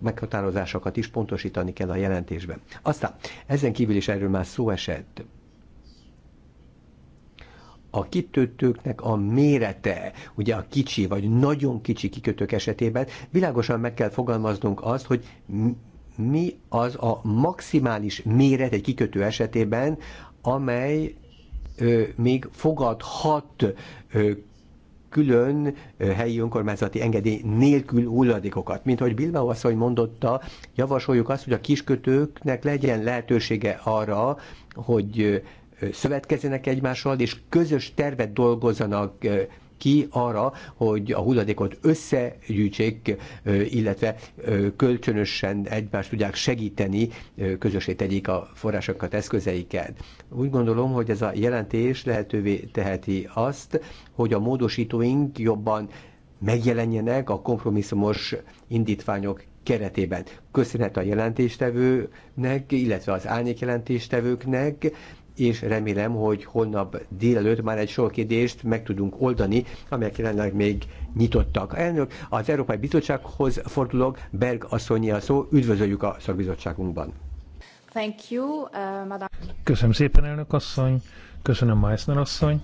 meghatározásokat is pontosítani kell a jelentésben. Aztán ezen kívül is erről már szó esett, a kitöltőknek a mérete, ugye a kicsi vagy nagyon kicsi kikötők esetében világosan meg kell fogalmaznunk azt, hogy mi az a maximális méret egy kikötő esetében, amely ö, még fogadhat ö, külön helyi önkormányzati engedély nélkül hulladékokat. Mint ahogy Bilbao asszony mondotta, javasoljuk azt, hogy a kiskötőknek legyen lehetősége arra, hogy szövetkezzenek egymással, és közös tervet dolgozzanak ki arra, hogy a hulladékot összegyűjtsék, illetve kölcsönösen egymást tudják segíteni, közösé tegyék a forrásokat, eszközeiket. Úgy gondolom, hogy ez a jelentés lehetővé teheti azt, hogy a módosítóink jobban megjelenjenek a kompromisszumos indítványok keretében. Köszönhet a jelentéstevőnek, illetve az árnyék jelentéstevőknek, és remélem, hogy holnap délelőtt már egy sor kérdést meg tudunk oldani, amelyek jelenleg még nyitottak. Elnök, az Európai Bizottsághoz fordulok, Berg asszonyi a szó, üdvözöljük a szakbizottságunkban. Thank you, uh, madam. Köszönöm szépen, elnök asszony, köszönöm Meissner asszony,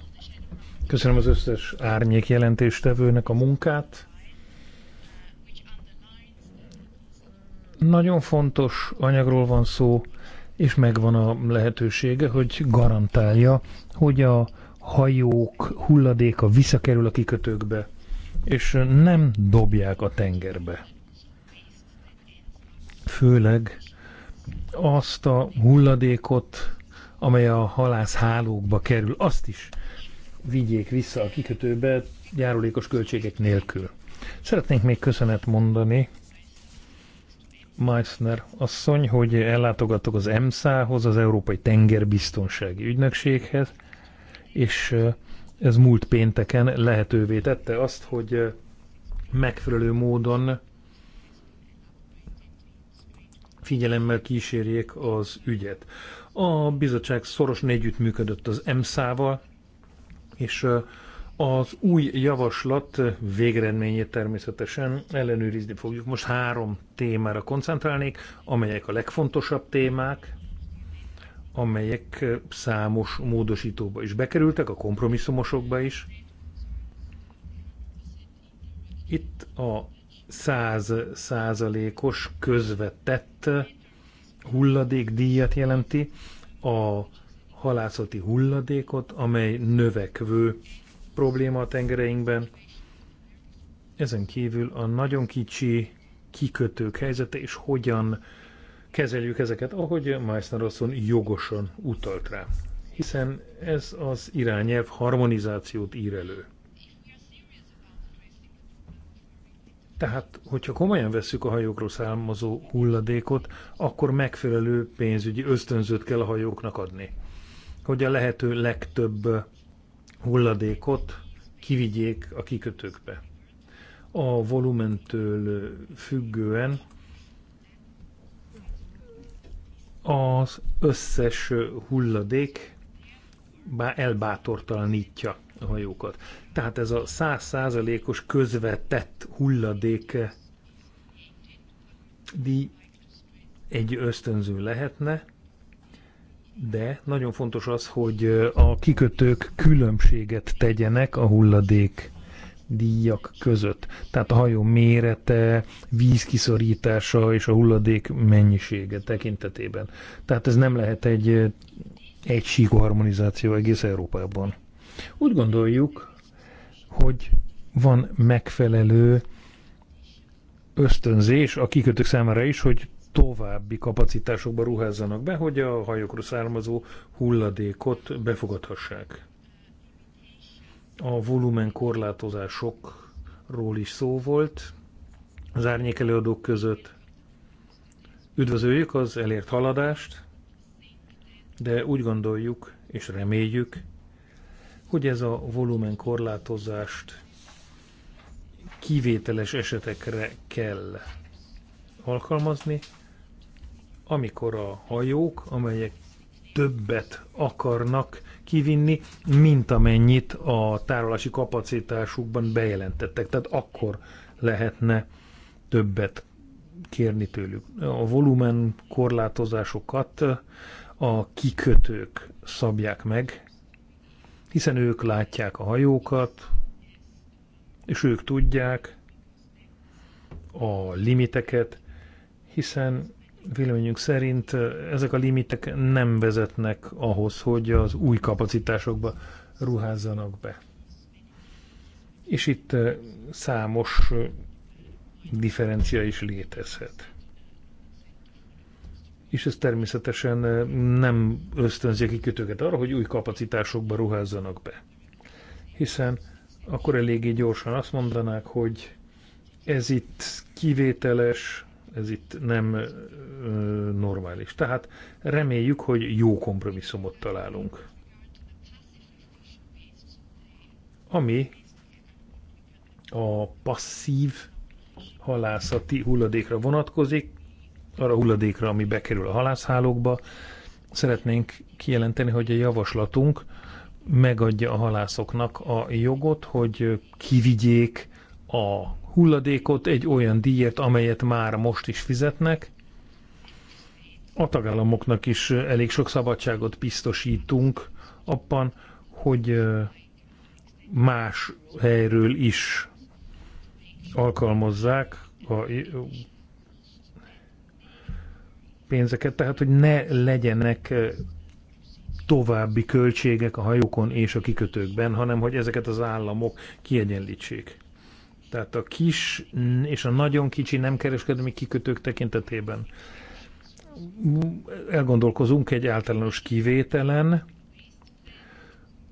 köszönöm az összes árnyék jelentéstevőnek a munkát. Nagyon fontos anyagról van szó, és megvan a lehetősége, hogy garantálja, hogy a hajók hulladéka visszakerül a kikötőkbe, és nem dobják a tengerbe. Főleg azt a hulladékot, amely a halászhálókba kerül, azt is vigyék vissza a kikötőbe járulékos költségek nélkül. Szeretnénk még köszönet mondani Meissner asszony, hogy ellátogatok az EMSZ-hoz, az Európai Tengerbiztonsági Ügynökséghez, és ez múlt pénteken lehetővé tette azt, hogy megfelelő módon figyelemmel kísérjék az ügyet. A bizottság szorosan együttműködött az EMSZ-val, és az új javaslat végeredményét természetesen ellenőrizni fogjuk. Most három témára koncentrálnék, amelyek a legfontosabb témák, amelyek számos módosítóba is bekerültek, a kompromisszumosokba is. Itt a száz százalékos közvetett hulladékdíjat jelenti, a halászati hulladékot, amely növekvő probléma a tengereinkben. Ezen kívül a nagyon kicsi kikötők helyzete, és hogyan kezeljük ezeket, ahogy Meissner asszony jogosan utalt rá. Hiszen ez az irányelv harmonizációt ír elő. Tehát, hogyha komolyan vesszük a hajókról származó hulladékot, akkor megfelelő pénzügyi ösztönzőt kell a hajóknak adni, hogy a lehető legtöbb hulladékot kivigyék a kikötőkbe. A volumentől függően az összes hulladék elbátortalanítja a hajókat. Tehát ez a százszázalékos közvetett hulladék egy ösztönző lehetne, de nagyon fontos az, hogy a kikötők különbséget tegyenek a hulladék díjak között. Tehát a hajó mérete, vízkiszorítása és a hulladék mennyisége tekintetében. Tehát ez nem lehet egy egysíkú harmonizáció egész Európában. Úgy gondoljuk, hogy van megfelelő ösztönzés a kikötők számára is, hogy további kapacitásokba ruházzanak be, hogy a hajókról származó hulladékot befogadhassák. A volumen korlátozásokról is szó volt az árnyék előadók között. Üdvözöljük az elért haladást, de úgy gondoljuk és reméljük, hogy ez a volumen korlátozást kivételes esetekre kell alkalmazni, amikor a hajók, amelyek többet akarnak kivinni, mint amennyit a tárolási kapacitásukban bejelentettek. Tehát akkor lehetne többet kérni tőlük. A volumen korlátozásokat a kikötők szabják meg, hiszen ők látják a hajókat, és ők tudják a limiteket, hiszen Véleményünk szerint ezek a limitek nem vezetnek ahhoz, hogy az új kapacitásokba ruházzanak be. És itt számos differencia is létezhet. És ez természetesen nem ösztönzi a kikötőket arra, hogy új kapacitásokba ruházzanak be. Hiszen akkor eléggé gyorsan azt mondanák, hogy ez itt kivételes, ez itt nem ö, normális. Tehát reméljük, hogy jó kompromisszumot találunk. Ami a passzív halászati hulladékra vonatkozik, arra hulladékra, ami bekerül a halászhálókba. Szeretnénk kijelenteni, hogy a javaslatunk megadja a halászoknak a jogot, hogy kivigyék a hulladékot egy olyan díjért, amelyet már most is fizetnek. A tagállamoknak is elég sok szabadságot biztosítunk abban, hogy más helyről is alkalmazzák a pénzeket, tehát hogy ne legyenek további költségek a hajókon és a kikötőkben, hanem hogy ezeket az államok kiegyenlítsék. Tehát a kis és a nagyon kicsi nem kereskedelmi kikötők tekintetében elgondolkozunk egy általános kivételen,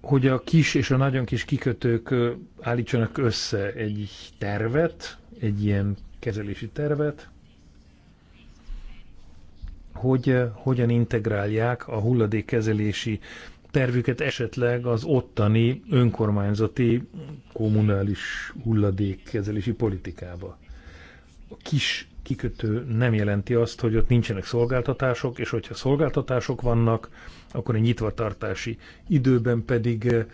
hogy a kis és a nagyon kis kikötők állítsanak össze egy tervet, egy ilyen kezelési tervet, hogy hogyan integrálják a hulladékkezelési tervüket esetleg az ottani önkormányzati kommunális hulladékkezelési politikába. A kis kikötő nem jelenti azt, hogy ott nincsenek szolgáltatások, és hogyha szolgáltatások vannak, akkor egy nyitvatartási időben pedig eh,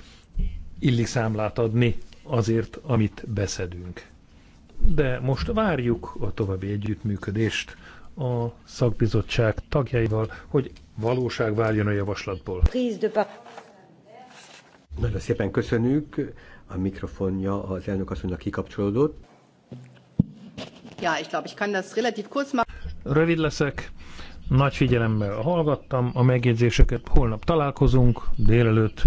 illik számlát adni azért, amit beszedünk. De most várjuk a további együttműködést a szakbizottság tagjaival, hogy valóság váljon a javaslatból. Nagyon szépen köszönjük. A mikrofonja az elnök asszonynak kikapcsolódott. Ja, ich glaube, ich kann das relativ kurz machen. Rövid leszek. Nagy figyelemmel hallgattam a megjegyzéseket. Holnap találkozunk délelőtt,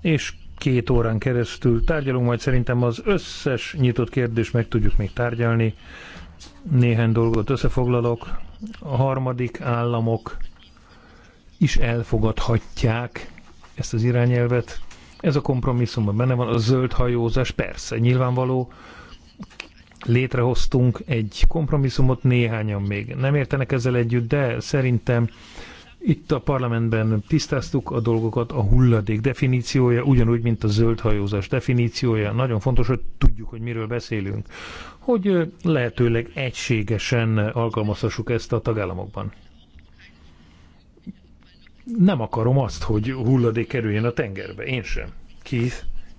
és két órán keresztül tárgyalunk, majd szerintem az összes nyitott kérdést meg tudjuk még tárgyalni. Néhány dolgot összefoglalok. A harmadik államok is elfogadhatják ezt az irányelvet. Ez a kompromisszumban benne van. A zöld hajózás persze nyilvánvaló. Létrehoztunk egy kompromisszumot, néhányan még nem értenek ezzel együtt, de szerintem itt a parlamentben tisztáztuk a dolgokat, a hulladék definíciója, ugyanúgy, mint a zöld hajózás definíciója. Nagyon fontos, hogy tudjuk, hogy miről beszélünk hogy lehetőleg egységesen alkalmazhassuk ezt a tagállamokban. Nem akarom azt, hogy hulladék kerüljön a tengerbe. Én sem. Keith,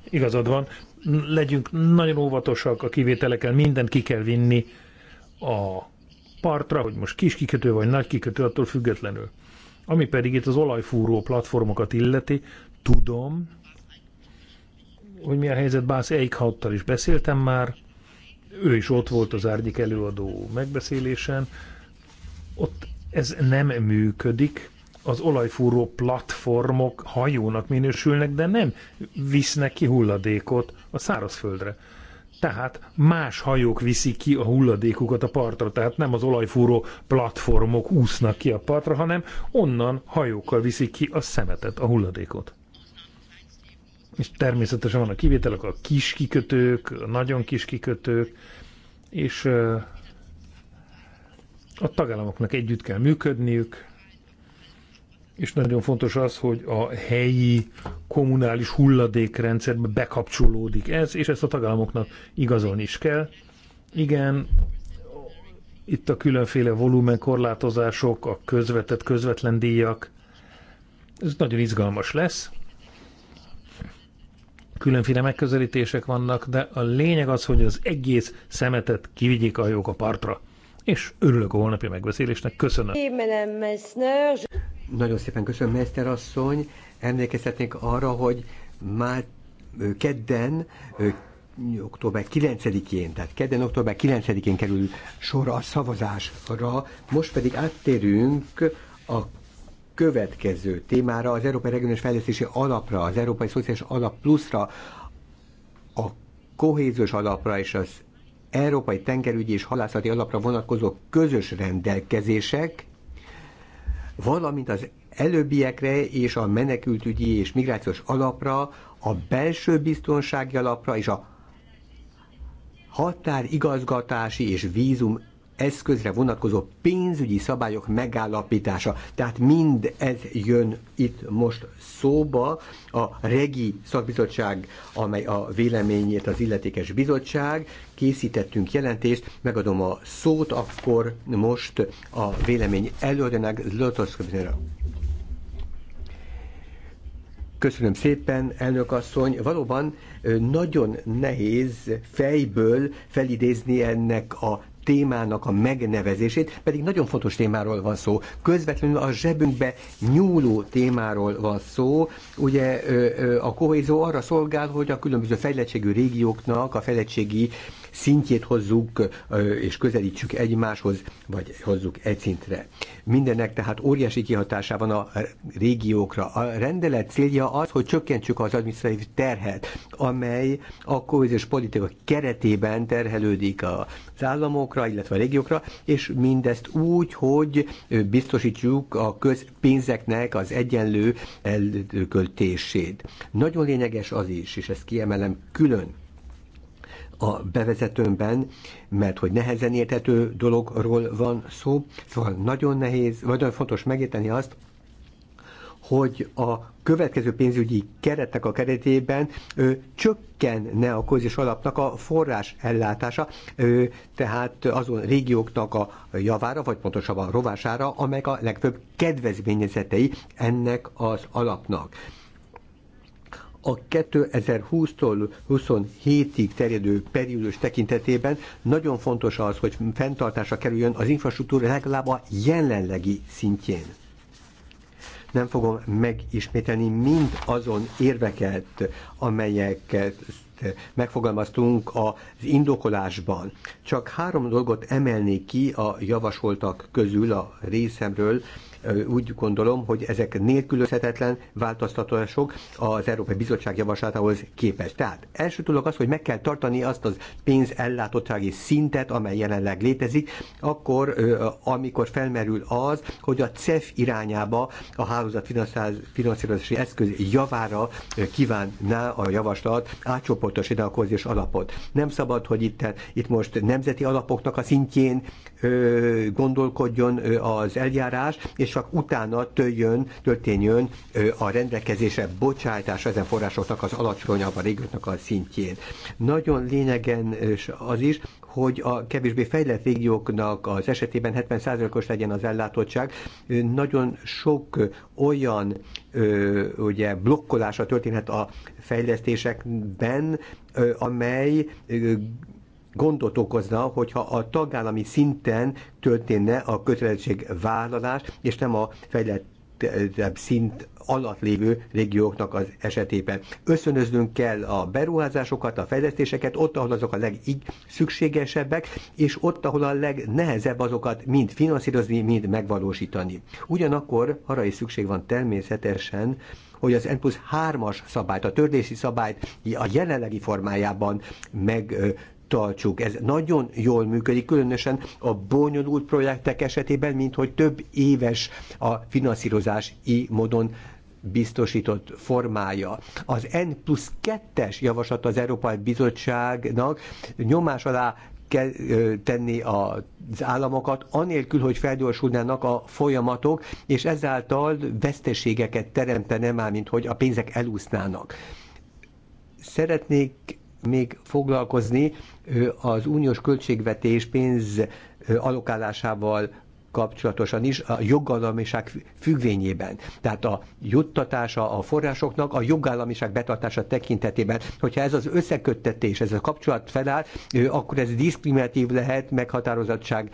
igazad van. Legyünk nagyon óvatosak a kivételekkel, mindent ki kell vinni a partra, hogy most kis kikötő vagy nagy kikötő, attól függetlenül. Ami pedig itt az olajfúró platformokat illeti, tudom, hogy mi a helyzet Bász Eichhauttal is beszéltem már, ő is ott volt az árnyék előadó megbeszélésen, ott ez nem működik, az olajfúró platformok hajónak minősülnek, de nem visznek ki hulladékot a szárazföldre. Tehát más hajók viszik ki a hulladékukat a partra, tehát nem az olajfúró platformok úsznak ki a partra, hanem onnan hajókkal viszik ki a szemetet, a hulladékot és természetesen vannak kivételek, a kis kikötők, a nagyon kis kikötők, és a tagállamoknak együtt kell működniük, és nagyon fontos az, hogy a helyi kommunális hulladékrendszerbe bekapcsolódik ez, és ezt a tagállamoknak igazolni is kell. Igen, itt a különféle volumenkorlátozások, a közvetett, közvetlen díjak, ez nagyon izgalmas lesz. Különféle megközelítések vannak, de a lényeg az, hogy az egész szemetet kivigyék a jók a partra. És örülök a holnapi megbeszélésnek. Köszönöm. Nagyon szépen köszönöm, Mester asszony. Emlékeztetnék arra, hogy már kedden október 9-én, tehát kedden október 9-én kerül sor a szavazásra, most pedig áttérünk a következő témára, az Európai Regionális Fejlesztési Alapra, az Európai Szociális Alap Pluszra, a kohéziós alapra és az Európai Tengerügyi és Halászati Alapra vonatkozó közös rendelkezések, valamint az előbbiekre és a menekültügyi és migrációs alapra, a belső biztonsági alapra és a határigazgatási és vízum eszközre vonatkozó pénzügyi szabályok megállapítása. Tehát mind ez jön itt most szóba. A Regi szakbizottság, amely a véleményét az illetékes bizottság, készítettünk jelentést, megadom a szót akkor most a vélemény előadónak Zlotowskinak. Köszönöm szépen, elnök asszony. Valóban nagyon nehéz fejből felidézni ennek a témának a megnevezését, pedig nagyon fontos témáról van szó. Közvetlenül a zsebünkbe nyúló témáról van szó. Ugye a kohézó arra szolgál, hogy a különböző fejlettségű régióknak a fejlettségi szintjét hozzuk, és közelítsük egymáshoz, vagy hozzuk egy szintre. Mindennek tehát óriási kihatása van a régiókra. A rendelet célja az, hogy csökkentsük az adminisztratív terhet, amely a kohéziós politika keretében terhelődik az államokra, illetve a régiókra, és mindezt úgy, hogy biztosítjuk a közpénzeknek az egyenlő elköltését. Nagyon lényeges az is, és ezt kiemelem külön, a bevezetőmben, mert hogy nehezen érthető dologról van szó, szóval nagyon nehéz, vagy nagyon fontos megérteni azt, hogy a következő pénzügyi keretek a keretében ö, csökkenne a kozis alapnak a forrás ellátása, ö, tehát azon régióknak a javára, vagy pontosabban a rovására, amelyek a legfőbb kedvezményezetei ennek az alapnak a 2020-tól 27-ig terjedő periódus tekintetében nagyon fontos az, hogy fenntartásra kerüljön az infrastruktúra legalább a jelenlegi szintjén. Nem fogom megismételni mind azon érveket, amelyeket megfogalmaztunk az indokolásban. Csak három dolgot emelnék ki a javasoltak közül a részemről, úgy gondolom, hogy ezek nélkülözhetetlen változtatások az Európai Bizottság javaslatához képest. Tehát első dolog az, hogy meg kell tartani azt az pénzellátottsági szintet, amely jelenleg létezik, akkor, amikor felmerül az, hogy a CEF irányába a hálózat finanszírozási eszköz javára kívánná a javaslat átcsoportosítani a kohéziós alapot. Nem szabad, hogy itt, itt most nemzeti alapoknak a szintjén gondolkodjon az eljárás, és és csak utána töljön, történjön a rendelkezésre bocsájtás ezen forrásoknak az alacsonyabb a régióknak a szintjén. Nagyon lényegen az is, hogy a kevésbé fejlett régióknak az esetében 70%-os legyen az ellátottság. Nagyon sok olyan ugye blokkolása történhet a fejlesztésekben, amely gondot okozna, hogyha a tagállami szinten történne a kötelezettségvállalás, és nem a fejlett szint alatt lévő régióknak az esetében. Összönöznünk kell a beruházásokat, a fejlesztéseket, ott, ahol azok a legszükségesebbek, és ott, ahol a legnehezebb azokat mind finanszírozni, mind megvalósítani. Ugyanakkor arra is szükség van természetesen, hogy az N plusz 3-as szabályt, a törlési szabályt a jelenlegi formájában meg tartsuk. Ez nagyon jól működik, különösen a bonyolult projektek esetében, mint hogy több éves a finanszírozás így módon biztosított formája. Az N plusz 2-es javaslat az Európai Bizottságnak nyomás alá kell tenni az államokat, anélkül, hogy felgyorsulnának a folyamatok, és ezáltal veszteségeket teremtene már, mint hogy a pénzek elúsznának. Szeretnék még foglalkozni az uniós költségvetés pénz alokálásával kapcsolatosan is a jogállamiság függvényében. Tehát a juttatása a forrásoknak a jogállamiság betartása tekintetében. Hogyha ez az összeköttetés, ez a kapcsolat feláll, akkor ez diszkriminatív lehet meghatározottság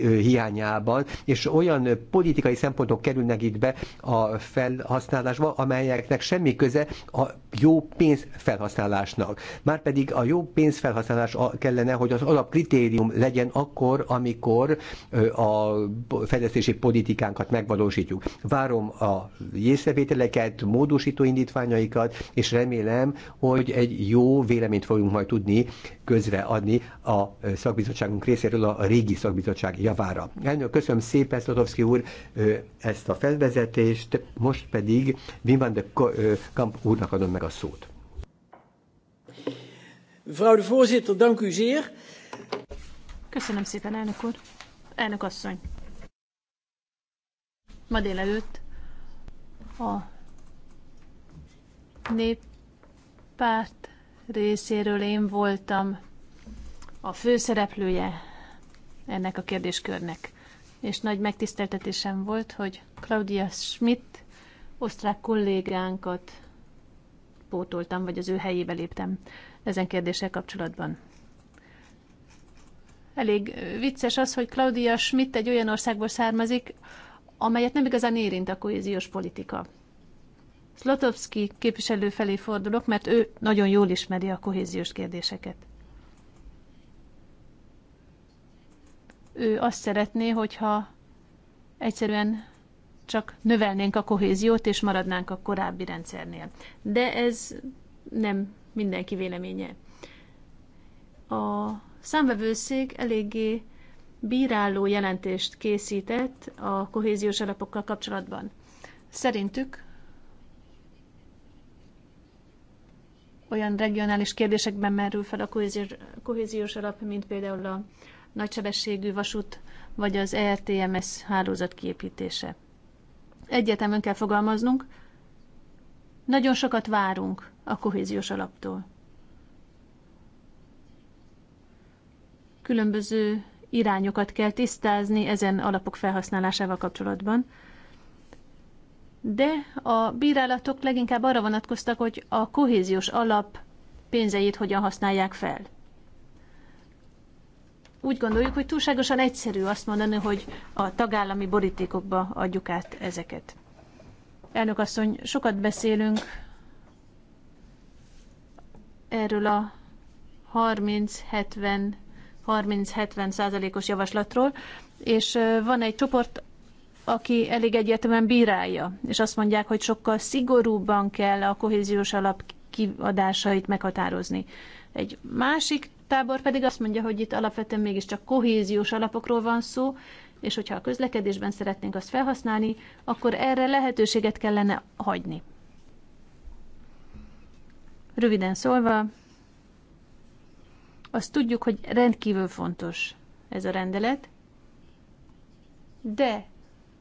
hiányában, és olyan politikai szempontok kerülnek itt be a felhasználásba, amelyeknek semmi köze a jó pénz felhasználásnak. Márpedig a jó pénz felhasználás kellene, hogy az alapkritérium legyen akkor, amikor a fejlesztési politikánkat megvalósítjuk. Várom a észrevételeket, módosító indítványaikat, és remélem, hogy egy jó véleményt fogunk majd tudni közreadni a szakbizottságunk részéről a régi szakbizottság javára. Elnök, köszönöm szépen, Szlotovszki úr, ezt a felvezetést, most pedig Wim van de Kamp úrnak adom meg a szót. Mevrouw de voorzitter, dank u zeer. Köszönöm szépen, elnök úr. Elnök asszony. Ma délelőtt a néppárt részéről én voltam a főszereplője ennek a kérdéskörnek. És nagy megtiszteltetésem volt, hogy Claudia Schmidt, osztrák kollégánkat pótoltam, vagy az ő helyébe léptem ezen kérdéssel kapcsolatban. Elég vicces az, hogy Claudia Schmidt egy olyan országból származik, amelyet nem igazán érint a kohéziós politika. Slotowski képviselő felé fordulok, mert ő nagyon jól ismeri a kohéziós kérdéseket. Ő azt szeretné, hogyha egyszerűen csak növelnénk a kohéziót, és maradnánk a korábbi rendszernél. De ez nem mindenki véleménye. A számvevőszék eléggé bíráló jelentést készített a kohéziós alapokkal kapcsolatban. Szerintük olyan regionális kérdésekben merül fel a kohéziós alap, mint például a nagysebességű vasút vagy az ERTMS hálózat kiépítése. Egyetemen kell fogalmaznunk, nagyon sokat várunk a kohéziós alaptól. Különböző irányokat kell tisztázni ezen alapok felhasználásával kapcsolatban. De a bírálatok leginkább arra vonatkoztak, hogy a kohéziós alap pénzeit hogyan használják fel. Úgy gondoljuk, hogy túlságosan egyszerű azt mondani, hogy a tagállami borítékokba adjuk át ezeket. Elnök asszony, sokat beszélünk erről a 30-70 százalékos javaslatról, és van egy csoport, aki elég egyértelműen bírálja, és azt mondják, hogy sokkal szigorúbban kell a kohéziós alap kiadásait meghatározni. Egy másik tábor pedig azt mondja, hogy itt alapvetően mégiscsak kohéziós alapokról van szó, és hogyha a közlekedésben szeretnénk azt felhasználni, akkor erre lehetőséget kellene hagyni. Röviden szólva, azt tudjuk, hogy rendkívül fontos ez a rendelet, de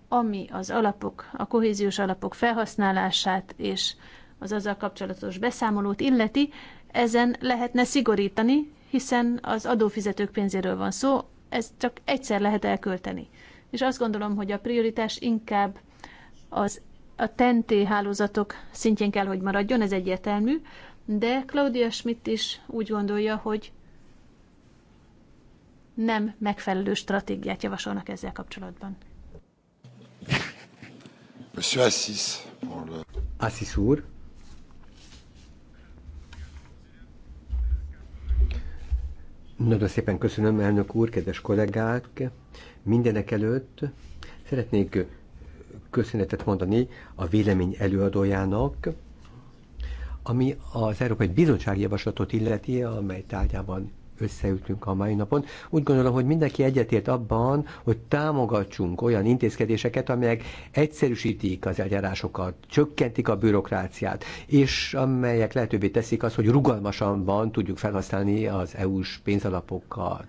ami az alapok, a kohéziós alapok felhasználását és az azzal kapcsolatos beszámolót illeti, ezen lehetne szigorítani, hiszen az adófizetők pénzéről van szó, ez csak egyszer lehet elkölteni. És azt gondolom, hogy a prioritás inkább az a TNT hálózatok szintjén kell, hogy maradjon, ez egyértelmű, de Claudia Schmidt is úgy gondolja, hogy nem megfelelő stratégiát javasolnak ezzel kapcsolatban. Monsieur Assis. Assis úr. Nagyon szépen köszönöm, elnök úr, kedves kollégák. Mindenek előtt szeretnék köszönetet mondani a vélemény előadójának, ami az Európai Bizottság javaslatot illeti, amely tárgyában összeütünk a mai napon. Úgy gondolom, hogy mindenki egyetért abban, hogy támogatsunk olyan intézkedéseket, amelyek egyszerűsítik az eljárásokat, csökkentik a bürokráciát, és amelyek lehetővé teszik azt, hogy rugalmasabban tudjuk felhasználni az EU-s pénzalapokat.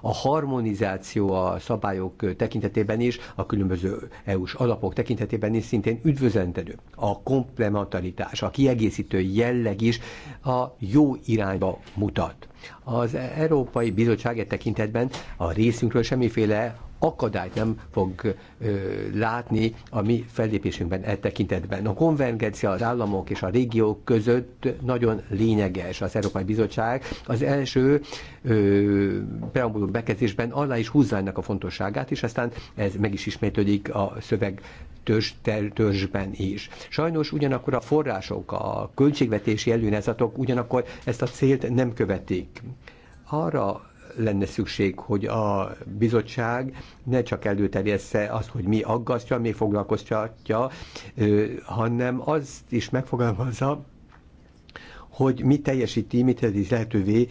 A harmonizáció a szabályok tekintetében is, a különböző EU-s alapok tekintetében is szintén üdvözlendő. A komplementaritás, a kiegészítő jelleg is a jó irányba mutat. Az Európai Bizottság e tekintetben a részünkről semmiféle akadályt nem fog ö, látni a mi fellépésünkben e tekintetben. A konvergencia az államok és a régiók között nagyon lényeges. Az Európai Bizottság az első ö, preambulum bekezdésben alá is húzza ennek a fontosságát, és aztán ez meg is ismétlődik a szöveg törzs, törzsben is. Sajnos ugyanakkor a források, a költségvetési előnyezatok ugyanakkor ezt a célt nem követik. Arra lenne szükség, hogy a bizottság ne csak előterjessze azt, hogy mi aggasztja, mi foglalkoztatja, hanem azt is megfogalmazza, hogy mi teljesíti, mit teszi lehetővé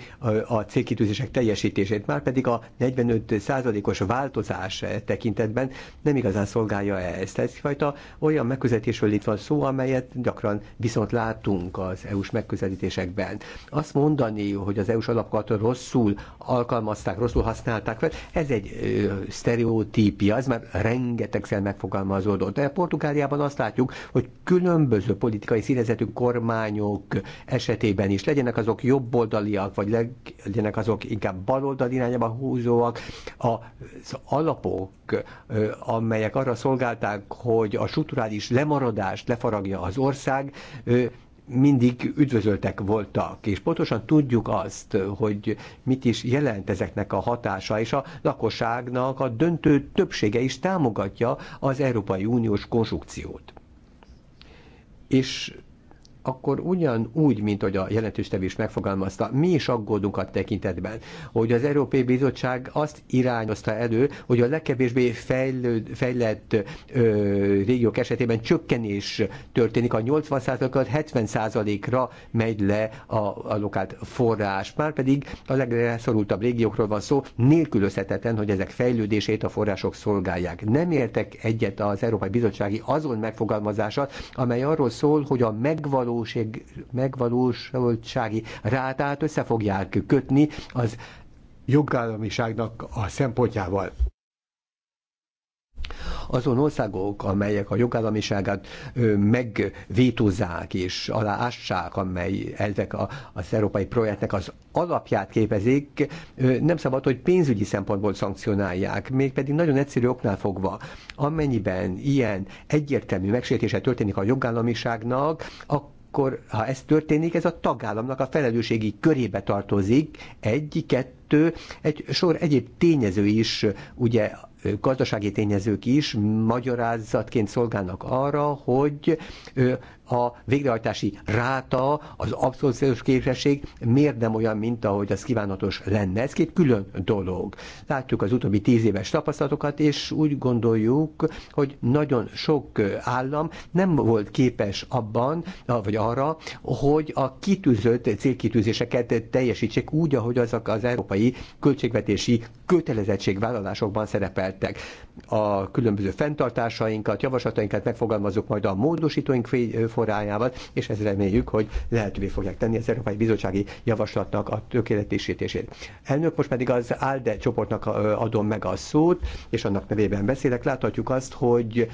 a célkitűzések teljesítését. Már pedig a 45 százalékos változás tekintetben nem igazán szolgálja ezt. Ez fajta olyan megközelítésről itt van szó, amelyet gyakran viszont látunk az EU-s megközelítésekben. Azt mondani, hogy az EU-s alapokat rosszul alkalmazták, rosszul használták fel, ez egy sztereotípia, ez már rengetegszer megfogalmazódott. De Portugáliában azt látjuk, hogy különböző politikai színezetű kormányok esetében esetében is. Legyenek azok jobboldaliak, vagy leg, legyenek azok inkább baloldali irányába húzóak. Az alapok, amelyek arra szolgálták, hogy a strukturális lemaradást lefaragja az ország, mindig üdvözöltek voltak, és pontosan tudjuk azt, hogy mit is jelent ezeknek a hatása, és a lakosságnak a döntő többsége is támogatja az Európai Uniós konstrukciót. És akkor ugyanúgy, mint hogy a jelentős is megfogalmazta, mi is aggódunk a tekintetben, hogy az Európai Bizottság azt irányozta elő, hogy a legkevésbé fejlőd, fejlett ö, régiók esetében csökkenés történik, a 80%-kal 70%-ra megy le a lokált forrás, már pedig a legszorultabb régiókról van szó, nélkülözhetetlen, hogy ezek fejlődését a források szolgálják. Nem értek egyet az Európai Bizottsági azon megfogalmazását, amely arról szól, hogy a megvaló megvalóség, megvalósultsági rátát össze fogják kötni az jogállamiságnak a szempontjával azon országok, amelyek a jogállamiságát megvétózzák és aláássák, amely ezek a, az európai projektnek az alapját képezik, ö, nem szabad, hogy pénzügyi szempontból szankcionálják, mégpedig nagyon egyszerű oknál fogva. Amennyiben ilyen egyértelmű megsértése történik a jogállamiságnak, akkor akkor, ha ez történik, ez a tagállamnak a felelősségi körébe tartozik, egy, kettő, egy sor egyéb tényező is, ugye gazdasági tényezők is magyarázatként szolgálnak arra, hogy a végrehajtási ráta, az abszolúciós képesség miért nem olyan, mint ahogy az kívánatos lenne. Ez két külön dolog. Látjuk az utóbbi tíz éves tapasztalatokat, és úgy gondoljuk, hogy nagyon sok állam nem volt képes abban, vagy arra, hogy a kitűzött célkitűzéseket teljesítsék úgy, ahogy azok az európai költségvetési kötelezettségvállalásokban szerepeltek. A különböző fenntartásainkat, javaslatainkat megfogalmazok majd a módosítóink forrájával, és ez reméljük, hogy lehetővé fogják tenni az Európai Bizottsági Javaslatnak a tökéletesítését. Elnök, most pedig az ALDE csoportnak adom meg a szót, és annak nevében beszélek. Láthatjuk azt, hogy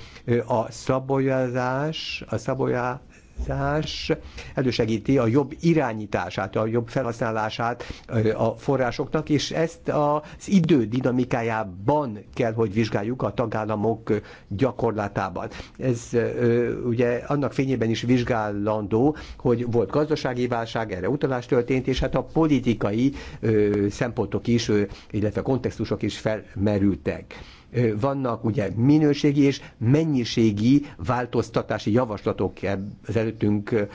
a szabolyázás, a szabolyá, szabályozás elősegíti a jobb irányítását, a jobb felhasználását a forrásoknak, és ezt az idő dinamikájában kell, hogy vizsgáljuk a tagállamok gyakorlatában. Ez ugye annak fényében is vizsgálandó, hogy volt gazdasági válság, erre utalás történt, és hát a politikai szempontok is, illetve kontextusok is felmerültek vannak ugye minőségi és mennyiségi változtatási javaslatok az előttünk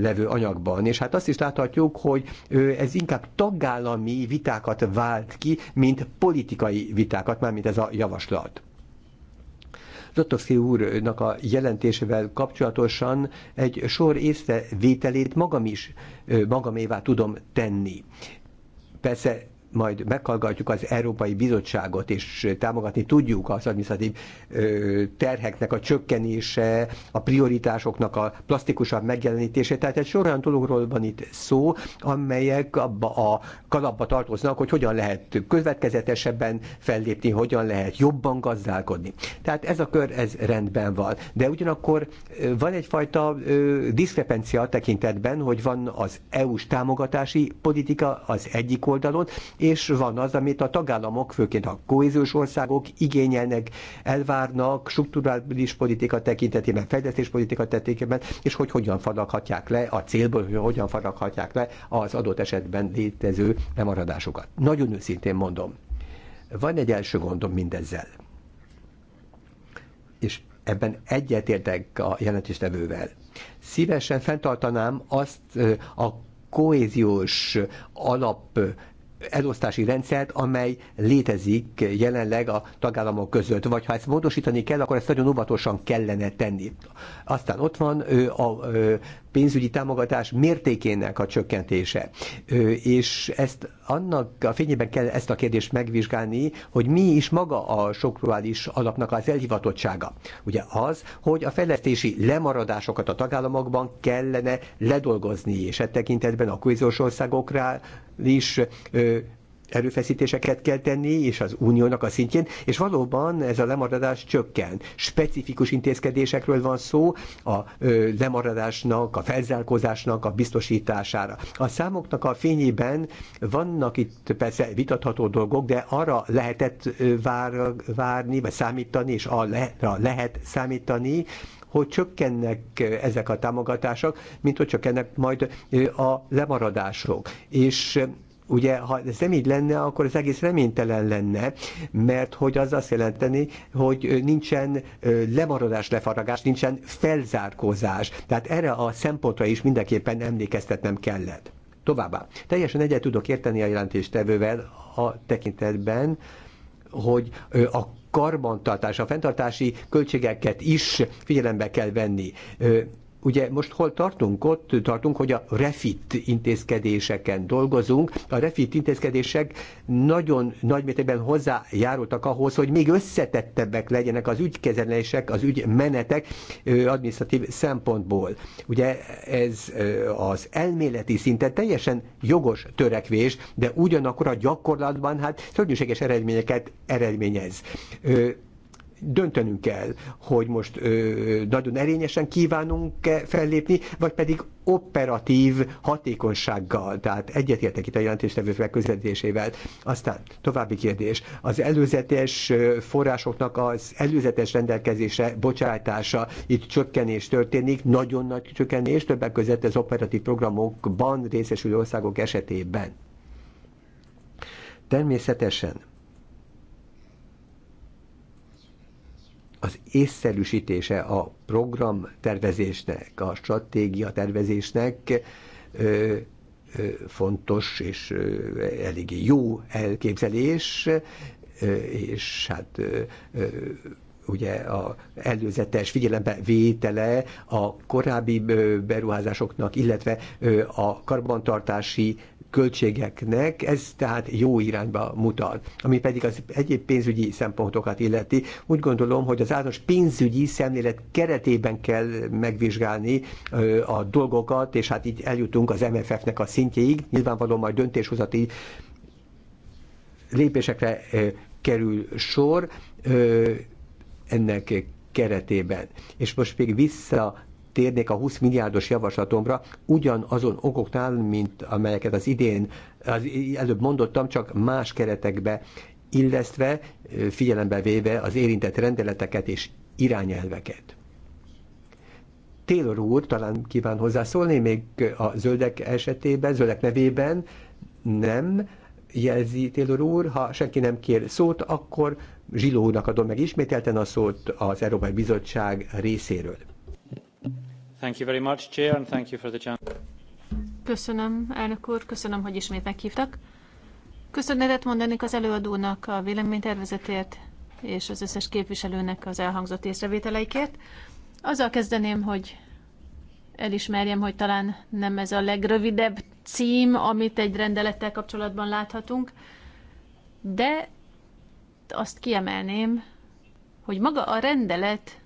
levő anyagban. És hát azt is láthatjuk, hogy ez inkább tagállami vitákat vált ki, mint politikai vitákat, mármint ez a javaslat. Zotowski úrnak a jelentésével kapcsolatosan egy sor észrevételét magam is magamévá tudom tenni. Persze majd meghallgatjuk az Európai Bizottságot, és támogatni tudjuk az administratív terheknek a csökkenése, a prioritásoknak a plastikusabb megjelenítése. Tehát egy sor olyan dologról van itt szó, amelyek abba a kalapba tartoznak, hogy hogyan lehet következetesebben fellépni, hogyan lehet jobban gazdálkodni. Tehát ez a kör, ez rendben van. De ugyanakkor van egyfajta diszkrepencia tekintetben, hogy van az EU-s támogatási politika az egyik oldalon, és van az, amit a tagállamok, főként a kohéziós országok igényelnek, elvárnak strukturális politika tekintetében, politika tekintetében, és hogy hogyan faraghatják le a célból, hogy hogyan faraghatják le az adott esetben létező lemaradásokat. Nagyon őszintén mondom, van egy első gondom mindezzel. És ebben egyetértek a jelentéstevővel. Szívesen fenntartanám azt a kohéziós alap elosztási rendszert, amely létezik jelenleg a tagállamok között. Vagy ha ezt módosítani kell, akkor ezt nagyon óvatosan kellene tenni. Aztán ott van a pénzügyi támogatás mértékének a csökkentése. És ezt annak a fényében kell ezt a kérdést megvizsgálni, hogy mi is maga a sokruális alapnak az elhivatottsága. Ugye az, hogy a fejlesztési lemaradásokat a tagállamokban kellene ledolgozni, és e tekintetben a kohéziós országokra is erőfeszítéseket kell tenni, és az uniónak a szintjén, és valóban ez a lemaradás csökken. Specifikus intézkedésekről van szó a ö, lemaradásnak, a felzárkózásnak a biztosítására. A számoknak a fényében vannak itt persze vitatható dolgok, de arra lehetett vár, várni, vagy számítani, és arra lehet számítani, hogy csökkennek ezek a támogatások, mint hogy csökkennek majd a lemaradások. És Ugye, ha ez nem így lenne, akkor az egész reménytelen lenne, mert hogy az azt jelenteni, hogy nincsen lemaradás, lefaragás, nincsen felzárkózás. Tehát erre a szempontra is mindenképpen emlékeztetnem kellett. Továbbá, teljesen egyet tudok érteni a jelentéstevővel a tekintetben, hogy a karbantartás, a fenntartási költségeket is figyelembe kell venni. Ugye most hol tartunk? Ott tartunk, hogy a refit intézkedéseken dolgozunk. A refit intézkedések nagyon nagy mértékben hozzájárultak ahhoz, hogy még összetettebbek legyenek az ügykezelések, az ügymenetek administratív szempontból. Ugye ez az elméleti szinten teljesen jogos törekvés, de ugyanakkor a gyakorlatban hát szörnyűséges eredményeket eredményez döntenünk kell, hogy most ö, nagyon erényesen kívánunk-e fellépni, vagy pedig operatív hatékonysággal, tehát egyetértek itt a jelentéstevő megközelítésével. Aztán további kérdés, az előzetes forrásoknak az előzetes rendelkezése, bocsátása, itt csökkenés történik, nagyon nagy csökkenés, többek között az operatív programokban részesülő országok esetében. Természetesen az észszerűsítése a program tervezésnek, a stratégia tervezésnek ö, ö, fontos és eléggé jó elképzelés, ö, és hát ö, ö, ugye a előzetes figyelembe vétele a korábbi beruházásoknak, illetve a karbantartási költségeknek, ez tehát jó irányba mutat. Ami pedig az egyéb pénzügyi szempontokat illeti, úgy gondolom, hogy az általános pénzügyi szemlélet keretében kell megvizsgálni a dolgokat, és hát így eljutunk az MFF-nek a szintjéig. Nyilvánvalóan majd döntéshozati lépésekre kerül sor ennek keretében. És most még vissza térnék a 20 milliárdos javaslatomra, ugyanazon okoknál, mint amelyeket az idén, az előbb mondottam, csak más keretekbe illesztve, figyelembe véve az érintett rendeleteket és irányelveket. Taylor úr talán kíván hozzászólni, még a zöldek esetében, zöldek nevében nem jelzi Taylor úr, ha senki nem kér szót, akkor úrnak adom meg ismételten a szót az Európai Bizottság részéről. Thank you very much, Chair, and thank you for the chance. Köszönöm, elnök úr, köszönöm, hogy ismét meghívtak. Köszönetet mondanék az előadónak a véleménytervezetért és az összes képviselőnek az elhangzott észrevételeikért. Azzal kezdeném, hogy elismerjem, hogy talán nem ez a legrövidebb cím, amit egy rendelettel kapcsolatban láthatunk, de azt kiemelném, hogy maga a rendelet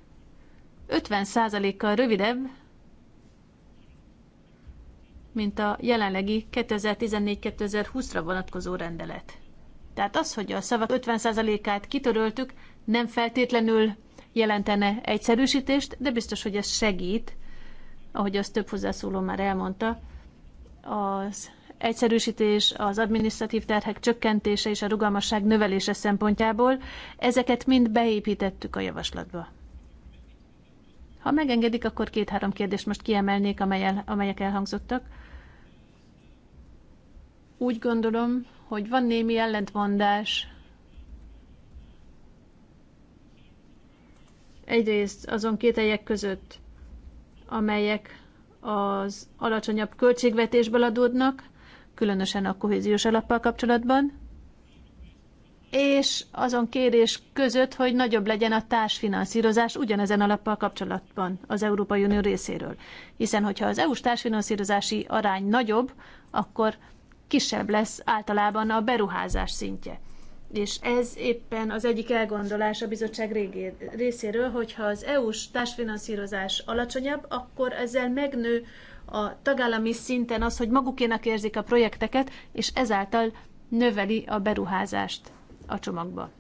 50%-kal rövidebb, mint a jelenlegi 2014-2020-ra vonatkozó rendelet. Tehát az, hogy a szavak 50%-át kitöröltük, nem feltétlenül jelentene egyszerűsítést, de biztos, hogy ez segít, ahogy azt több hozzászóló már elmondta, az egyszerűsítés, az administratív terhek csökkentése és a rugalmasság növelése szempontjából, ezeket mind beépítettük a javaslatba. Ha megengedik, akkor két-három kérdést most kiemelnék, amelyek elhangzottak úgy gondolom, hogy van némi ellentmondás. Egyrészt azon kételyek között, amelyek az alacsonyabb költségvetésből adódnak, különösen a kohéziós alappal kapcsolatban, és azon kérés között, hogy nagyobb legyen a társfinanszírozás ugyanezen alappal kapcsolatban az Európai Unió részéről. Hiszen, hogyha az EU-s társfinanszírozási arány nagyobb, akkor kisebb lesz általában a beruházás szintje. És ez éppen az egyik elgondolás a bizottság régi részéről, hogyha az EU-s társfinanszírozás alacsonyabb, akkor ezzel megnő a tagállami szinten az, hogy magukénak érzik a projekteket, és ezáltal növeli a beruházást a csomagba.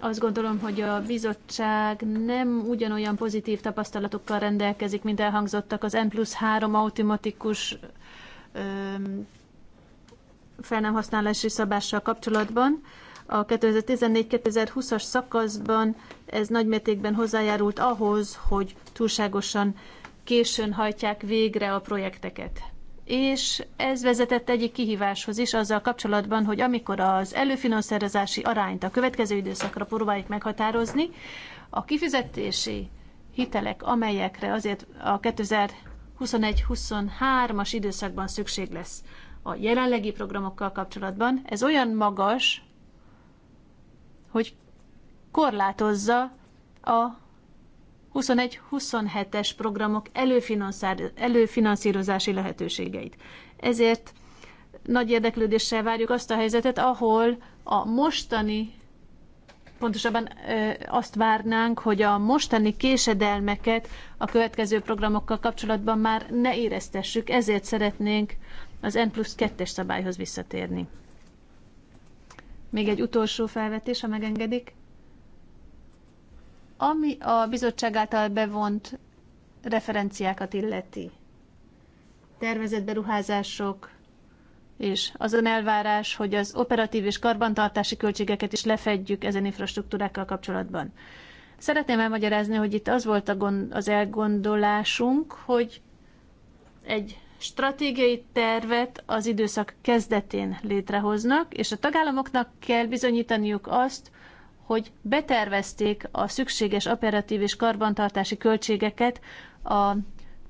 Azt gondolom, hogy a bizottság nem ugyanolyan pozitív tapasztalatokkal rendelkezik, mint elhangzottak az N plusz 3 automatikus fel nem használási szabással kapcsolatban. A 2014-2020-as szakaszban ez nagymértékben hozzájárult ahhoz, hogy túlságosan későn hajtják végre a projekteket. És ez vezetett egyik kihíváshoz is azzal kapcsolatban, hogy amikor az előfinanszírozási arányt a következő időszakra próbáljuk meghatározni, a kifizetési hitelek, amelyekre azért a 21-23-as időszakban szükség lesz a jelenlegi programokkal kapcsolatban. Ez olyan magas, hogy korlátozza a 21-27-es programok előfinanszírozási lehetőségeit. Ezért nagy érdeklődéssel várjuk azt a helyzetet, ahol a mostani pontosabban azt várnánk, hogy a mostani késedelmeket a következő programokkal kapcsolatban már ne éreztessük, ezért szeretnénk az N plusz 2-es szabályhoz visszatérni. Még egy utolsó felvetés, ha megengedik. Ami a bizottság által bevont referenciákat illeti. Tervezett beruházások, és azon elvárás, hogy az operatív és karbantartási költségeket is lefedjük ezen infrastruktúrákkal kapcsolatban. Szeretném elmagyarázni, hogy itt az volt a gond, az elgondolásunk, hogy egy stratégiai tervet az időszak kezdetén létrehoznak, és a tagállamoknak kell bizonyítaniuk azt, hogy betervezték a szükséges operatív és karbantartási költségeket a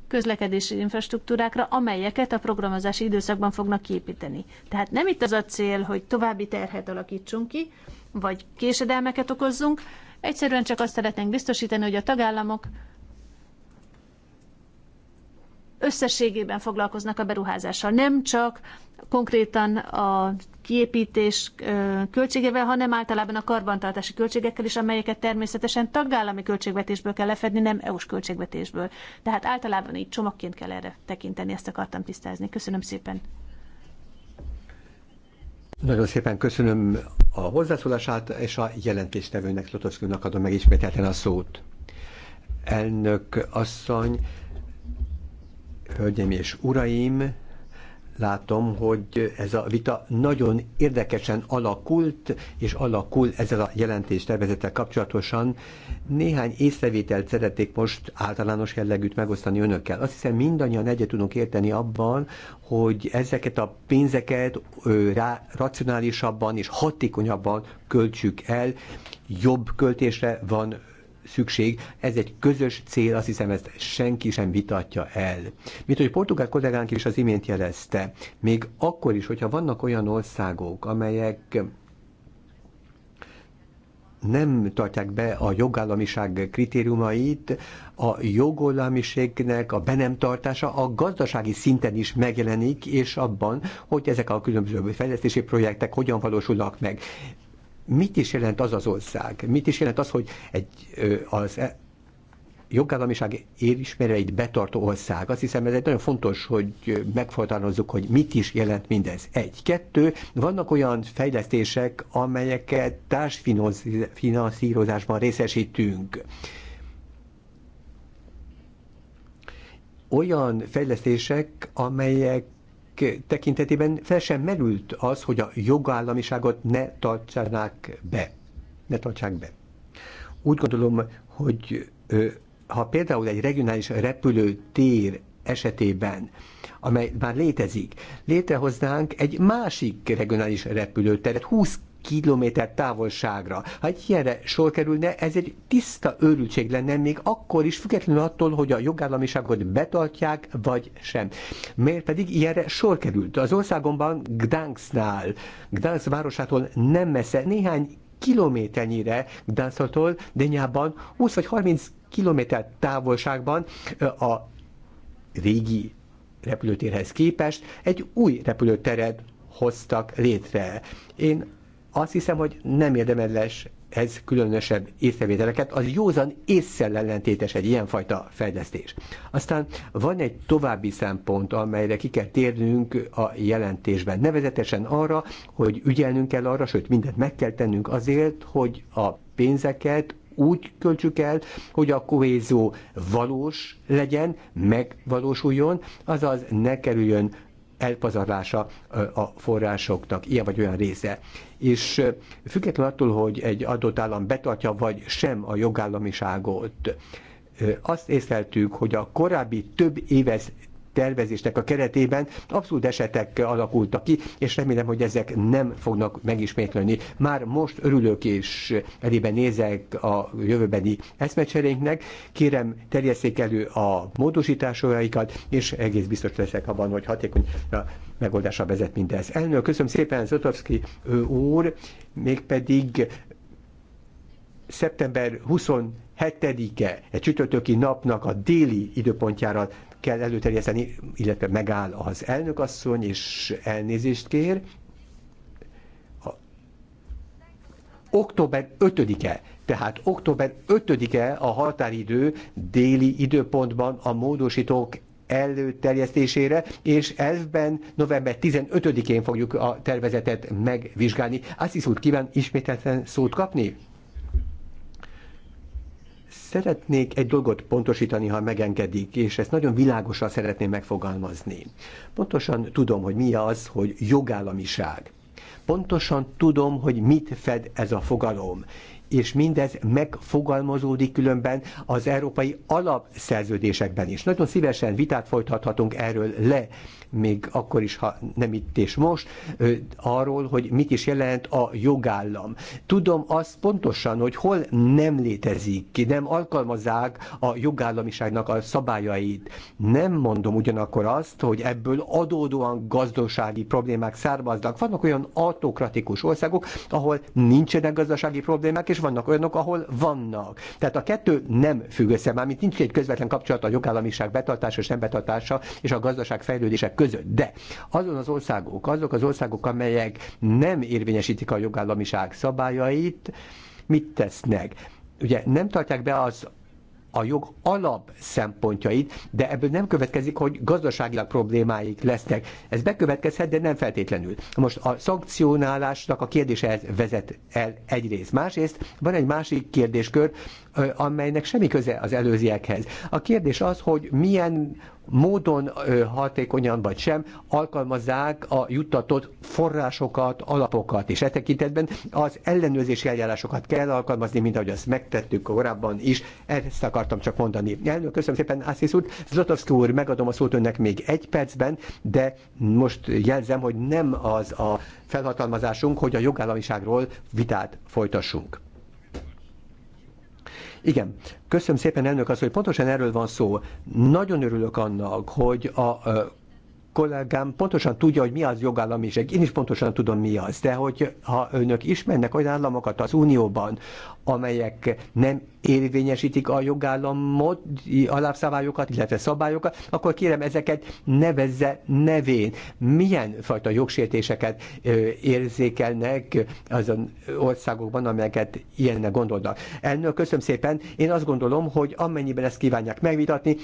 közlekedési infrastruktúrákra, amelyeket a programozási időszakban fognak kiépíteni. Tehát nem itt az a cél, hogy további terhet alakítsunk ki, vagy késedelmeket okozzunk, egyszerűen csak azt szeretnénk biztosítani, hogy a tagállamok összességében foglalkoznak a beruházással, nem csak konkrétan a kiépítés költségével, hanem általában a karbantartási költségekkel is, amelyeket természetesen tagállami költségvetésből kell lefedni, nem EU-s költségvetésből. Tehát általában így csomagként kell erre tekinteni, ezt akartam tisztázni. Köszönöm szépen. Nagyon szépen köszönöm a hozzászólását, és a jelentéstevőnek, Lotoszkőnek adom meg ismételten a szót. Elnök asszony, hölgyeim és uraim, látom, hogy ez a vita nagyon érdekesen alakult, és alakul ezzel a jelentéstervezettel kapcsolatosan. Néhány észrevételt szeretnék most általános jellegűt megosztani önökkel. Azt hiszem mindannyian egyet tudunk érteni abban, hogy ezeket a pénzeket rá, racionálisabban és hatékonyabban költsük el, jobb költésre van szükség. Ez egy közös cél, azt hiszem ezt senki sem vitatja el. Mint hogy portugál kollégánk is az imént jelezte, még akkor is, hogyha vannak olyan országok, amelyek nem tartják be a jogállamiság kritériumait, a jogállamiségnek a benemtartása a gazdasági szinten is megjelenik, és abban, hogy ezek a különböző fejlesztési projektek hogyan valósulnak meg mit is jelent az az ország, mit is jelent az, hogy egy, az e- jogállamiság érismereit betartó ország. Azt hiszem, ez egy nagyon fontos, hogy megfogalmazzuk, hogy mit is jelent mindez. Egy, kettő, vannak olyan fejlesztések, amelyeket társfinanszírozásban részesítünk. Olyan fejlesztések, amelyek tekintetében fel sem merült az, hogy a jogállamiságot ne tartsanák be. Ne tartsák be. Úgy gondolom, hogy ha például egy regionális repülőtér esetében, amely már létezik, létrehoznánk egy másik regionális repülőteret 20 kilométer távolságra. Ha egy ilyenre sor kerülne, ez egy tiszta őrültség lenne, még akkor is, függetlenül attól, hogy a jogállamiságot betartják, vagy sem. Miért pedig ilyenre sor került? Az országomban Gdansknál, Gdansk városától nem messze, néhány kilométernyire Gdansztól, nyában 20 vagy 30 kilométer távolságban a régi repülőtérhez képest egy új repülőteret hoztak létre. Én azt hiszem, hogy nem érdemes ez különösebb észrevételeket, az józan észszel ellentétes egy ilyenfajta fejlesztés. Aztán van egy további szempont, amelyre ki kell térnünk a jelentésben. Nevezetesen arra, hogy ügyelnünk kell arra, sőt mindent meg kell tennünk azért, hogy a pénzeket úgy költsük el, hogy a kohézó valós legyen, megvalósuljon, azaz ne kerüljön elpazarlása a forrásoknak, ilyen vagy olyan része. És függetlenül attól, hogy egy adott állam betartja vagy sem a jogállamiságot, azt észleltük, hogy a korábbi több éves tervezésnek a keretében abszolút esetek alakultak ki, és remélem, hogy ezek nem fognak megismétlődni. Már most örülök és elébe nézek a jövőbeni eszmecserénknek. Kérem, terjesszék elő a módosításaikat, és egész biztos leszek abban, hogy hatékony megoldásra vezet mindez. Elnök, köszönöm szépen, Zotovszki úr, mégpedig szeptember 27-e, egy csütörtöki napnak a déli időpontjára kell előterjeszteni, illetve megáll az elnökasszony, és elnézést kér. A... Október 5-e tehát október 5-e a határidő déli időpontban a módosítók előterjesztésére, és elvben november 15-én fogjuk a tervezetet megvizsgálni. Azt hisz úr, kíván ismételten szót kapni? Szeretnék egy dolgot pontosítani, ha megengedik, és ezt nagyon világosan szeretném megfogalmazni. Pontosan tudom, hogy mi az, hogy jogállamiság. Pontosan tudom, hogy mit fed ez a fogalom és mindez megfogalmazódik különben az európai alapszerződésekben is. Nagyon szívesen vitát folytathatunk erről le, még akkor is, ha nem itt és most, arról, hogy mit is jelent a jogállam. Tudom azt pontosan, hogy hol nem létezik, ki nem alkalmazzák a jogállamiságnak a szabályait. Nem mondom ugyanakkor azt, hogy ebből adódóan gazdasági problémák származnak. Vannak olyan autokratikus országok, ahol nincsenek gazdasági problémák, és vannak olyanok, ahol vannak. Tehát a kettő nem függ össze, mármint nincs egy közvetlen kapcsolat a jogállamiság betartása és nem betartása, és a gazdaság fejlődése között. De azon az országok, azok az országok, amelyek nem érvényesítik a jogállamiság szabályait, mit tesznek? Ugye nem tartják be az a jog alap szempontjait, de ebből nem következik, hogy gazdaságilag problémáik lesznek. Ez bekövetkezhet, de nem feltétlenül. Most a szankcionálásnak a kérdése ez vezet el egyrészt. Másrészt van egy másik kérdéskör, amelynek semmi köze az előziekhez. A kérdés az, hogy milyen módon hatékonyan vagy sem alkalmazzák a juttatott forrásokat, alapokat, és e tekintetben az ellenőrzési eljárásokat kell alkalmazni, mint ahogy azt megtettük korábban is. Ezt akartam csak mondani. Elnök, köszönöm szépen, Ászisz úr. Zlotowski úr, megadom a szót önnek még egy percben, de most jelzem, hogy nem az a felhatalmazásunk, hogy a jogállamiságról vitát folytassunk. Igen, köszönöm szépen elnök az, hogy pontosan erről van szó. Nagyon örülök annak, hogy a kollégám pontosan tudja, hogy mi az jogállamiság. Én is pontosan tudom, mi az. De hogy ha önök ismernek olyan államokat az Unióban, amelyek nem érvényesítik a jogállamot, alapszabályokat, illetve szabályokat, akkor kérem ezeket nevezze nevén. Milyen fajta jogsértéseket érzékelnek azon országokban, amelyeket ilyennek gondolnak. Elnök, köszönöm szépen. Én azt gondolom, hogy amennyiben ezt kívánják megvitatni,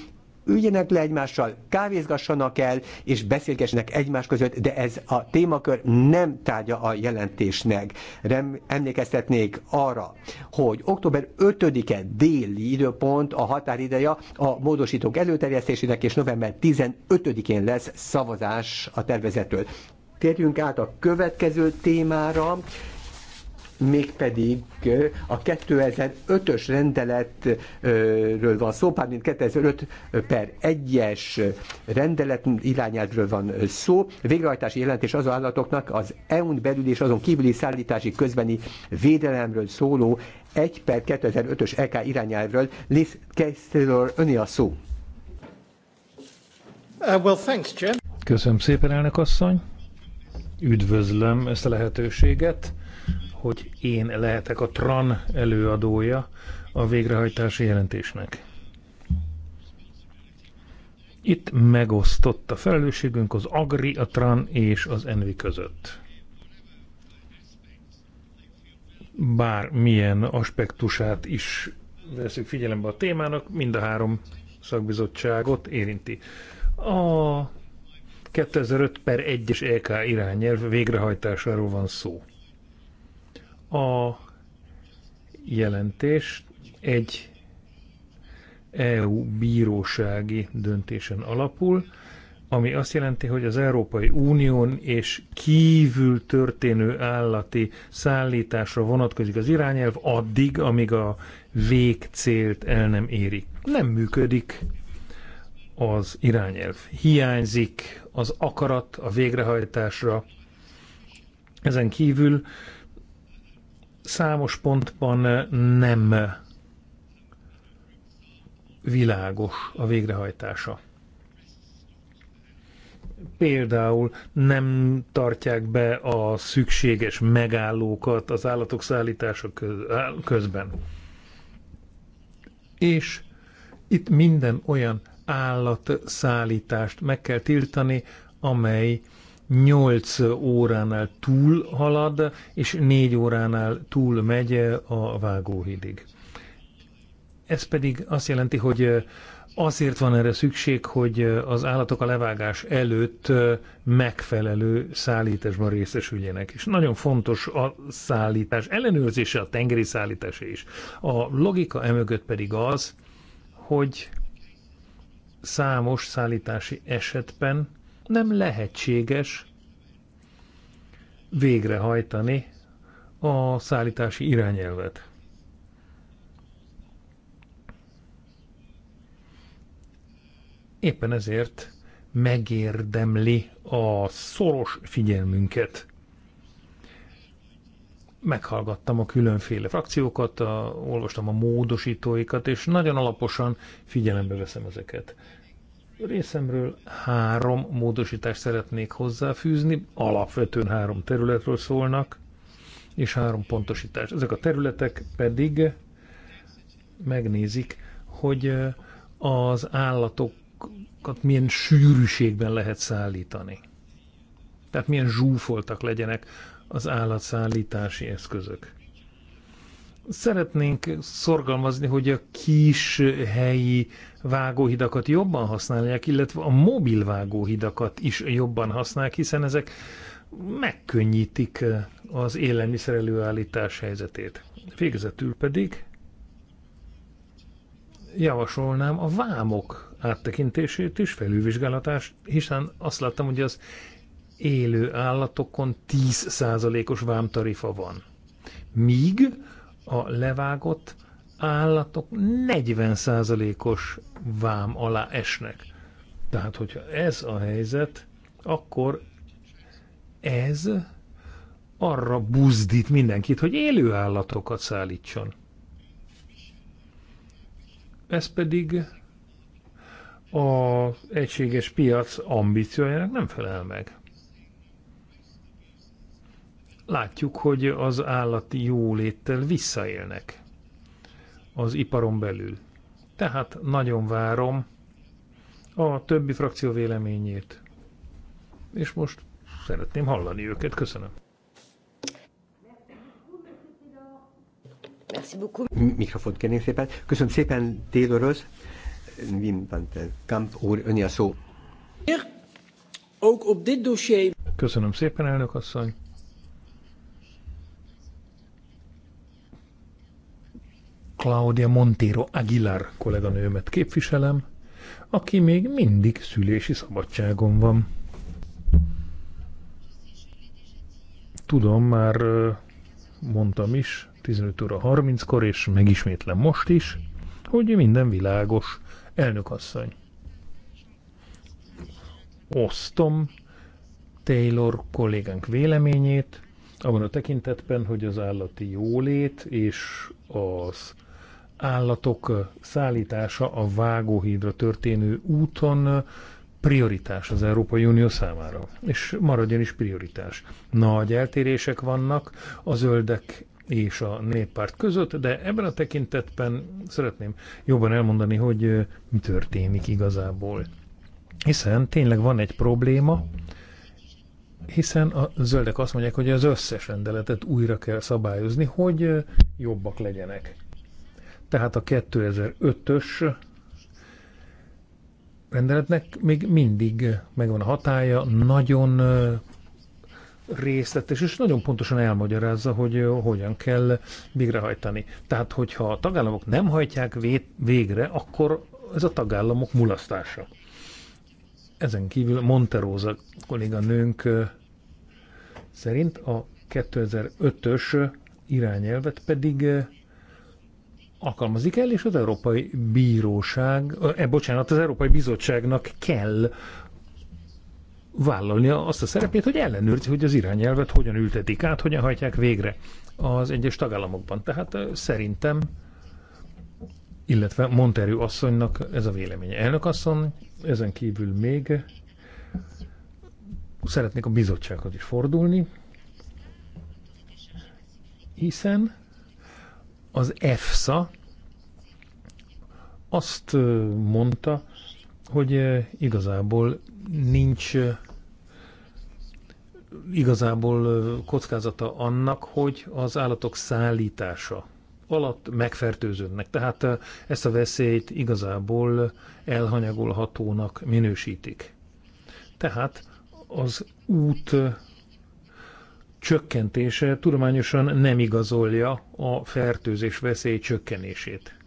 üljenek le egymással, kávézgassanak el, és beszélgessenek egymás között, de ez a témakör nem tárgya a jelentésnek. Rem, emlékeztetnék arra, hogy október 5-e déli időpont a határideja a módosítók előterjesztésének, és november 15-én lesz szavazás a tervezetről. Térjünk át a következő témára, mégpedig a 2005-ös rendeletről van szó, pármint 2005 per 1-es rendelet irányelvről van szó. Végrehajtási jelentés az állatoknak az EU-n belül és azon kívüli szállítási közbeni védelemről szóló 1 per 2005-ös EK irányáról. Liz Kessler, öné a szó. Uh, well, thanks, Jim. Köszönöm szépen, elnök asszony. Üdvözlöm ezt a lehetőséget hogy én lehetek a TRAN előadója a végrehajtási jelentésnek. Itt megosztott a felelősségünk az Agri, a TRAN és az ENVI között. Bár milyen aspektusát is veszük figyelembe a témának, mind a három szakbizottságot érinti. A 2005 per 1-es EK irányelv végrehajtásáról van szó. A jelentés egy EU bírósági döntésen alapul, ami azt jelenti, hogy az Európai Unión és kívül történő állati szállításra vonatkozik az irányelv addig, amíg a végcélt el nem éri. Nem működik az irányelv. Hiányzik az akarat a végrehajtásra. Ezen kívül számos pontban eh, nem világos a végrehajtása. Például nem tartják be a szükséges megállókat az állatok szállítása közben. És itt minden olyan állatszállítást meg kell tiltani, amely 8 óránál túl halad, és 4 óránál túl megy a vágóhídig. Ez pedig azt jelenti, hogy azért van erre szükség, hogy az állatok a levágás előtt megfelelő szállításban részesüljenek. És nagyon fontos a szállítás ellenőrzése, a tengeri szállítása is. A logika emögött pedig az, hogy számos szállítási esetben nem lehetséges végrehajtani a szállítási irányelvet. Éppen ezért megérdemli a szoros figyelmünket. Meghallgattam a különféle frakciókat, a, olvastam a módosítóikat, és nagyon alaposan figyelembe veszem ezeket. Részemről három módosítást szeretnék hozzáfűzni, alapvetően három területről szólnak, és három pontosítás. Ezek a területek pedig megnézik, hogy eh, az állatokat milyen sűrűségben lehet szállítani. Tehát milyen zsúfoltak legyenek az állatszállítási eszközök. Szeretnénk szorgalmazni, hogy a kis helyi vágóhidakat jobban használják, illetve a mobil vágóhidakat is jobban használják, hiszen ezek megkönnyítik eh, az élelmiszer előállítás helyzetét. Végezetül pedig javasolnám a vámok áttekintését is, felülvizsgálatást, hiszen azt láttam, hogy az élő állatokon 10%-os vámtarifa van. Míg a levágott állatok 40%-os vám alá esnek. Tehát, hogyha ez a helyzet, akkor ez arra buzdít mindenkit, hogy élő állatokat szállítson. Ez pedig az egységes piac ambíciójának nem felel meg. Látjuk, hogy az állati jóléttel visszaélnek az iparon belül. Tehát nagyon várom a többi frakció véleményét. És most szeretném hallani őket. Köszönöm. Mikrofont kérném szépen. Köszönöm szépen, Tayloröz. Kamp úr, öni a szó. Köszönöm szépen, elnök asszony. Claudia Montero Aguilar kolléganőmet képviselem, aki még mindig szülési szabadságon van. Tudom, már mondtam is, 15 óra 30-kor, és megismétlem most is, hogy minden világos, elnökasszony. Osztom Taylor kollégánk véleményét, abban a tekintetben, hogy az állati jólét és az állatok szállítása a vágóhídra történő úton prioritás az Európai Unió számára, és maradjon is prioritás. Nagy eltérések vannak a zöldek és a néppárt között, de ebben a tekintetben szeretném jobban elmondani, hogy mi történik igazából. Hiszen tényleg van egy probléma, hiszen a zöldek azt mondják, hogy az összes rendeletet újra kell szabályozni, hogy jobbak legyenek tehát a 2005-ös rendeletnek még mindig megvan a hatája, nagyon részletes, és nagyon pontosan elmagyarázza, hogy hogyan kell végrehajtani. Tehát, hogyha a tagállamok nem hajtják végre, akkor ez a tagállamok mulasztása. Ezen kívül Monteróza kolléganőnk szerint a 2005-ös irányelvet pedig alkalmazni kell, és az Európai Bíróság, eh, bocsánat, az Európai Bizottságnak kell vállalnia azt a szerepét, hogy ellenőrzi, hogy az irányelvet hogyan ültetik át, hogyan hajtják végre az egyes tagállamokban. Tehát szerintem, illetve Monterő asszonynak ez a véleménye. Elnök asszony, ezen kívül még szeretnék a bizottsághoz is fordulni, hiszen az EFSA azt mondta, hogy igazából nincs igazából kockázata annak, hogy az állatok szállítása alatt megfertőződnek. Tehát ezt a veszélyt igazából elhanyagolhatónak minősítik. Tehát az út csökkentése tudományosan nem igazolja a fertőzés veszély csökkenését.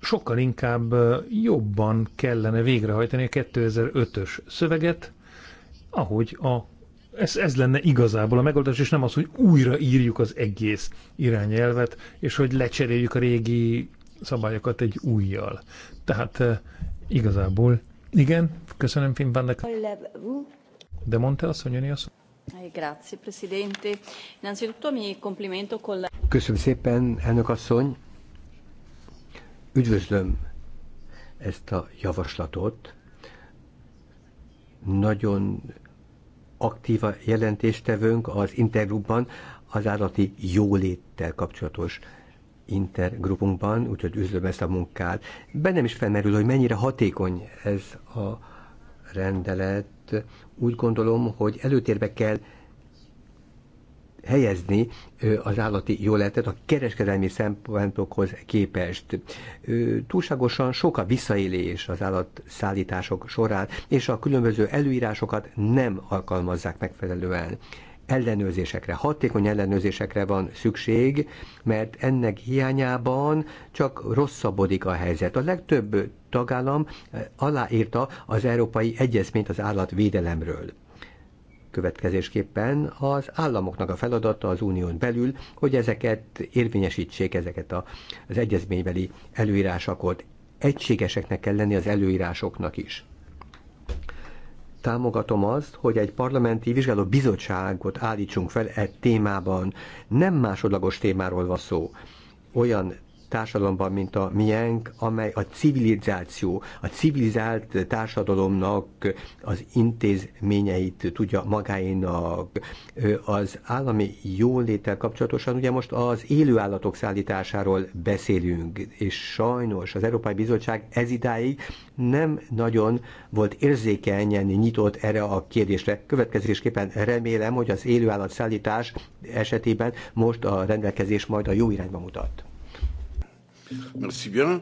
Sokkal inkább jobban kellene végrehajtani a 2005-ös szöveget, ahogy a ez, ez lenne igazából a megoldás, és nem az, hogy újra írjuk az egész irányelvet, és hogy lecseréljük a régi szabályokat egy újjal. Tehát igazából, igen, köszönöm Finn Bandek. De mondta azt, hogy jönni azt? Eh, Köszönöm szépen, elnök asszony. Üdvözlöm ezt a javaslatot. Nagyon aktív a jelentéstevőnk az intergrupban az állati jóléttel kapcsolatos intergrupunkban, úgyhogy üzlöm ezt a munkát. Bennem is felmerül, hogy mennyire hatékony ez a rendelet, úgy gondolom, hogy előtérbe kell helyezni az állati jólétet a kereskedelmi szempontokhoz képest. Túlságosan sok a visszaélés az állatszállítások során, és a különböző előírásokat nem alkalmazzák megfelelően ellenőrzésekre, hatékony ellenőrzésekre van szükség, mert ennek hiányában csak rosszabbodik a helyzet. A legtöbb tagállam eh, aláírta az Európai Egyezményt az állatvédelemről. Következésképpen az államoknak a feladata az unión belül, hogy ezeket érvényesítsék, ezeket az egyezménybeli előírásokat. Egységeseknek kell lenni az előírásoknak is támogatom azt, hogy egy parlamenti vizsgáló bizottságot állítsunk fel egy témában. Nem másodlagos témáról van szó. Olyan társadalomban, mint a miénk, amely a civilizáció, a civilizált társadalomnak az intézményeit tudja magáinak. Az állami jóléttel kapcsolatosan ugye most az élő állatok szállításáról beszélünk, és sajnos az Európai Bizottság ez idáig nem nagyon volt érzékenyen nyitott erre a kérdésre. Következésképpen remélem, hogy az élő állat szállítás esetében most a rendelkezés majd a jó irányba mutat. Merci bien.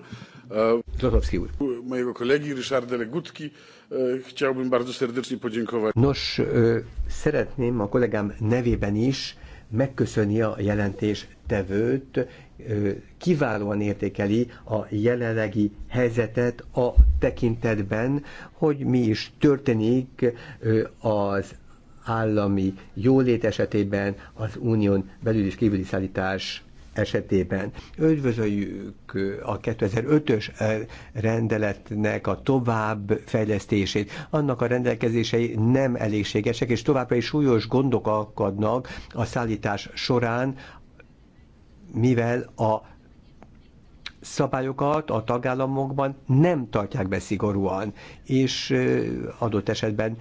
Uh, mojego kolegi Ryszarda Legutki e, chciałbym bardzo serdecznie podziękować. Nos, e, szeretném a kollégám nevében is megköszönni a jelentés tevőt, e, kiválóan értékeli a jelenlegi helyzetet a tekintetben, hogy mi is történik az állami jólét esetében az unión belüli és kívüli szállítás esetében. Üdvözöljük a 2005-ös rendeletnek a továbbfejlesztését. Annak a rendelkezései nem elégségesek, és továbbra is súlyos gondok akadnak a szállítás során, mivel a szabályokat a tagállamokban nem tartják be szigorúan, és adott esetben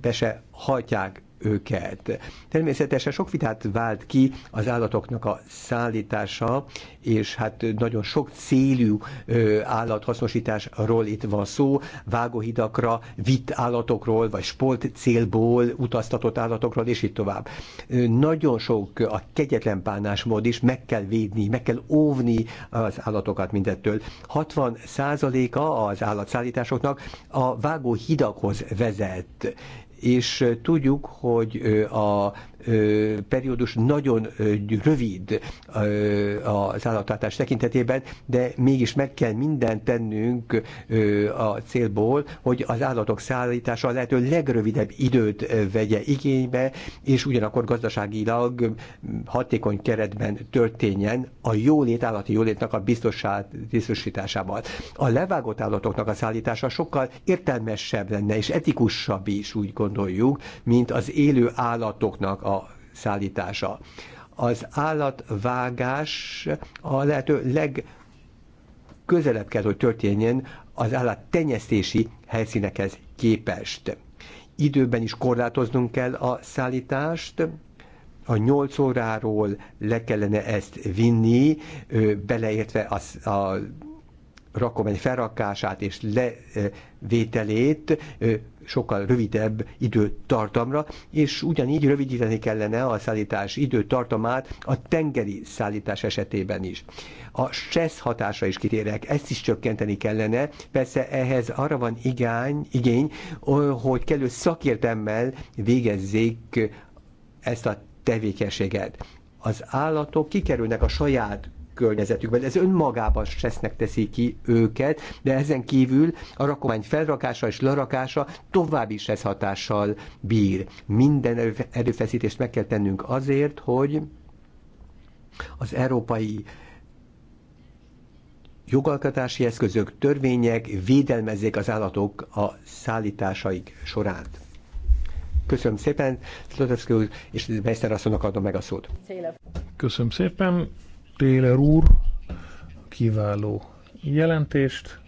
be se hajtják őket. Természetesen sok vitát vált ki az állatoknak a szállítása, és hát nagyon sok célú állathasznosításról itt van szó, vágóhidakra vitt állatokról, vagy sport célból utaztatott állatokról, és így tovább. Nagyon sok a kegyetlen bánásmód is, meg kell védni, meg kell óvni az állatokat mindettől. 60 százaléka az állatszállításoknak a vágóhidakhoz vezet, és tudjuk, hogy a periódus nagyon rövid az állattartás tekintetében, de mégis meg kell mindent tennünk a célból, hogy az állatok szállítása a lehető legrövidebb időt vegye igénybe, és ugyanakkor gazdaságilag hatékony keretben történjen a jólét, állati jólétnak a biztosításával. A levágott állatoknak a szállítása sokkal értelmesebb lenne, és etikusabb is úgy gondoljuk, mint az élő állatoknak a szállítása. Az állatvágás a lehető legközelebb kell, hogy történjen az állattenyesztési helyszínekhez képest. Időben is korlátoznunk kell a szállítást, a 8 óráról le kellene ezt vinni, beleértve a, a egy felrakását és levételét sokkal rövidebb időtartamra, és ugyanígy rövidíteni kellene a szállítás időtartamát a tengeri szállítás esetében is. A stressz hatásra is kitérek, ezt is csökkenteni kellene, persze ehhez arra van igány, igény, hogy kellő szakértemmel végezzék ezt a tevékenységet. Az állatok kikerülnek a saját környezetükben. Ez önmagában stressznek teszi ki őket, de ezen kívül a rakomány felrakása és lerakása további stressz hatással bír. Minden erőfeszítést meg kell tennünk azért, hogy az európai jogalkotási eszközök, törvények védelmezzék az állatok a szállításaik során. Köszönöm szépen, Szlotevszki úr, és Meister asszonynak adom meg a szót. Köszönöm szépen. Péler úr, kiváló jelentést.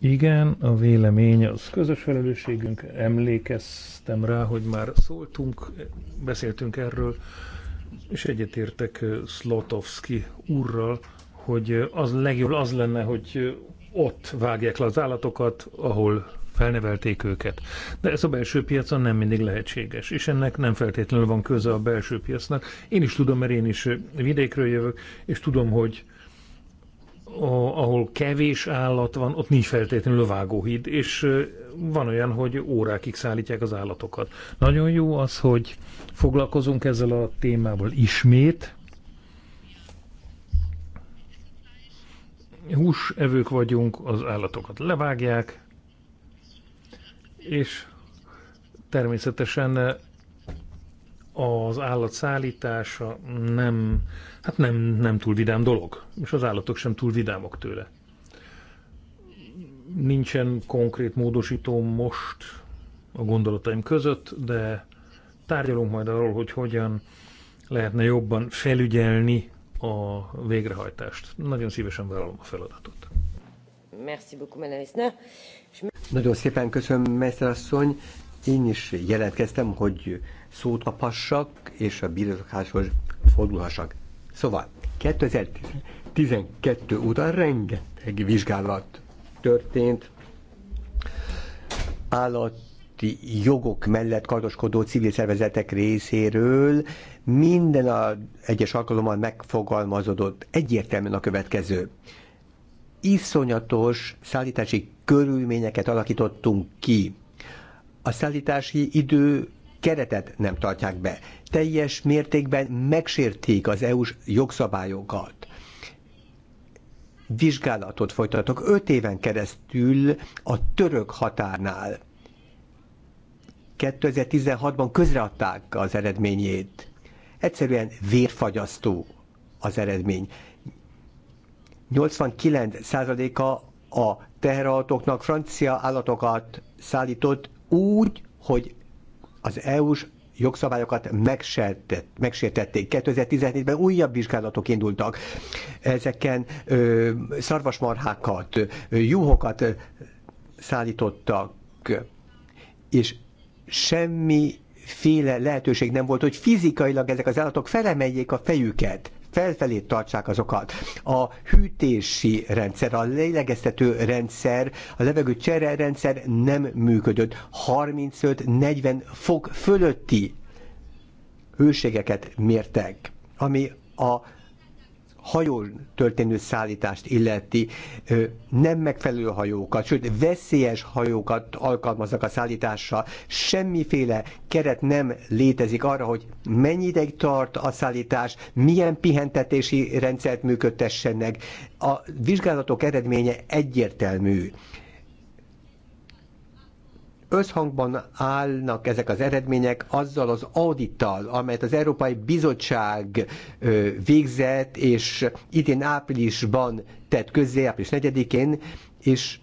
Igen, a vélemény az közös felelősségünk. Emlékeztem rá, hogy már szóltunk, beszéltünk erről, és egyetértek Slotovski úrral, hogy az legjobb az lenne, hogy ott vágják le az állatokat, ahol felnevelték őket. De ez a belső piacon nem mindig lehetséges, és ennek nem feltétlenül van köze a belső piacnak. Én is tudom, mert én is vidékről jövök, és tudom, hogy a, ahol kevés állat van, ott nincs feltétlenül vágóhíd, és van olyan, hogy órákig szállítják az állatokat. Nagyon jó az, hogy foglalkozunk ezzel a témával ismét. Húsevők vagyunk, az állatokat levágják, és természetesen az állat szállítása nem, hát nem, nem túl vidám dolog, és az állatok sem túl vidámok tőle. Nincsen konkrét módosító most a gondolataim között, de tárgyalunk majd arról, hogy hogyan lehetne jobban felügyelni a végrehajtást. Nagyon szívesen vállalom a feladatot. Merci beaucoup, Madame nagyon szépen köszönöm, mesterasszony. Én is jelentkeztem, hogy szót kaphassak, és a bírósághoz fordulhassak. Szóval 2012 után rengeteg vizsgálat történt. Állati jogok mellett kardoskodó civil szervezetek részéről minden a egyes alkalommal megfogalmazódott egyértelműen a következő. Iszonyatos szállítási körülményeket alakítottunk ki. A szállítási idő keretet nem tartják be. Teljes mértékben megsértik az EU-s jogszabályokat vizsgálatot folytatok öt éven keresztül a török határnál. 2016-ban közreadták az eredményét. Egyszerűen vérfagyasztó az eredmény. 89%-a a teherautóknak francia állatokat szállított úgy, hogy az EU-s jogszabályokat megsértették. 2017-ben újabb vizsgálatok indultak. Ezeken ö, szarvasmarhákat, ö, juhokat ö, szállítottak, és semmiféle lehetőség nem volt, hogy fizikailag ezek az állatok felemeljék a fejüket felfelé tartsák azokat. A hűtési rendszer, a lélegeztető rendszer, a levegő csere rendszer nem működött. 35-40 fok fölötti hőségeket mértek, ami a hajón történő szállítást illeti, nem megfelelő hajókat, sőt veszélyes hajókat alkalmaznak a szállítással. Semmiféle keret nem létezik arra, hogy mennyi ideig tart a szállítás, milyen pihentetési rendszert működtessenek. A vizsgálatok eredménye egyértelmű összhangban állnak ezek az eredmények azzal az audittal, amelyet az Európai Bizottság végzett, és idén áprilisban tett közzé, április 4-én, és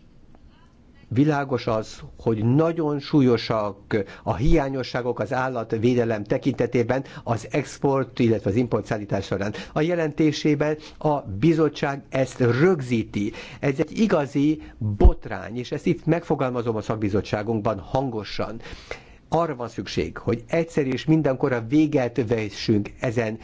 Világos az, hogy nagyon súlyosak a hiányosságok az állatvédelem tekintetében az export, illetve az import szállítás során. A jelentésében a bizottság ezt rögzíti. Ez egy igazi botrány, és ezt itt megfogalmazom a szakbizottságunkban hangosan arra van szükség, hogy egyszer és mindenkor a véget vessünk ezen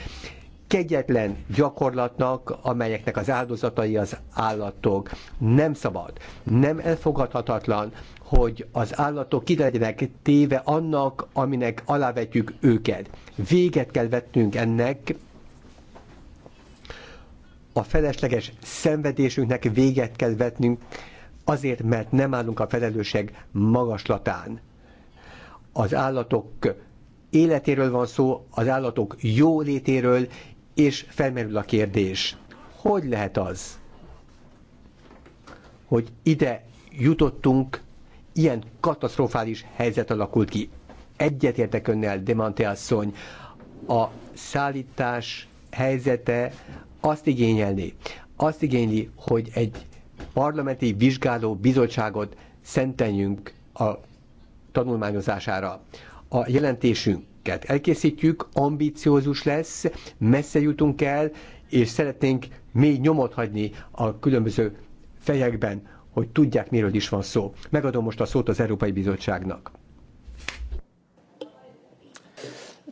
kegyetlen gyakorlatnak, amelyeknek az áldozatai az állatok. Nem szabad, nem elfogadhatatlan, hogy az állatok ki legyenek téve annak, aminek alávetjük őket. Véget kell vetnünk ennek, a felesleges szenvedésünknek véget kell vetnünk, azért, mert nem állunk a felelősség magaslatán. Az állatok életéről van szó, az állatok jólétéről, és felmerül a kérdés, hogy lehet az, hogy ide jutottunk, ilyen katasztrofális helyzet alakult ki. Egyetértek önnel, Demante asszony, a szállítás helyzete azt igényelni, azt igényli, hogy egy parlamenti vizsgáló bizottságot szenteljünk a tanulmányozására. A jelentésünk cikket elkészítjük, ambiciózus lesz, messze jutunk el, és szeretnénk még nyomot hagyni a különböző fejekben, hogy tudják, miről is van szó. Megadom most a szót az Európai Bizottságnak.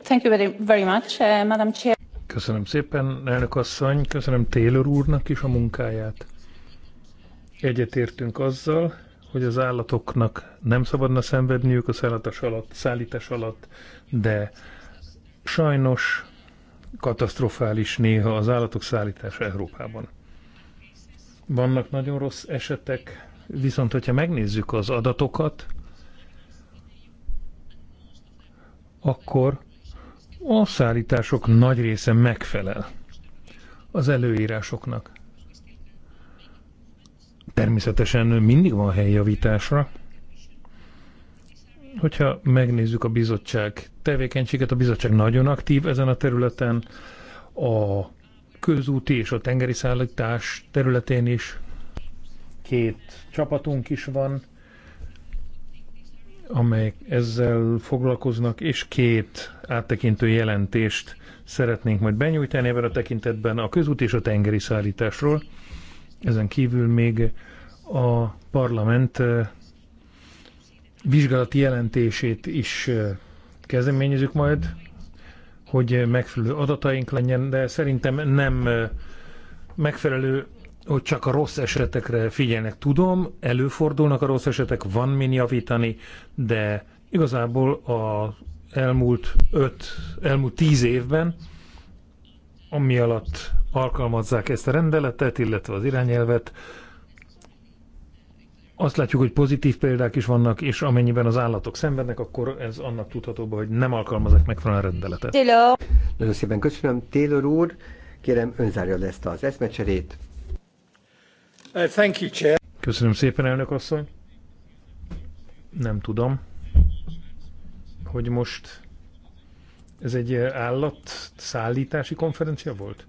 Thank you very, very much, uh, Madam Chair. Köszönöm szépen, elnök asszony, köszönöm Taylor úrnak is a munkáját. Egyetértünk azzal, hogy az állatoknak nem szabadna szenvedniük a szállítás alatt, szállítás alatt de sajnos katasztrofális néha az állatok szállítása Európában. Vannak nagyon rossz esetek, viszont hogyha megnézzük az adatokat, akkor a szállítások nagy része megfelel az előírásoknak. Természetesen mindig van hely javításra, Hogyha megnézzük a bizottság tevékenységet, a bizottság nagyon aktív ezen a területen, a közúti és a tengeri szállítás területén is két csapatunk is van, amelyek ezzel foglalkoznak, és két áttekintő jelentést szeretnénk majd benyújtani ebben a tekintetben a közút és a tengeri szállításról. Ezen kívül még a parlament vizsgálati jelentését is kezdeményezünk majd, hogy megfelelő adataink legyen, de szerintem nem megfelelő, hogy csak a rossz esetekre figyelnek. Tudom, előfordulnak a rossz esetek, van min javítani, de igazából a elmúlt öt, elmúlt tíz évben, ami alatt alkalmazzák ezt a rendeletet, illetve az irányelvet, azt látjuk, hogy pozitív példák is vannak, és amennyiben az állatok szenvednek, akkor ez annak tudható, hogy nem alkalmazok megfelelően a rendeletet. Taylor. Nagyon szépen köszönöm. Taylor úr, kérem önzárja le ezt az eszmecserét. Uh, thank you, Chair. Köszönöm szépen, elnök asszony. Nem tudom, hogy most ez egy állatszállítási konferencia volt?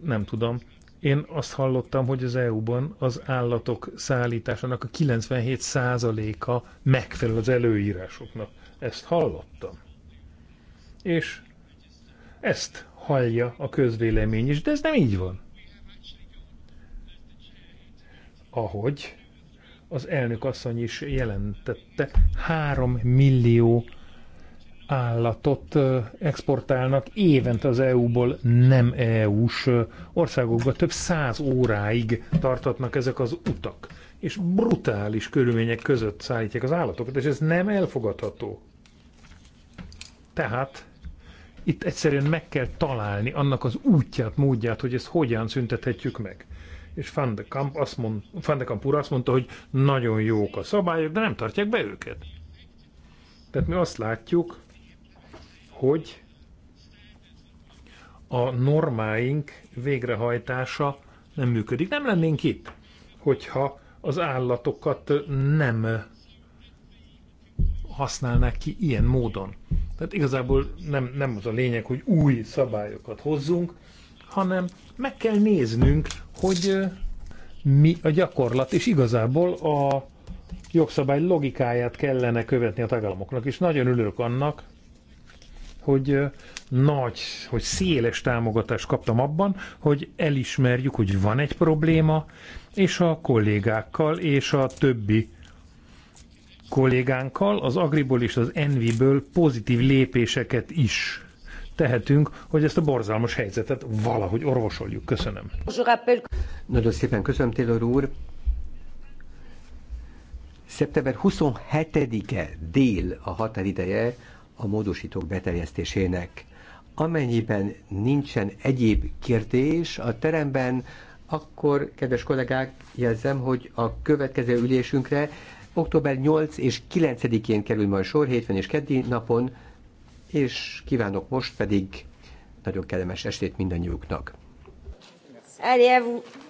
Nem tudom. Én azt hallottam, hogy az EU-ban az állatok szállításának a 97%-a megfelel az előírásoknak. Ezt hallottam. És ezt hallja a közvélemény is, de ez nem így van. Ahogy az elnök asszony is jelentette, 3 millió állatot exportálnak évente az EU-ból nem EU-s országokba. Több száz óráig tartatnak ezek az utak. És brutális körülmények között szállítják az állatokat, és ez nem elfogadható. Tehát itt egyszerűen meg kell találni annak az útját, módját, hogy ezt hogyan szüntethetjük meg. És Van de Kamp, azt mond, Van de Kamp úr azt mondta, hogy nagyon jók a szabályok, de nem tartják be őket. Tehát mi azt látjuk, hogy a normáink végrehajtása nem működik. Nem lennénk itt, hogyha az állatokat nem használnák ki ilyen módon. Tehát igazából nem, nem az a lényeg, hogy új szabályokat hozzunk, hanem meg kell néznünk, hogy mi a gyakorlat, és igazából a jogszabály logikáját kellene követni a tagállamoknak, és nagyon örülök annak, hogy nagy, hogy széles támogatást kaptam abban, hogy elismerjük, hogy van egy probléma, és a kollégákkal és a többi kollégánkkal az Agriból és az Enviből pozitív lépéseket is tehetünk, hogy ezt a borzalmas helyzetet valahogy orvosoljuk. Köszönöm. Nagyon szépen köszönöm, Taylor úr. Szeptember 27-e dél a határideje a módosítók beterjesztésének. Amennyiben nincsen egyéb kérdés a teremben, akkor, kedves kollégák, jelzem, hogy a következő ülésünkre október 8 és 9-én kerül majd sor, hétfőn és keddi napon, és kívánok most pedig nagyon kellemes estét mindannyiuknak. Allez